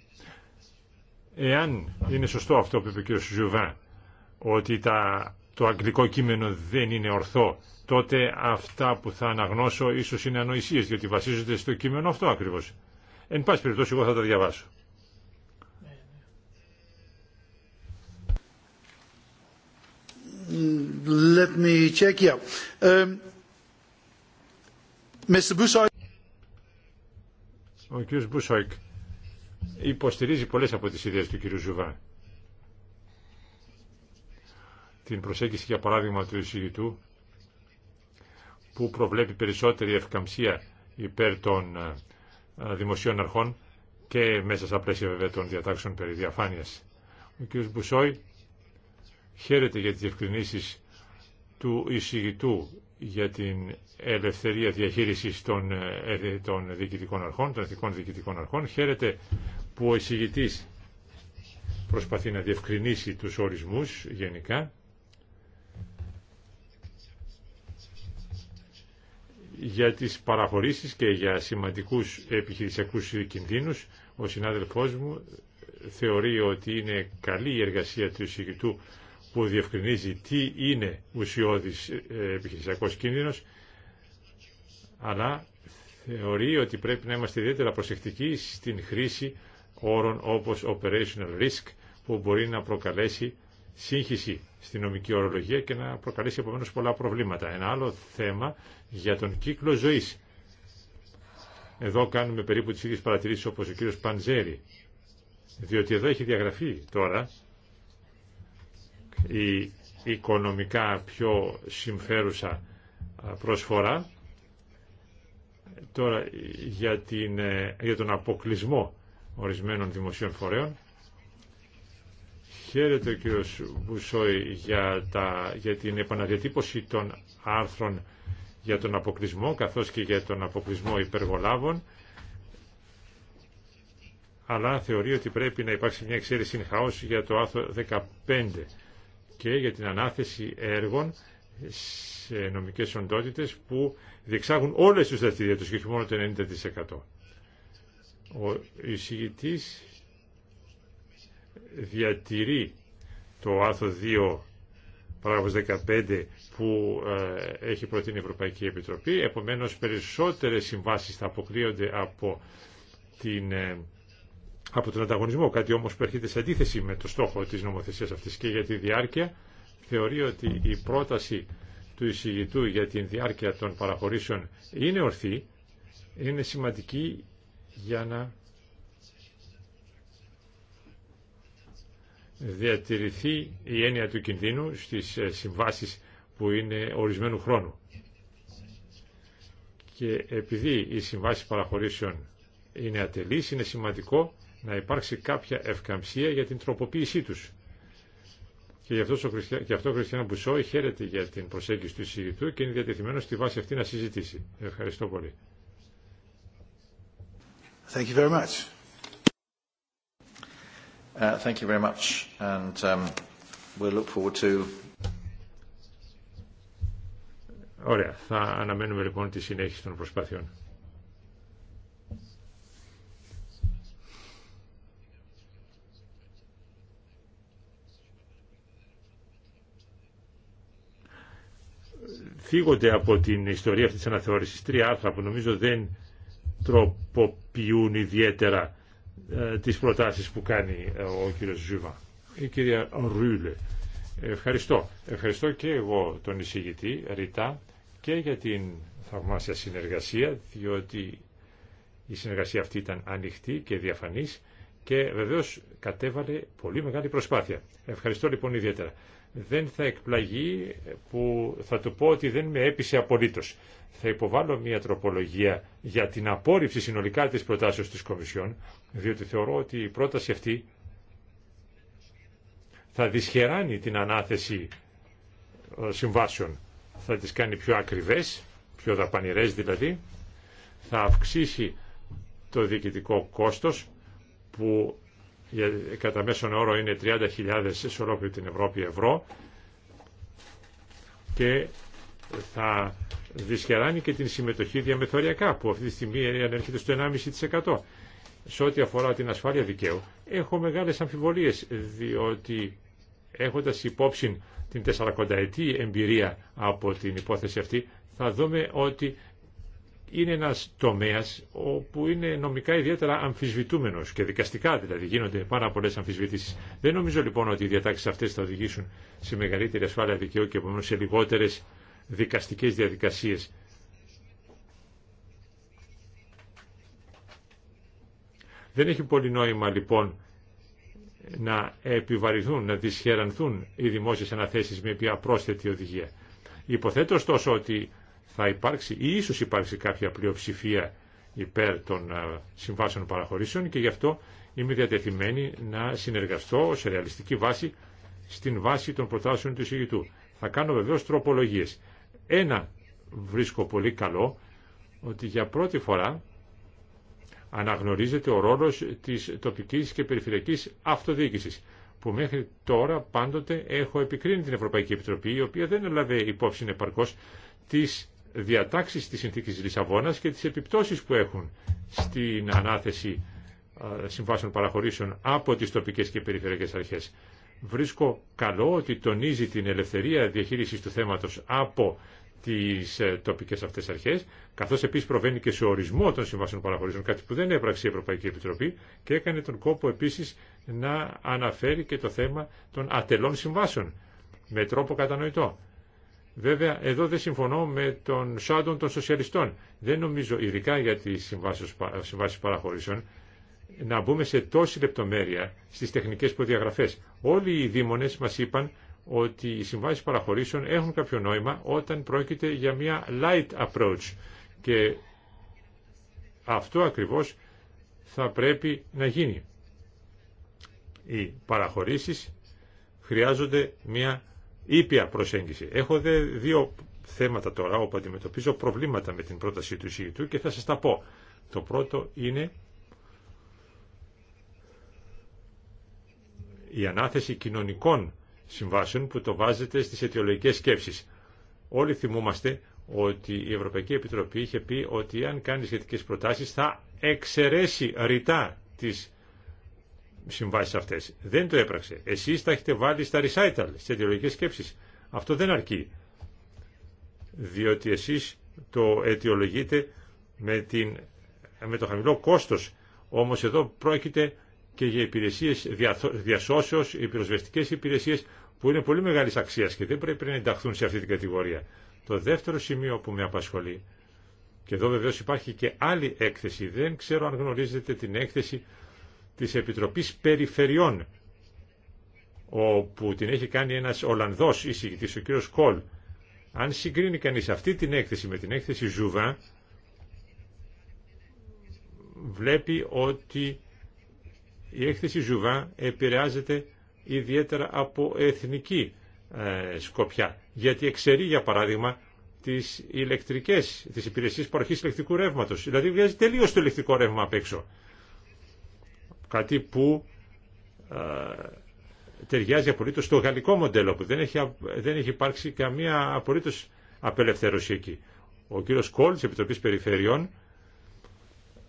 Εάν είναι σωστό αυτό που είπε ο κύριος Ζουβά, ότι το αγγλικό κείμενο δεν είναι ορθό, τότε αυτά που θα αναγνώσω ίσως είναι ανοησίες, γιατί βασίζονται στο κείμενο αυτό ακριβώς. Εν πάση περιπτώσει εγώ θα τα διαβάσω. Let me check, here, um, Mr. Ο κ. Μπούσοικ υποστηρίζει πολλές από τις ιδέες του κ. Ζουβά. Την προσέγγιση για παράδειγμα του εισηγητού που προβλέπει περισσότερη ευκαμψία υπέρ των ε, δημοσίων αρχών και μέσα στα πλαίσια βέβαια των διατάξεων περί διαφάνειας. Ο κ. Μπουσόικ χαίρεται για τις ευκρινήσεις του εισηγητού για την ελευθερία διαχείρισης των, ε, ε, των διοικητικών αρχών, των εθνικών διοικητικών αρχών. Χαίρεται που ο εισηγητής προσπαθεί να διευκρινίσει τους ορισμούς γενικά. για τις παραχωρήσεις και για σημαντικούς επιχειρησιακούς κινδύνους. Ο συνάδελφός μου θεωρεί ότι είναι καλή η εργασία του εισηγητού που διευκρινίζει τι είναι ουσιώδης ε, επιχειρησιακός κίνδυνος, αλλά θεωρεί ότι πρέπει να είμαστε ιδιαίτερα προσεκτικοί στην χρήση όρων όπως operational risk που μπορεί να προκαλέσει σύγχυση στη νομική ορολογία και να προκαλέσει επομένω πολλά προβλήματα. Ένα άλλο θέμα για τον κύκλο ζωής. Εδώ κάνουμε περίπου τις ίδιες παρατηρήσεις όπως ο κύριος Παντζέρη, διότι εδώ έχει διαγραφεί τώρα η οικονομικά πιο συμφέρουσα προσφορά. Τώρα για, την, ε, για τον αποκλεισμό ορισμένων δημοσίων φορέων. Χαίρεται ο κ. Μπουσόη για, τα, για την επαναδιατύπωση των άρθρων για τον αποκλεισμό καθώς και για τον αποκλεισμό υπεργολάβων αλλά θεωρεί ότι πρέπει να υπάρξει μια εξαίρεση in για το άρθρο 15 και για την ανάθεση έργων σε νομικές οντότητες που διεξάγουν όλες τις δραστηριότητε και όχι μόνο το 90%. Ο εισηγητή διατηρεί το άρθρο 2 παράγραφος 15 που ε, έχει προτείνει η Ευρωπαϊκή Επιτροπή. Επομένως, περισσότερες συμβάσεις θα αποκλείονται από την ε, από τον ανταγωνισμό, κάτι όμως που έρχεται σε αντίθεση με το στόχο της νομοθεσίας αυτής και για τη διάρκεια θεωρεί ότι η πρόταση του εισηγητού για την διάρκεια των παραχωρήσεων είναι ορθή, είναι σημαντική για να διατηρηθεί η έννοια του κινδύνου στις συμβάσεις που είναι ορισμένου χρόνου. Και επειδή οι συμβάσεις παραχωρήσεων είναι ατελείς, είναι σημαντικό να υπάρξει κάποια ευκαμψία για την τροποποίησή τους. Και γι' αυτό ο Χριστιανό Χριστιαν Μπουσόη χαίρεται για την προσέγγιση του εισηγητού και είναι διατεθειμένος στη βάση αυτή να συζητήσει. Ευχαριστώ πολύ. Thank you very much. Uh, thank you very much. And um, look forward to... Ωραία. Θα αναμένουμε λοιπόν τη συνέχιση των προσπάθειών. φύγονται από την ιστορία αυτής της αναθεώρησης τρία άρθρα που νομίζω δεν τροποποιούν ιδιαίτερα ε, τις προτάσεις που κάνει ε, ο κύριος Ζουβά. Η κυρία Ρούλε. Ευχαριστώ. Ευχαριστώ και εγώ τον εισηγητή Ριτά και για την θαυμάσια συνεργασία διότι η συνεργασία αυτή ήταν ανοιχτή και διαφανής και βεβαίως κατέβαλε πολύ μεγάλη προσπάθεια. Ευχαριστώ λοιπόν ιδιαίτερα δεν θα εκπλαγεί που θα του πω ότι δεν με έπεισε απολύτως. Θα υποβάλω μια τροπολογία για την απόρριψη συνολικά της προτάσεως της Κομισιόν, διότι θεωρώ ότι η πρόταση αυτή θα δυσχεράνει την ανάθεση ε, συμβάσεων. Θα τις κάνει πιο ακριβές, πιο δαπανηρές δηλαδή, θα αυξήσει το διοικητικό κόστος που κατά μέσον όρο είναι 30.000 σε ολόκληρη την Ευρώπη ευρώ και θα δυσχεράνει και την συμμετοχή διαμεθοριακά που αυτή τη στιγμή ανέρχεται στο 1,5%. Σε ό,τι αφορά την ασφάλεια δικαίου έχω μεγάλες αμφιβολίες διότι έχοντας υπόψη την 40 ετή εμπειρία από την υπόθεση αυτή θα δούμε ότι είναι ένας τομέας όπου είναι νομικά ιδιαίτερα αμφισβητούμενος και δικαστικά δηλαδή γίνονται πάρα πολλές αμφισβητήσεις. Δεν νομίζω λοιπόν ότι οι διατάξεις αυτές θα οδηγήσουν σε μεγαλύτερη ασφάλεια δικαίου και επομένως σε λιγότερες δικαστικές διαδικασίες. Δεν έχει πολύ νόημα λοιπόν να επιβαρυνθούν, να δυσχερανθούν οι δημόσιες αναθέσεις με μια πρόσθετη οδηγία. Υποθέτω ωστόσο ότι θα υπάρξει ή ίσως υπάρξει κάποια πλειοψηφία υπέρ των ε, συμβάσεων παραχωρήσεων και γι' αυτό είμαι διατεθειμένη να συνεργαστώ σε ρεαλιστική βάση στην βάση των προτάσεων του εισηγητού. Θα κάνω βεβαίως τροπολογίες. Ένα βρίσκω πολύ καλό, ότι για πρώτη φορά αναγνωρίζεται ο ρόλος της τοπικής και περιφερειακής αυτοδιοίκησης, που μέχρι τώρα πάντοτε έχω επικρίνει την Ευρωπαϊκή Επιτροπή, η οποία δεν έλαβε υπόψη επαρκώς τις διατάξεις της συνθήκης Λισαβόνας και τις επιπτώσεις που έχουν στην ανάθεση συμβάσεων παραχωρήσεων από τις τοπικές και περιφερειακές αρχές. Βρίσκω καλό ότι τονίζει την ελευθερία διαχείρισης του θέματος από τις ε, τοπικές αυτές αρχές, καθώς επίσης προβαίνει και σε ορισμό των συμβάσεων παραχωρήσεων, κάτι που δεν έπραξε η Ευρωπαϊκή Επιτροπή και έκανε τον κόπο επίσης να αναφέρει και το θέμα των ατελών συμβάσεων με τρόπο κατανοητό. Βέβαια, εδώ δεν συμφωνώ με τον Σάντον των Σοσιαλιστών. Δεν νομίζω, ειδικά για τι συμβάσει παραχωρήσεων, να μπούμε σε τόση λεπτομέρεια στι τεχνικέ προδιαγραφέ. Όλοι οι δήμονε μα είπαν ότι οι συμβάσει παραχωρήσεων έχουν κάποιο νόημα όταν πρόκειται για μια light approach. Και αυτό ακριβώς θα πρέπει να γίνει. Οι παραχωρήσει χρειάζονται μια ήπια προσέγγιση. Έχω δε δύο θέματα τώρα όπου αντιμετωπίζω προβλήματα με την πρόταση του εισηγητού και θα σας τα πω. Το πρώτο είναι η ανάθεση κοινωνικών συμβάσεων που το βάζετε στις αιτιολογικές σκέψεις. Όλοι θυμούμαστε ότι η Ευρωπαϊκή Επιτροπή είχε πει ότι αν κάνει σχετικέ προτάσεις θα εξαιρέσει ρητά τις συμβάσει αυτέ. Δεν το έπραξε. Εσεί τα έχετε βάλει στα recital, στι αιτιολογικέ σκέψει. Αυτό δεν αρκεί. Διότι εσεί το αιτιολογείτε με, την, με το χαμηλό κόστο. Όμω εδώ πρόκειται και για υπηρεσίε διασώσεω, οι πυροσβεστικέ υπηρεσίε που είναι πολύ μεγάλη αξία και δεν πρέπει να ενταχθούν σε αυτή την κατηγορία. Το δεύτερο σημείο που με απασχολεί, και εδώ βεβαίω υπάρχει και άλλη έκθεση, δεν ξέρω αν γνωρίζετε την έκθεση της Επιτροπής Περιφερειών όπου την έχει κάνει ένας Ολλανδός εισηγητής, ο κύριος Κόλ. Αν συγκρίνει κανείς αυτή την έκθεση με την έκθεση Ζούβα, βλέπει ότι η έκθεση Ζουβά επηρεάζεται ιδιαίτερα από εθνική ε, σκοπιά, γιατί εξαιρεί, για παράδειγμα, τις ηλεκτρικές, τις υπηρεσίες παροχής ηλεκτρικού ρεύματος. Δηλαδή βγάζει τελείως το ηλεκτρικό ρεύμα απ' έξω. Κάτι που ε, ταιριάζει απολύτως στο γαλλικό μοντέλο που δεν έχει, δεν έχει υπάρξει καμία απολύτως απελευθέρωση εκεί. Ο κύριος Κόλ της Επιτροπής Περιφερειών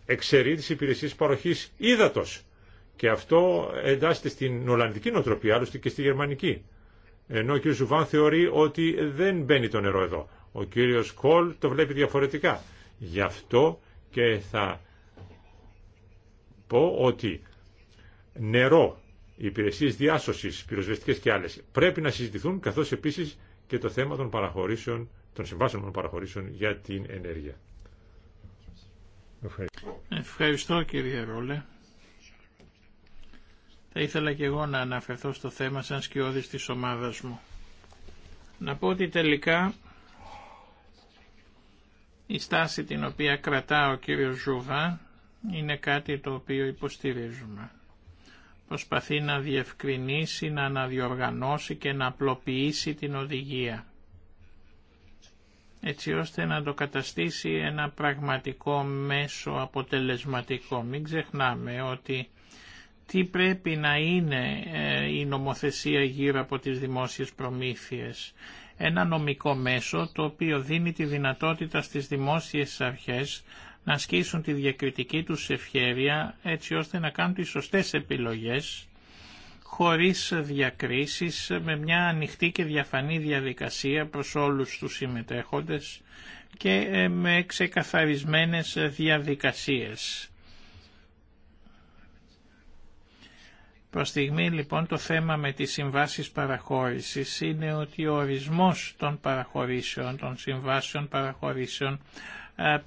εξαιρεί τις υπηρεσίες παροχής ύδατος και αυτό εντάσσεται στην Ολλανδική νοοτροπία, άλλωστε και στη Γερμανική. Ενώ ο κύριος Ζουβάν θεωρεί ότι δεν μπαίνει το νερό εδώ. Ο κύριος Κόλ το βλέπει διαφορετικά. Γι' αυτό και θα πω ότι νερό, υπηρεσίες διάσωση, πυροσβεστικές και άλλες, πρέπει να συζητηθούν, καθώς επίσης και το θέμα των παραχωρήσεων, των συμβάσεων των παραχωρήσεων για την ενέργεια. Ευχαριστώ. Ευχαριστώ κύριε Ρόλε. Θα ήθελα και εγώ να αναφερθώ στο θέμα σαν σκιώδης της ομάδας μου. Να πω ότι τελικά η στάση την οποία κρατά ο κύριος Ζούβα είναι κάτι το οποίο υποστηρίζουμε προσπαθεί να διευκρινίσει, να αναδιοργανώσει και να απλοποιήσει την οδηγία έτσι ώστε να το καταστήσει ένα πραγματικό μέσο αποτελεσματικό. Μην ξεχνάμε ότι τι πρέπει να είναι ε, η νομοθεσία γύρω από τις δημόσιες προμήθειες. Ένα νομικό μέσο το οποίο δίνει τη δυνατότητα στις δημόσιες αρχές να ασκήσουν τη διακριτική τους ευχέρεια έτσι ώστε να κάνουν τις σωστές επιλογές χωρίς διακρίσεις, με μια ανοιχτή και διαφανή διαδικασία προς όλους τους συμμετέχοντες και ε, με ξεκαθαρισμένες διαδικασίες. Προς στιγμή λοιπόν το θέμα με τις συμβάσεις παραχώρησης είναι ότι ο ορισμός των παραχωρήσεων, των συμβάσεων παραχωρήσεων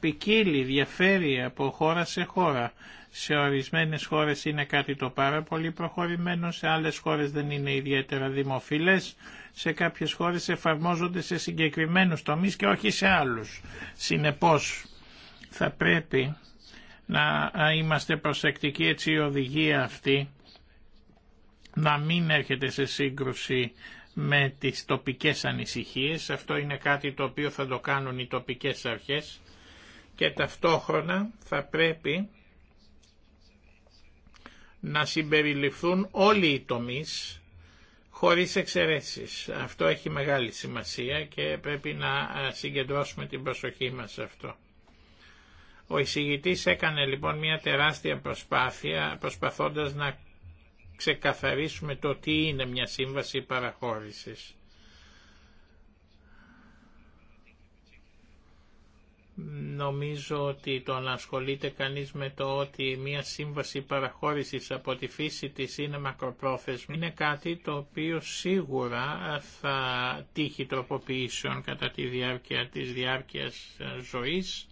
ποικίλει, διαφέρει από χώρα σε χώρα. Σε ορισμένες χώρες είναι κάτι το πάρα πολύ προχωρημένο, σε άλλες χώρες δεν είναι ιδιαίτερα δημοφιλές, σε κάποιες χώρες εφαρμόζονται σε συγκεκριμένους τομείς και όχι σε άλλους. Συνεπώς θα πρέπει να είμαστε προσεκτικοί έτσι η οδηγία αυτή να μην έρχεται σε σύγκρουση με τις τοπικές ανησυχίες. Αυτό είναι κάτι το οποίο θα το κάνουν οι τοπικές αρχές και ταυτόχρονα θα πρέπει να συμπεριληφθούν όλοι οι τομείς χωρίς εξαιρέσεις. Αυτό έχει μεγάλη σημασία και πρέπει να ε, συγκεντρώσουμε την προσοχή μας σε αυτό. Ο εισηγητής έκανε λοιπόν μια τεράστια προσπάθεια προσπαθώντας να ξεκαθαρίσουμε το τι είναι μια σύμβαση παραχώρησης. Νομίζω ότι τον να ασχολείται κανείς με το ότι μια σύμβαση παραχώρησης από τη φύση της είναι μακροπρόθεσμη είναι κάτι το οποίο σίγουρα θα τύχει τροποποιήσεων κατά τη διάρκεια της διάρκειας ζωής,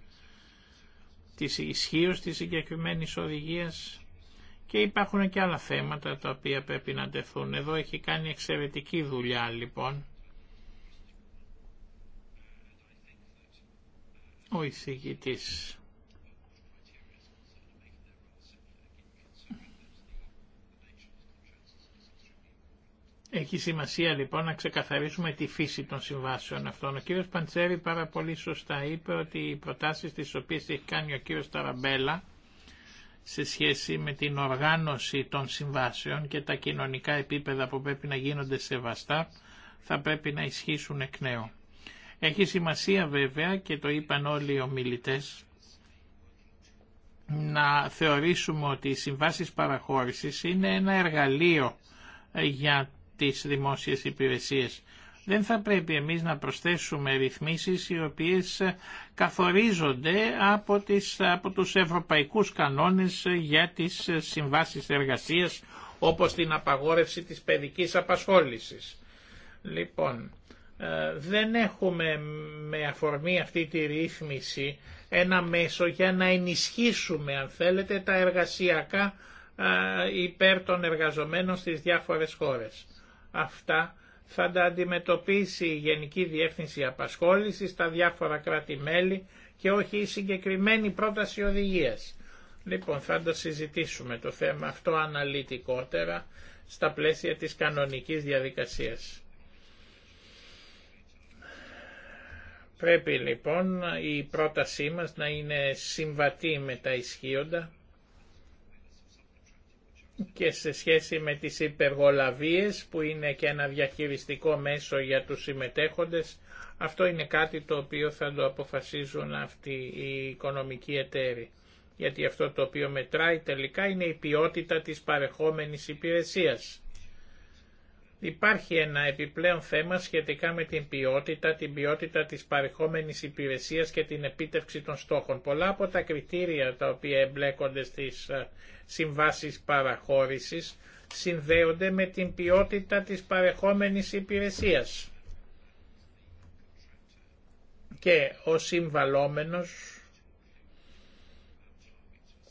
της ισχύω της συγκεκριμένη οδηγίας και υπάρχουν και άλλα θέματα τα οποία πρέπει να τεθούν. Εδώ έχει κάνει εξαιρετική δουλειά λοιπόν Ο εισηγητής. Έχει σημασία λοιπόν να ξεκαθαρίσουμε τη φύση των συμβάσεων αυτών. Ο κύριος Παντσέρη πάρα πολύ σωστά είπε ότι οι προτάσεις τις οποίες έχει κάνει ο κύριος Ταραμπέλα σε σχέση με την οργάνωση των συμβάσεων και τα κοινωνικά επίπεδα που πρέπει να γίνονται σεβαστά θα πρέπει να ισχύσουν εκ νέου. Έχει σημασία βέβαια και το είπαν όλοι οι ομιλητές να θεωρήσουμε ότι οι συμβάσεις παραχώρησης είναι ένα εργαλείο ε, για τις δημόσιες υπηρεσίες. Δεν θα πρέπει εμείς να προσθέσουμε ρυθμίσεις οι οποίες ε, καθορίζονται από, τις, από τους ευρωπαϊκούς κανόνες ε, για τις συμβάσεις εργασίας όπως την απαγόρευση της παιδικής απασχόλησης. Λοιπόν, ε, δεν έχουμε με αφορμή αυτή τη ρύθμιση ένα μέσο για να ενισχύσουμε αν θέλετε τα εργασιακά ε, υπέρ των εργαζομένων στις διάφορες χώρες. Αυτά θα τα αντιμετωπίσει η Γενική Διεύθυνση Απασχόλησης, τα διάφορα κράτη-μέλη και όχι η συγκεκριμένη πρόταση οδηγίας. Λοιπόν, θα το συζητήσουμε το θέμα αυτό αναλυτικότερα στα πλαίσια της κανονικής διαδικασίας. Πρέπει λοιπόν η πρότασή μας να είναι συμβατή με τα ισχύοντα και σε σχέση με τις υπεργολαβίες που είναι και ένα διαχειριστικό μέσο για τους συμμετέχοντες, αυτό είναι κάτι το οποίο θα το αποφασίζουν αυτοί οι οικονομικοί εταίροι. Γιατί αυτό το οποίο μετράει τελικά είναι η ποιότητα της παρεχόμενης υπηρεσίας. Υπάρχει ένα επιπλέον θέμα σχετικά με την ποιότητα, την ποιότητα της παρεχόμενης υπηρεσίας και την επίτευξη των στόχων. Πολλά από τα κριτήρια τα οποία εμπλέκονται στις ε, συμβάσεις παραχώρησης συνδέονται με την ποιότητα της παρεχόμενης υπηρεσίας. Και ο συμβαλόμενος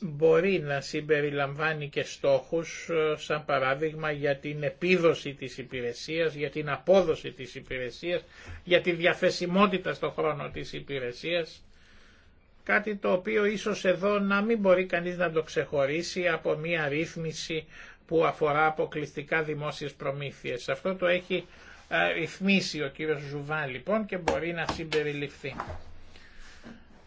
μπορεί να συμπεριλαμβάνει και στόχους ε, σαν παράδειγμα για την επίδοση της υπηρεσίας, για την απόδοση της υπηρεσίας, για τη διαθεσιμότητα στον χρόνο της υπηρεσίας. Κάτι το οποίο ίσως εδώ να μην μπορεί κανείς να το ξεχωρίσει από μια ρύθμιση που αφορά αποκλειστικά δημόσιες προμήθειες. Αυτό το έχει ε, ρυθμίσει ο κύριος Ζουβά λοιπόν και μπορεί να συμπεριληφθεί.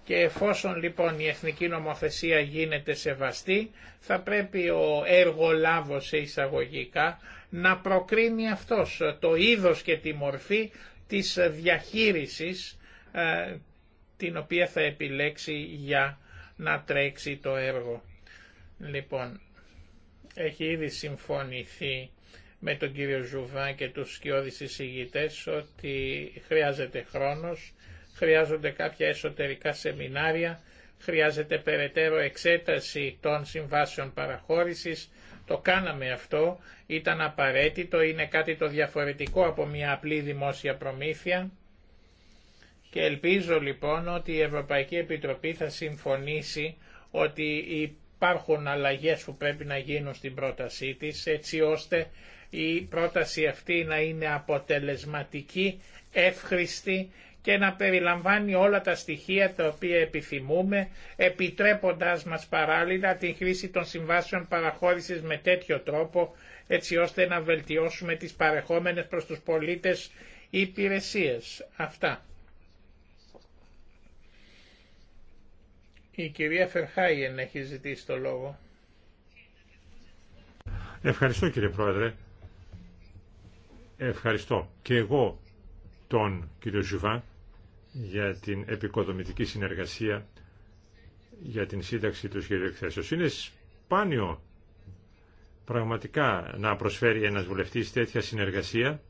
Και εφόσον λοιπόν η εθνική νομοθεσία γίνεται σεβαστή, θα πρέπει ο εργολάβος σε εισαγωγικά να προκρίνει αυτός το είδος και τη μορφή της διαχείρισης ε, την οποία θα επιλέξει για να τρέξει το έργο. Λοιπόν, έχει ήδη συμφωνηθεί με τον κύριο Ζουβά και τους σκιώδης εισηγητές ότι χρειάζεται χρόνος χρειάζονται κάποια εσωτερικά σεμινάρια, χρειάζεται περαιτέρω εξέταση των συμβάσεων παραχώρησης. Το κάναμε αυτό, ήταν απαραίτητο, είναι κάτι το διαφορετικό από μια απλή δημόσια προμήθεια. Και ελπίζω λοιπόν ότι η Ευρωπαϊκή Επιτροπή θα συμφωνήσει ότι υπάρχουν αλλαγές που πρέπει να γίνουν στην πρότασή της έτσι ώστε η πρόταση αυτή να είναι αποτελεσματική, εύχρηστη και να περιλαμβάνει όλα τα στοιχεία τα οποία επιθυμούμε, επιτρέποντάς μας παράλληλα την χρήση των συμβάσεων παραχώρησης με τέτοιο τρόπο, έτσι ώστε να βελτιώσουμε τις παρεχόμενες προς τους πολίτες υπηρεσίες. Αυτά. Η κυρία Φερχάιεν έχει ζητήσει το λόγο. Ευχαριστώ κύριε Πρόεδρε. Ευχαριστώ και εγώ τον κύριο Ζουβάν για την επικοδομητική συνεργασία για την σύνταξη του σχεδίου εκθέσεως. Είναι σπάνιο πραγματικά να προσφέρει ένας βουλευτής τέτοια συνεργασία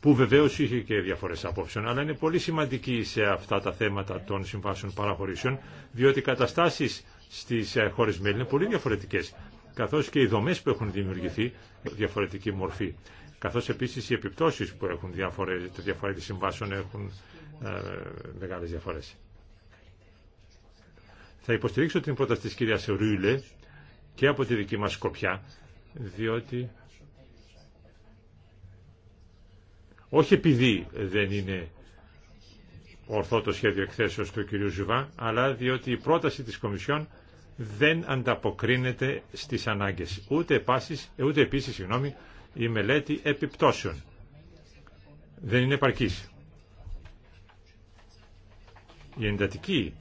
που βεβαίως είχε και διαφορές απόψεων, αλλά είναι πολύ σημαντική σε αυτά τα θέματα των συμβάσεων παραχωρήσεων, διότι οι καταστάσεις στις ε, χώρες μέλη είναι πολύ διαφορετικές, καθώς και οι δομές που έχουν δημιουργηθεί διαφορετική μορφή, καθώς επίσης οι επιπτώσεις που έχουν διαφορετικές συμβάσεων έχουν ε, μεγάλες διαφορές. Θα υποστηρίξω την πρόταση της κυρίας Ρούλε και από τη δική μας σκοπιά, διότι όχι επειδή δεν είναι ορθό το σχέδιο εκθέσεως του κυρίου Ζουβά, αλλά διότι η πρόταση της Κομισιόν δεν ανταποκρίνεται στις ανάγκες. Ούτε, επάσης, ούτε επίσης συγγνώμη, η μελέτη επιπτώσεων δεν είναι επαρκής. Η εντατική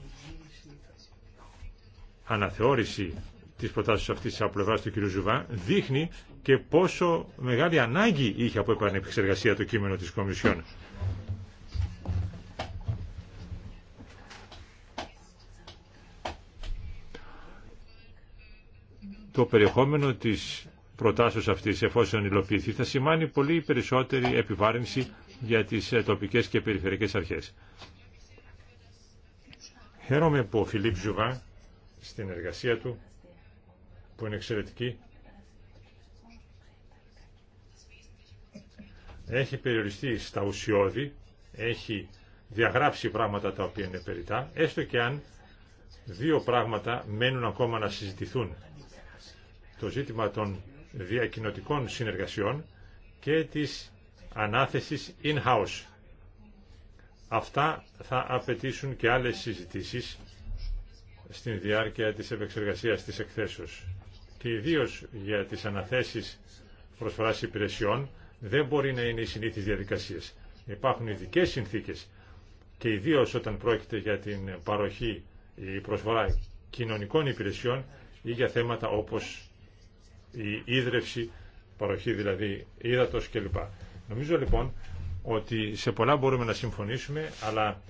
αναθεώρηση της προτάσεως αυτής από πλευράς του κ. Ζουβά δείχνει και πόσο μεγάλη ανάγκη είχε από επανεπιξεργασία το κείμενο της Κομισιόν. Το περιεχόμενο της προτάσεως αυτής εφόσον υλοποιηθεί θα σημάνει πολύ περισσότερη επιβάρυνση για τις τοπικές και περιφερειακές αρχές. Χαίρομαι που ο Φιλίπ Ζουβά στην εργασία του που είναι εξαιρετική έχει περιοριστεί στα ουσιώδη, έχει διαγράψει πράγματα τα οποία είναι περιτά, έστω και αν δύο πράγματα μένουν ακόμα να συζητηθούν. Το ζήτημα των διακοινωτικών συνεργασιών και της ανάθεσης in-house Αυτά θα απαιτήσουν και άλλες συζητήσεις στην διάρκεια της επεξεργασίας της εκθέσεως. Και ιδίω για τις αναθέσεις προσφοράς υπηρεσιών δεν μπορεί να είναι οι συνήθεις διαδικασίες. Υπάρχουν ειδικέ συνθήκες και ιδίω όταν πρόκειται για την παροχή ή προσφορά κοινωνικών υπηρεσιών ή για θέματα όπως η ίδρυυση, παροχή οπως η ιδρευση ύδατος κλπ. Νομίζω λοιπόν ότι σε πολλά μπορούμε να συμφωνήσουμε, αλλά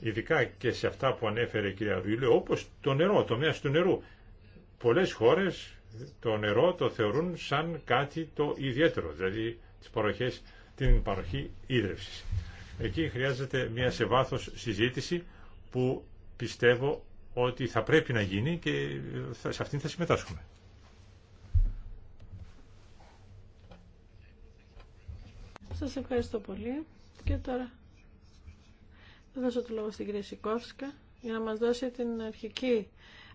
ειδικά και σε αυτά που ανέφερε η κυρία Ρούιλε, όπως το νερό, το μέσο του νερού. Πολλές χώρες το νερό το θεωρούν σαν κάτι το ιδιαίτερο, δηλαδή τις παροχές, την παροχή ίδρυυσης. Εκεί χρειάζεται μια σε βάθος συζήτηση που πιστεύω ότι θα πρέπει να γίνει και σε αυτήν θα συμμετάσχουμε. Σας ευχαριστώ πολύ. Και τώρα θα δώσω το λόγο στην κυρία Σικόφσκα για να μας δώσει την αρχική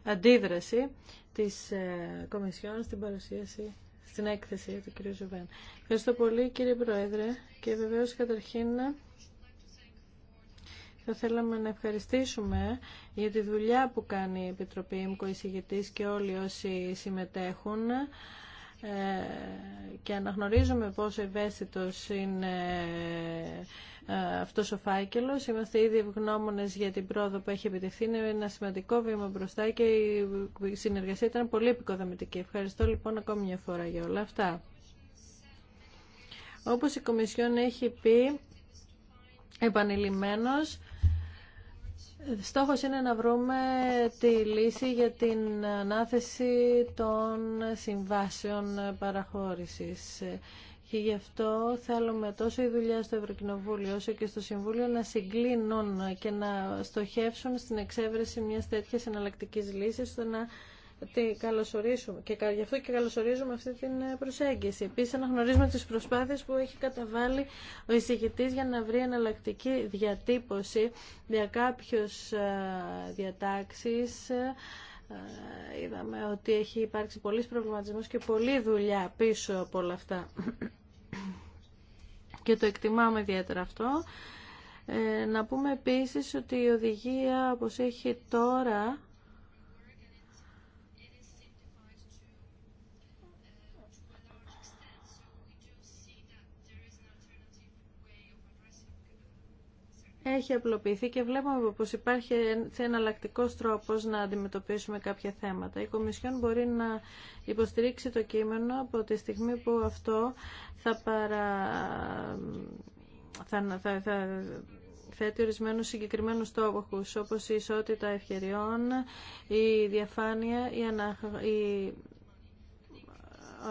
αντίδραση της ε, Κομισιόν στην παρουσίαση στην έκθεση του κ. Ζουβέν. Ευχαριστώ πολύ κύριε Πρόεδρε και βεβαίως καταρχήν θα θέλαμε να ευχαριστήσουμε για τη δουλειά που κάνει η Επιτροπή ΕΜΚΟ, και όλοι όσοι συμμετέχουν ε, και αναγνωρίζουμε πόσο ευαίσθητος είναι ε, αυτός ο φάκελος. Είμαστε ήδη ευγνώμονες για την πρόοδο που έχει επιτευχθεί. Είναι ένα σημαντικό βήμα μπροστά και η συνεργασία ήταν πολύ επικοδομητική. Ευχαριστώ λοιπόν ακόμη μια φορά για όλα αυτά. Όπως η Κομισιόν έχει πει επανειλημμένος, Στόχος είναι να βρούμε τη λύση για την ανάθεση των συμβάσεων παραχώρησης. Και γι' αυτό θέλουμε τόσο η δουλειά στο Ευρωκοινοβούλιο όσο και στο Συμβούλιο να συγκλίνουν και να στοχεύσουν στην εξέβρεση μιας τέτοιας εναλλακτικής λύσης, ώστε να ότι καλωσορίσουμε και γι' αυτό και καλωσορίζουμε αυτή την ε, προσέγγιση. Επίση, αναγνωρίζουμε τι προσπάθειε που έχει καταβάλει ο εισηγητή για να βρει εναλλακτική διατύπωση για κάποιου ε, διατάξει. Ε, είδαμε ότι έχει υπάρξει πολλή προβληματισμό και πολλή δουλειά πίσω από όλα αυτά. Και το εκτιμάμε ιδιαίτερα αυτό. να πούμε επίσης ότι η οδηγία όπως έχει τώρα έχει απλοποιηθεί και βλέπουμε πως υπάρχει εναλλακτικό τρόπος να αντιμετωπίσουμε κάποια θέματα. Η Κομισιόν μπορεί να υποστηρίξει το κείμενο από τη στιγμή που αυτό θα παρα... θα, θα θέτει ορισμένου συγκεκριμένου στόχου, όπω η ισότητα ευκαιριών, η διαφάνεια, η, ανα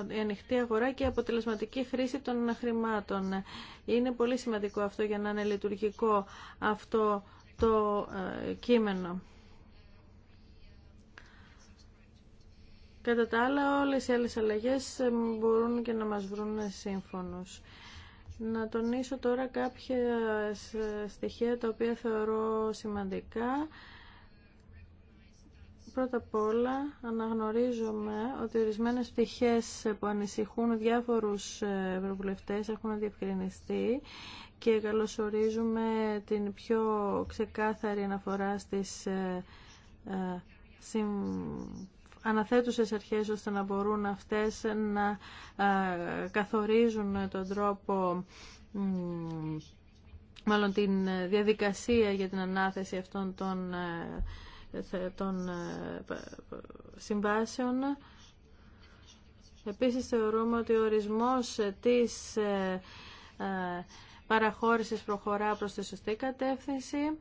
η ανοιχτή αγορά και η αποτελεσματική χρήση των χρημάτων. Είναι πολύ σημαντικό αυτό για να είναι λειτουργικό αυτό το ε, κείμενο. Κατά τα άλλα, όλες οι άλλες αλλαγές ε, μπορούν και να μας βρουν σύμφωνος. Να τονίσω τώρα κάποια ε, στοιχεία τα οποία θεωρώ σημαντικά πρώτα απ' όλα αναγνωρίζουμε ότι ορισμένες πτυχέ που ανησυχούν διάφορους ε, ευρωβουλευτές έχουν διευκρινιστεί και καλωσορίζουμε την πιο ξεκάθαρη αναφορά στις ε, ε, αναθέτουσες αρχές ώστε να μπορούν αυτές να καθορίζουν τον τρόπο μάλλον την διαδικασία για την ανάθεση αυτών των των ε, συμβάσεων. Επίσης θεωρούμε ότι ο ορισμός της ε, ε, παραχώρησης προχωρά προς τη σωστή κατεύθυνση.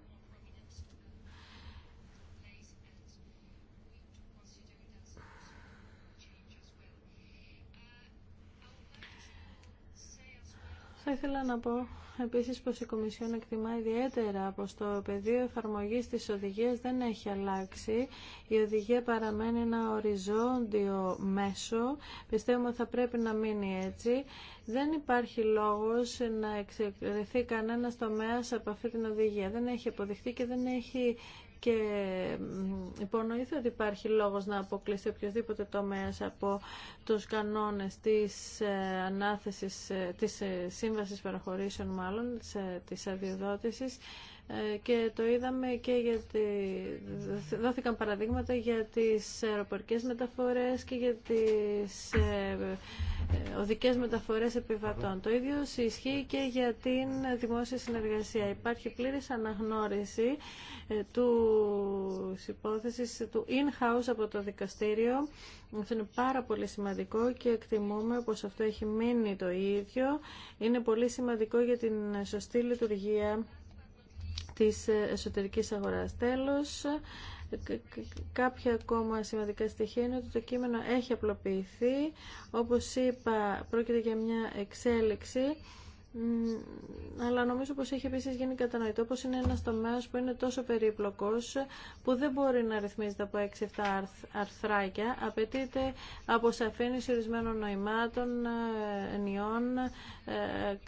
Θα ήθελα να πω επίσης πως η Κομισιόν εκτιμά ιδιαίτερα πως το πεδίο εφαρμογής της οδηγίας δεν έχει αλλάξει. Η οδηγία παραμένει ένα οριζόντιο μέσο. Πιστεύουμε ότι θα πρέπει να μείνει έτσι. Δεν υπάρχει λόγος να εξαιρεθεί κανένα τομέα από αυτή την οδηγία. Δεν έχει αποδειχθεί και δεν έχει και υπονοείται ότι υπάρχει λόγος να αποκλείσει οποιοδήποτε τομέας από τους κανόνες της ε, ανάθεσης, ε, της ε, σύμβασης παραχωρήσεων μάλλον, της αδειοδότησης ε, και το είδαμε και γιατί δόθηκαν παραδείγματα για τις αεροπορικές μεταφορές και για τις ε, ε, οδικές μεταφορές επιβατών. Το ίδιο ισχύει και για την δημόσια συνεργασία. Υπάρχει πλήρης αναγνώριση του υπόθεσης του in-house από το δικαστήριο. Αυτό είναι πάρα πολύ σημαντικό και εκτιμούμε πως αυτό έχει μείνει το ίδιο. Είναι πολύ σημαντικό για την σωστή λειτουργία της εσωτερικής αγοράς. Τέλος, κάποια ακόμα σημαντικά στοιχεία είναι ότι το κείμενο έχει απλοποιηθεί. Όπως είπα, πρόκειται για μια εξέλιξη αλλά νομίζω πως έχει επίσης γίνει κατανοητό πως είναι ένας τομέας που είναι τόσο περίπλοκος που δεν μπορεί να ρυθμίζεται από 6-7 αρθράκια. Απαιτείται από σαφήνιση ορισμένων νοημάτων, ε, ενιών, ε,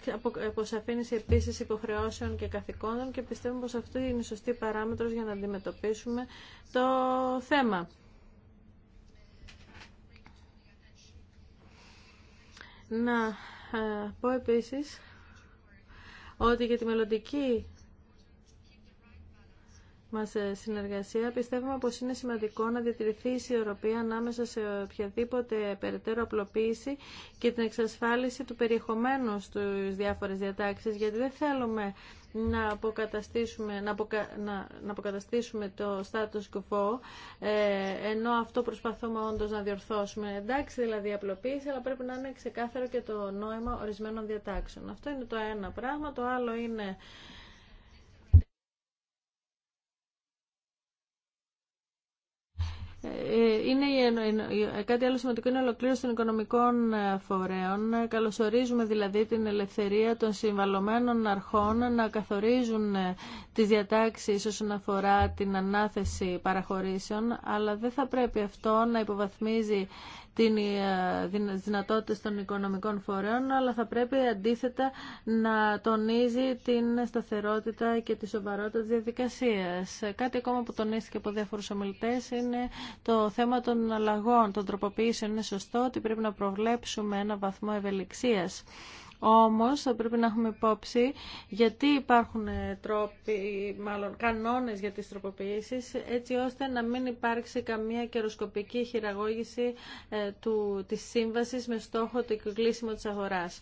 ε, από σαφήνιση επίσης υποχρεώσεων και καθηκόντων και πιστεύω πως αυτό είναι η σωστή παράμετρος για να αντιμετωπίσουμε το θέμα. Να πω επίσης ότι για τη μελλοντική μας ε, συνεργασία πιστεύουμε πως είναι σημαντικό να διατηρηθεί η ισορροπία ανάμεσα σε οποιαδήποτε περαιτέρω απλοποίηση και την εξασφάλιση του περιεχομένου στις διάφορες διατάξεις γιατί δεν θέλουμε να αποκαταστήσουμε, να, να, να αποκαταστήσουμε το status quo, ε, ενώ αυτό προσπαθούμε όντω να διορθώσουμε. Εντάξει, δηλαδή απλοποίηση, αλλά πρέπει να είναι ξεκάθαρο και το νόημα ορισμένων διατάξεων. Αυτό είναι το ένα πράγμα. Το άλλο είναι Ε, είναι κάτι άλλο σημαντικό είναι ολοκλήρωση των οικονομικών ε, φορέων. Καλωσορίζουμε δηλαδή την ελευθερία των συμβαλωμένων αρχών να καθορίζουν ε, τις διατάξεις όσον αφορά την ανάθεση παραχωρήσεων, αλλά δεν θα πρέπει αυτό να υποβαθμίζει τις ε, δυνατότητες των οικονομικών φορέων, αλλά θα πρέπει αντίθετα να τονίζει την σταθερότητα και τη σοβαρότητα της διαδικασίας. Κάτι ακόμα που τονίστηκε από διάφορους ομιλητές είναι το θέμα των αλλαγών, των τροποποιήσεων. Είναι σωστό ότι πρέπει να προβλέψουμε ένα βαθμό ευελιξίας όμως θα πρέπει να έχουμε υπόψη γιατί υπάρχουν ε, τρόποι, μάλλον κανόνες για τις τροποποιήσεις έτσι ώστε να μην υπάρξει καμία καιροσκοπική χειραγώγηση ε, του, της σύμβασης με στόχο το κλείσιμο της αγοράς.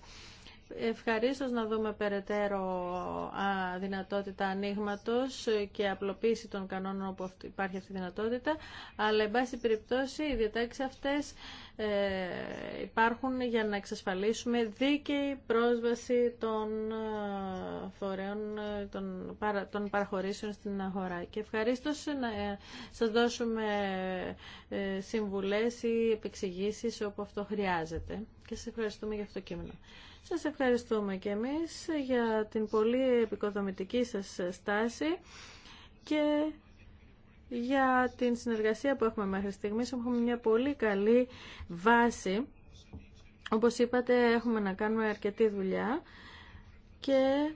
Ευχαρίστως να δούμε περαιτέρω δυνατότητα ανοίγματο και απλοποίηση των κανόνων όπου υπάρχει αυτή η δυνατότητα, αλλά εν πάση περιπτώσει οι διατάξει αυτές ε, υπάρχουν για να εξασφαλίσουμε δίκαιη πρόσβαση των ε, φορέων ε, των, παρα, παραχωρήσεων στην αγορά. Και ευχαριστώ να σας δώσουμε συμβουλές ή επεξηγήσεις όπου αυτό χρειάζεται. Και σας ευχαριστούμε για αυτό το κείμενο. Σας ευχαριστούμε και εμείς για την πολύ επικοδομητική σας στάση και για την συνεργασία που έχουμε μέχρι στιγμής. Έχουμε μια πολύ καλή βάση. Όπως είπατε, έχουμε να κάνουμε αρκετή δουλειά και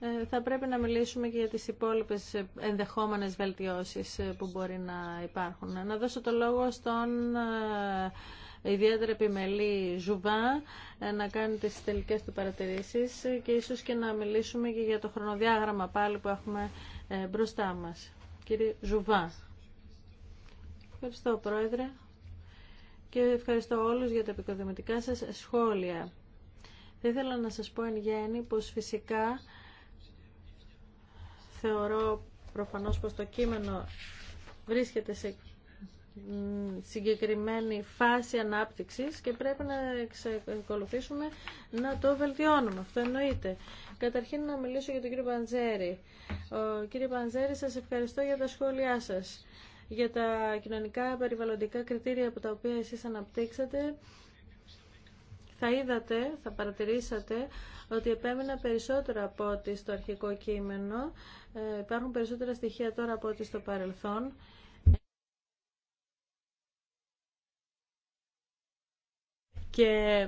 ε, θα πρέπει να μιλήσουμε και για τις υπόλοιπες ενδεχόμενες βελτιώσεις που μπορεί να υπάρχουν. Να δώσω το λόγο στον ε, ιδιαίτερα επιμελή Ζουβά ε, να κάνει τις τελικές του παρατηρήσεις και ίσως και να μιλήσουμε και για το χρονοδιάγραμμα πάλι που έχουμε ε, μπροστά μας. Κύριε Ζουβά. Ευχαριστώ Πρόεδρε και ευχαριστώ όλους για τα επικοδημητικά σας σχόλια. Θα ήθελα να σας πω εν γέννη πως φυσικά θεωρώ προφανώς πως το κείμενο βρίσκεται σε συγκεκριμένη φάση ανάπτυξης και πρέπει να εξακολουθήσουμε να το βελτιώνουμε. Αυτό εννοείται. Καταρχήν να μιλήσω για τον κύριο Παντζέρη. Ο κύριε Παντζέρη, σας ευχαριστώ για τα σχόλιά σας, για τα κοινωνικά περιβαλλοντικά κριτήρια από τα οποία εσείς αναπτύξατε. Θα είδατε, θα παρατηρήσατε ότι επέμεινα περισσότερο από ό,τι στο αρχικό κείμενο. Ε, υπάρχουν περισσότερα στοιχεία τώρα από ό,τι στο παρελθόν. Και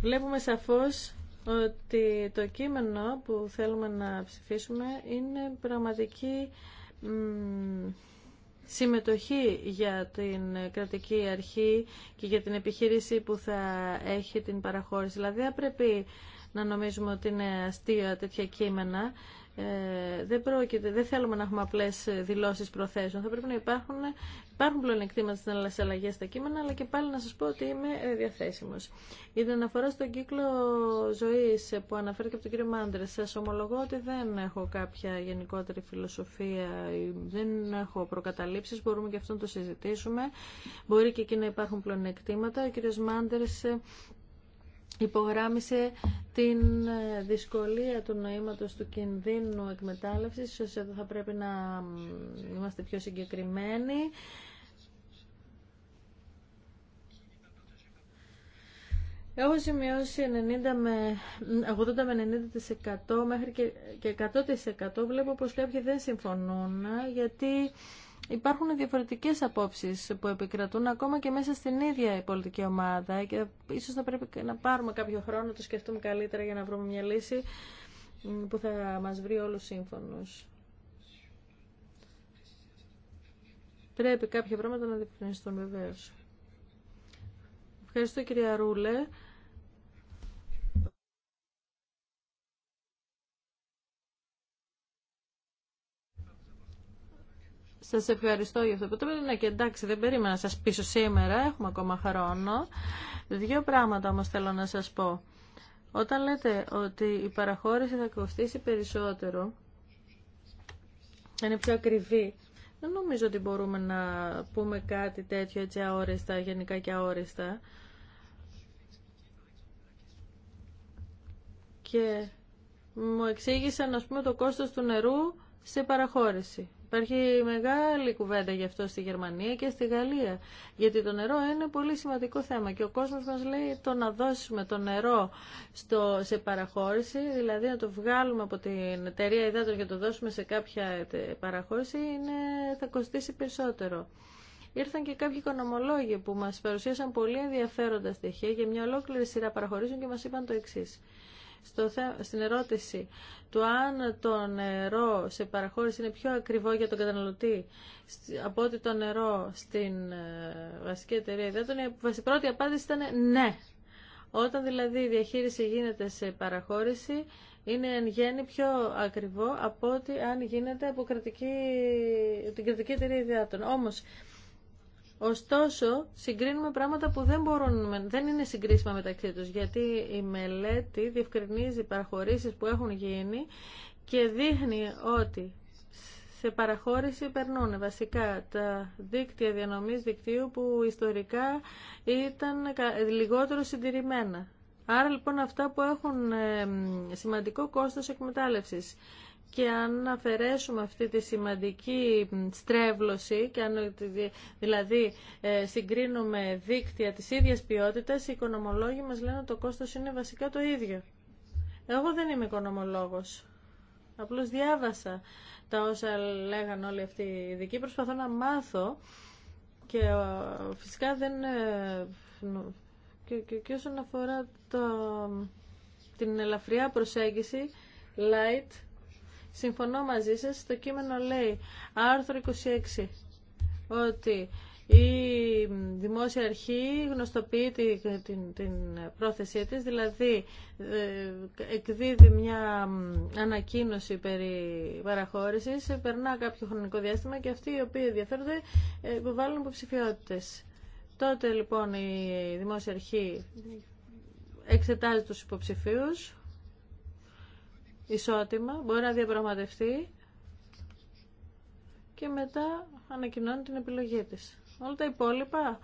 βλέπουμε σαφώς ότι το κείμενο που θέλουμε να ψηφίσουμε είναι πραγματική συμμετοχή για την κρατική αρχή και για την επιχείρηση που θα έχει την παραχώρηση. Δηλαδή, δεν πρέπει να νομίζουμε ότι είναι αστεία τέτοια κείμενα ε, δεν, πρόκειται, δεν θέλουμε να έχουμε απλέ ε, δηλώσει προθέσεων. Θα πρέπει να υπάρχουν, υπάρχουν πλεονεκτήματα στι αλλαγέ στα κείμενα, αλλά και πάλι να σα πω ότι είμαι ε, διαθέσιμο. Για την αναφορά στον κύκλο ζωή που αναφέρθηκε από τον κύριο Μάντρε, σα ομολογώ ότι δεν έχω κάποια γενικότερη φιλοσοφία, δεν έχω προκαταλήψει. Μπορούμε και αυτό να το συζητήσουμε. Μπορεί και εκεί να υπάρχουν πλεονεκτήματα. Ο κύριο Μάντρε υπογράμμισε την ε, δυσκολία του νοήματος του κινδύνου εκμετάλλευσης. Ίσως εδώ θα πρέπει να είμαστε πιο συγκεκριμένοι. Έχω σημειώσει 90 με, 80 με 90% μέχρι και 100% βλέπω πως κάποιοι δεν συμφωνούν γιατί Υπάρχουν διαφορετικές απόψεις που επικρατούν ακόμα και μέσα στην ίδια πολιτική ομάδα και ίσως θα πρέπει να πάρουμε κάποιο χρόνο, να το σκεφτούμε καλύτερα για να βρούμε μια λύση που θα μας βρει όλους σύμφωνους. Πρέπει κάποια πράγματα να διευκρινιστούν βεβαίω. Ευχαριστώ κυρία Ρούλε. Σας ευχαριστώ για αυτό που είπατε. Ναι, και εντάξει, δεν περίμενα να σας πείσω σήμερα, έχουμε ακόμα χρόνο. Δύο πράγματα όμω θέλω να σας πω. Όταν λέτε ότι η παραχώρηση θα κοστίσει περισσότερο, είναι πιο ακριβή, δεν νομίζω ότι μπορούμε να πούμε κάτι τέτοιο έτσι αόριστα, γενικά και αόριστα. Και μου εξήγησαν, ας πούμε, το κόστος του νερού σε παραχώρηση. Υπάρχει μεγάλη κουβέντα γι' αυτό στη Γερμανία και στη Γαλλία. Γιατί το νερό είναι πολύ σημαντικό θέμα και ο κόσμος μας λέει το να δώσουμε το νερό στο, σε παραχώρηση, δηλαδή να το βγάλουμε από την εταιρεία υδάτων και το δώσουμε σε κάποια παραχώρηση, είναι, θα κοστίσει περισσότερο. Ήρθαν και κάποιοι οικονομολόγοι που μας παρουσίασαν πολύ ενδιαφέροντα στοιχεία για μια ολόκληρη σειρά παραχωρήσεων και μας είπαν το εξής στο, στην ερώτηση του αν το νερό σε παραχώρηση είναι πιο ακριβό για τον καταναλωτή από ότι το νερό στην ε, βασική εταιρεία υδάτων, η πρώτη απάντηση ήταν ναι. Όταν δηλαδή η διαχείριση γίνεται σε παραχώρηση, είναι εν γέννη πιο ακριβό από ότι αν γίνεται από κρατική, την κρατική εταιρεία ιδιάτων. Όμως, Ωστόσο, συγκρίνουμε πράγματα που δεν, μπορούν, δεν είναι συγκρίσιμα μεταξύ τους, γιατί η μελέτη διευκρινίζει παραχωρήσεις που έχουν γίνει και δείχνει ότι σε παραχώρηση περνούν βασικά τα δίκτυα διανομής δικτύου που ιστορικά ήταν λιγότερο συντηρημένα. Άρα λοιπόν αυτά που έχουν ε, σημαντικό κόστος εκμετάλλευσης και αν αφαιρέσουμε αυτή τη σημαντική στρέβλωση και αν δηλαδή ε, συγκρίνουμε δίκτυα της ίδιας ποιότητας, οι οικονομολόγοι μας λένε ότι το κόστος είναι βασικά το ίδιο. Εγώ δεν είμαι οικονομολόγος. Απλώς διάβασα τα όσα λέγαν όλοι αυτοί οι ειδικοί. Προσπαθώ να μάθω και ε, φυσικά δεν... Ε, και, όσον αφορά το... την ελαφριά προσέγγιση, light, Συμφωνώ μαζί σας, το κείμενο λέει άρθρο 26 ότι η δημόσια αρχή γνωστοποιεί την, την, την πρόθεσή της, δηλαδή ε, εκδίδει μια ανακοίνωση περί παραχώρησης, περνά κάποιο χρονικό διάστημα και αυτοί οι οποίοι ενδιαφέρονται ε, υποβάλλουν υποψηφιότητε. Τότε λοιπόν η δημόσια αρχή εξετάζει τους υποψηφίους, ισότιμα, μπορεί να διαπραγματευτεί και μετά ανακοινώνει την επιλογή της. Όλα τα υπόλοιπα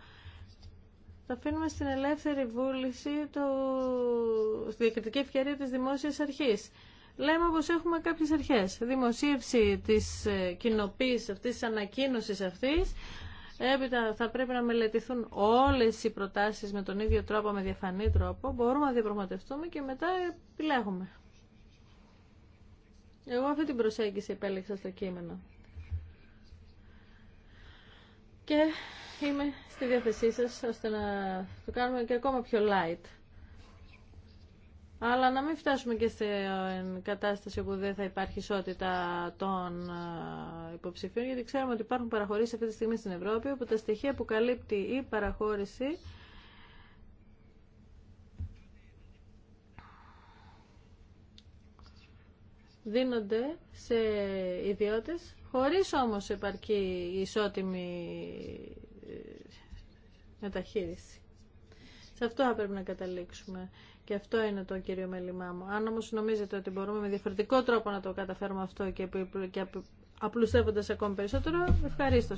τα αφήνουμε στην ελεύθερη βούληση, το... στη διακριτική ευκαιρία της δημόσιας αρχής. Λέμε πως έχουμε κάποιες αρχές. Δημοσίευση της ε, κοινοποίησης αυτής, της ανακοίνωσης αυτής, Έπειτα θα πρέπει να μελετηθούν όλες οι προτάσεις με τον ίδιο τρόπο, με διαφανή τρόπο. Μπορούμε να διαπραγματευτούμε και μετά επιλέγουμε. Εγώ αυτή την προσέγγιση επέλεξα στο κείμενο. Και είμαι στη διάθεσή σας ώστε να το κάνουμε και ακόμα πιο light. Αλλά να μην φτάσουμε και σε κατάσταση όπου δεν θα υπάρχει ισότητα των ε, υποψηφίων, γιατί ξέρουμε ότι υπάρχουν παραχωρήσεις αυτή τη στιγμή στην Ευρώπη, όπου τα στοιχεία που καλύπτει η παραχώρηση δίνονται σε ιδιώτες χωρίς όμως επαρκή ισότιμη ε, μεταχείριση. Σε αυτό θα πρέπει να καταλήξουμε. Και αυτό είναι το κύριο μέλημά μου. Αν όμως νομίζετε ότι μπορούμε με διαφορετικό τρόπο να το καταφέρουμε αυτό και, και απλουστεύοντας ακόμη περισσότερο, ευχαρίστω.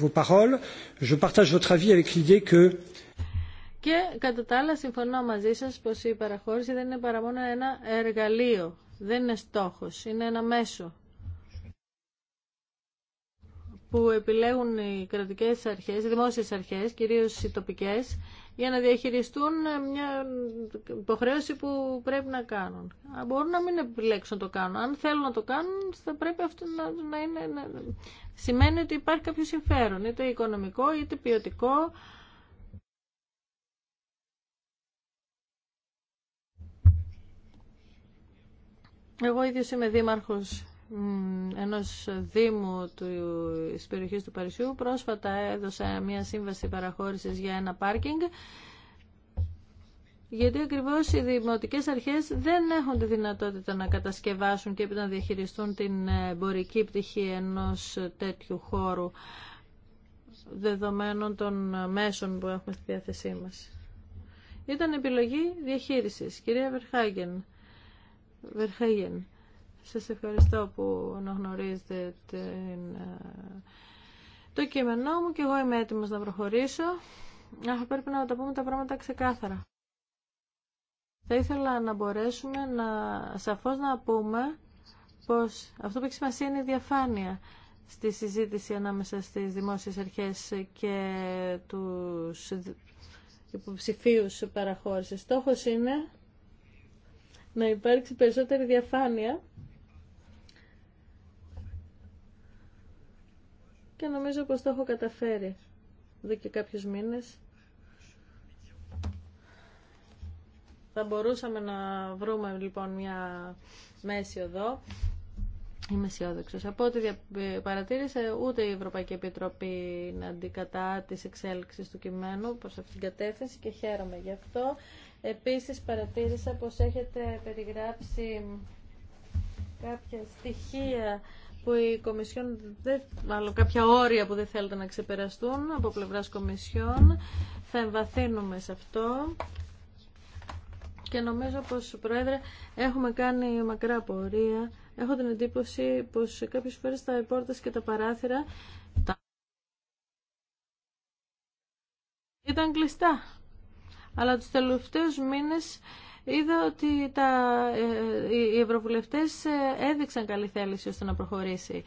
vos paroles, je partage votre avis avec l'idée que και κατά τα άλλα συμφωνώ μαζί σας πως η παραχώρηση δεν είναι παρά μόνο ένα εργαλείο, δεν είναι στόχος, είναι ένα μέσο που επιλέγουν οι κρατικές αρχές, οι δημόσιες αρχές, κυρίως οι τοπικές, για να διαχειριστούν μια υποχρέωση που πρέπει να κάνουν. Μπορούν να μην επιλέξουν το κάνουν. Αν θέλουν να το κάνουν, θα πρέπει αυτό να, είναι... Να... Σημαίνει ότι υπάρχει κάποιο συμφέρον, είτε οικονομικό, είτε ποιοτικό, Εγώ ίδιο είμαι δήμαρχο ενό δήμου του, περιοχή του Παρισιού. Πρόσφατα έδωσα μια σύμβαση παραχώρησης για ένα πάρκινγκ γιατί ακριβώ οι δημοτικέ αρχές δεν έχουν τη δυνατότητα να κατασκευάσουν και να διαχειριστούν την εμπορική πτυχή ενός τέτοιου χώρου δεδομένων των μέσων που έχουμε στη διάθεσή μας. Ήταν επιλογή διαχείρισης. Κυρία Βερχάγγεν. Σα Σας ευχαριστώ που αναγνωρίζετε την... Ε, το κείμενό μου και εγώ είμαι έτοιμος να προχωρήσω. Αχ, πρέπει να τα πούμε τα πράγματα ξεκάθαρα. Θα ήθελα να μπορέσουμε να σαφώς να πούμε πως αυτό που έχει σημασία είναι η διαφάνεια στη συζήτηση ανάμεσα στις δημόσιες αρχές και τους υποψηφίους παραχώρησης. Στόχος είναι να υπάρξει περισσότερη διαφάνεια και νομίζω πως το έχω καταφέρει εδώ και κάποιους μήνες. Θα μπορούσαμε να βρούμε λοιπόν μια μέση οδό. Είμαι αισιόδοξο. Από ό,τι ε, παρατήρησε, ούτε η Ευρωπαϊκή Επιτροπή να αντικατά τη εξέλιξη του κειμένου προ αυτήν την κατεύθυνση και χαίρομαι γι' αυτό. Επίσης παρατήρησα πως έχετε περιγράψει κάποια στοιχεία που η Κομισιόν, δεν, μάλλον κάποια όρια που δεν θέλετε να ξεπεραστούν από πλευράς Κομισιόν. Θα εμβαθύνουμε σε αυτό. Και νομίζω πως, Πρόεδρε, έχουμε κάνει μακρά πορεία. Έχω την εντύπωση πως κάποιες φορές τα πόρτες και τα παράθυρα ήταν κλειστά αλλά τους τελευταίους μήνες είδα ότι τα, ε, οι ευρωβουλευτές ε, έδειξαν καλή θέληση ώστε να προχωρήσει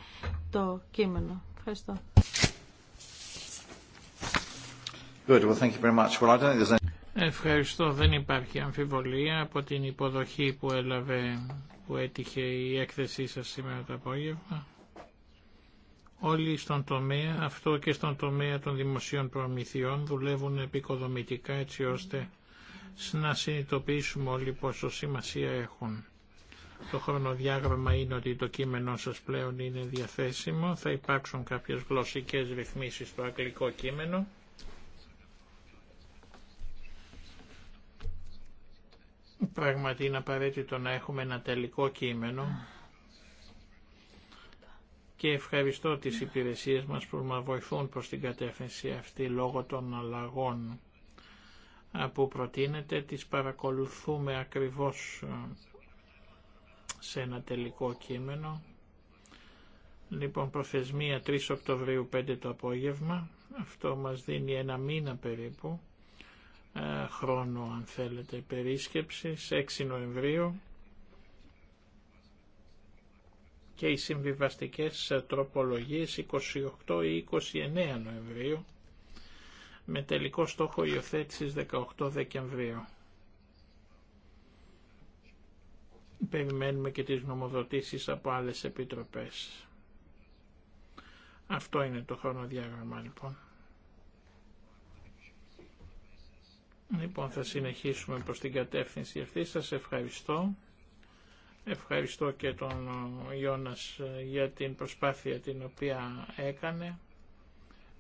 το κείμενο. Ευχαριστώ. Ευχαριστώ. Δεν υπάρχει αμφιβολία από την υποδοχή που έλαβε, που έτυχε η έκθεσή σας σήμερα το απόγευμα. Όλοι στον τομέα, αυτό και στον τομέα των δημοσίων προμηθειών, δουλεύουν επικοδομητικά έτσι ώστε να συνειδητοποιήσουμε όλοι πόσο σημασία έχουν. Το χρονοδιάγραμμα είναι ότι το κείμενό σας πλέον είναι διαθέσιμο. Θα υπάρξουν κάποιες γλωσσικές ρυθμίσεις στο αγγλικό κείμενο. Πράγματι είναι απαραίτητο να έχουμε ένα τελικό κείμενο και ευχαριστώ τις υπηρεσίες μας που μας βοηθούν προς την κατεύθυνση αυτή λόγω των αλλαγών που προτείνεται, τις παρακολουθούμε ακριβώς σε ένα τελικό κείμενο. Λοιπόν, προθεσμία 3 Οκτωβρίου 5 το απόγευμα, αυτό μας δίνει ένα μήνα περίπου, χρόνο αν θέλετε, Περίσκεψη 6 Νοεμβρίου, και οι συμβιβαστικές τροπολογίες 28 ή 29 Νοεμβρίου με τελικό στόχο υιοθέτηση 18 Δεκεμβρίου. Περιμένουμε και τις νομοδοτήσεις από άλλες επιτροπές. Αυτό είναι το χρονοδιάγραμμα λοιπόν. Λοιπόν, θα συνεχίσουμε προς την κατεύθυνση αυτή. Σας ευχαριστώ. Ευχαριστώ και τον ε, Ιώνας ε, για την προσπάθεια την οποία έκανε.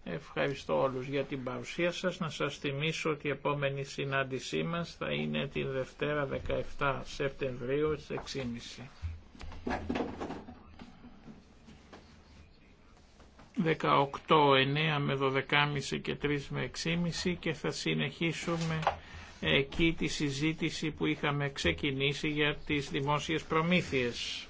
Ευχαριστώ όλους για την παρουσία σας. Να σας θυμίσω ότι η επόμενη συνάντησή μας θα είναι την Δευτέρα 17 Σεπτεμβρίου στις 6.30. 18, 9 με 12.30 και 3 με 6.30 και θα συνεχίσουμε εκεί τη συζήτηση που είχαμε ξεκινήσει για τις δημόσιες προμήθειες.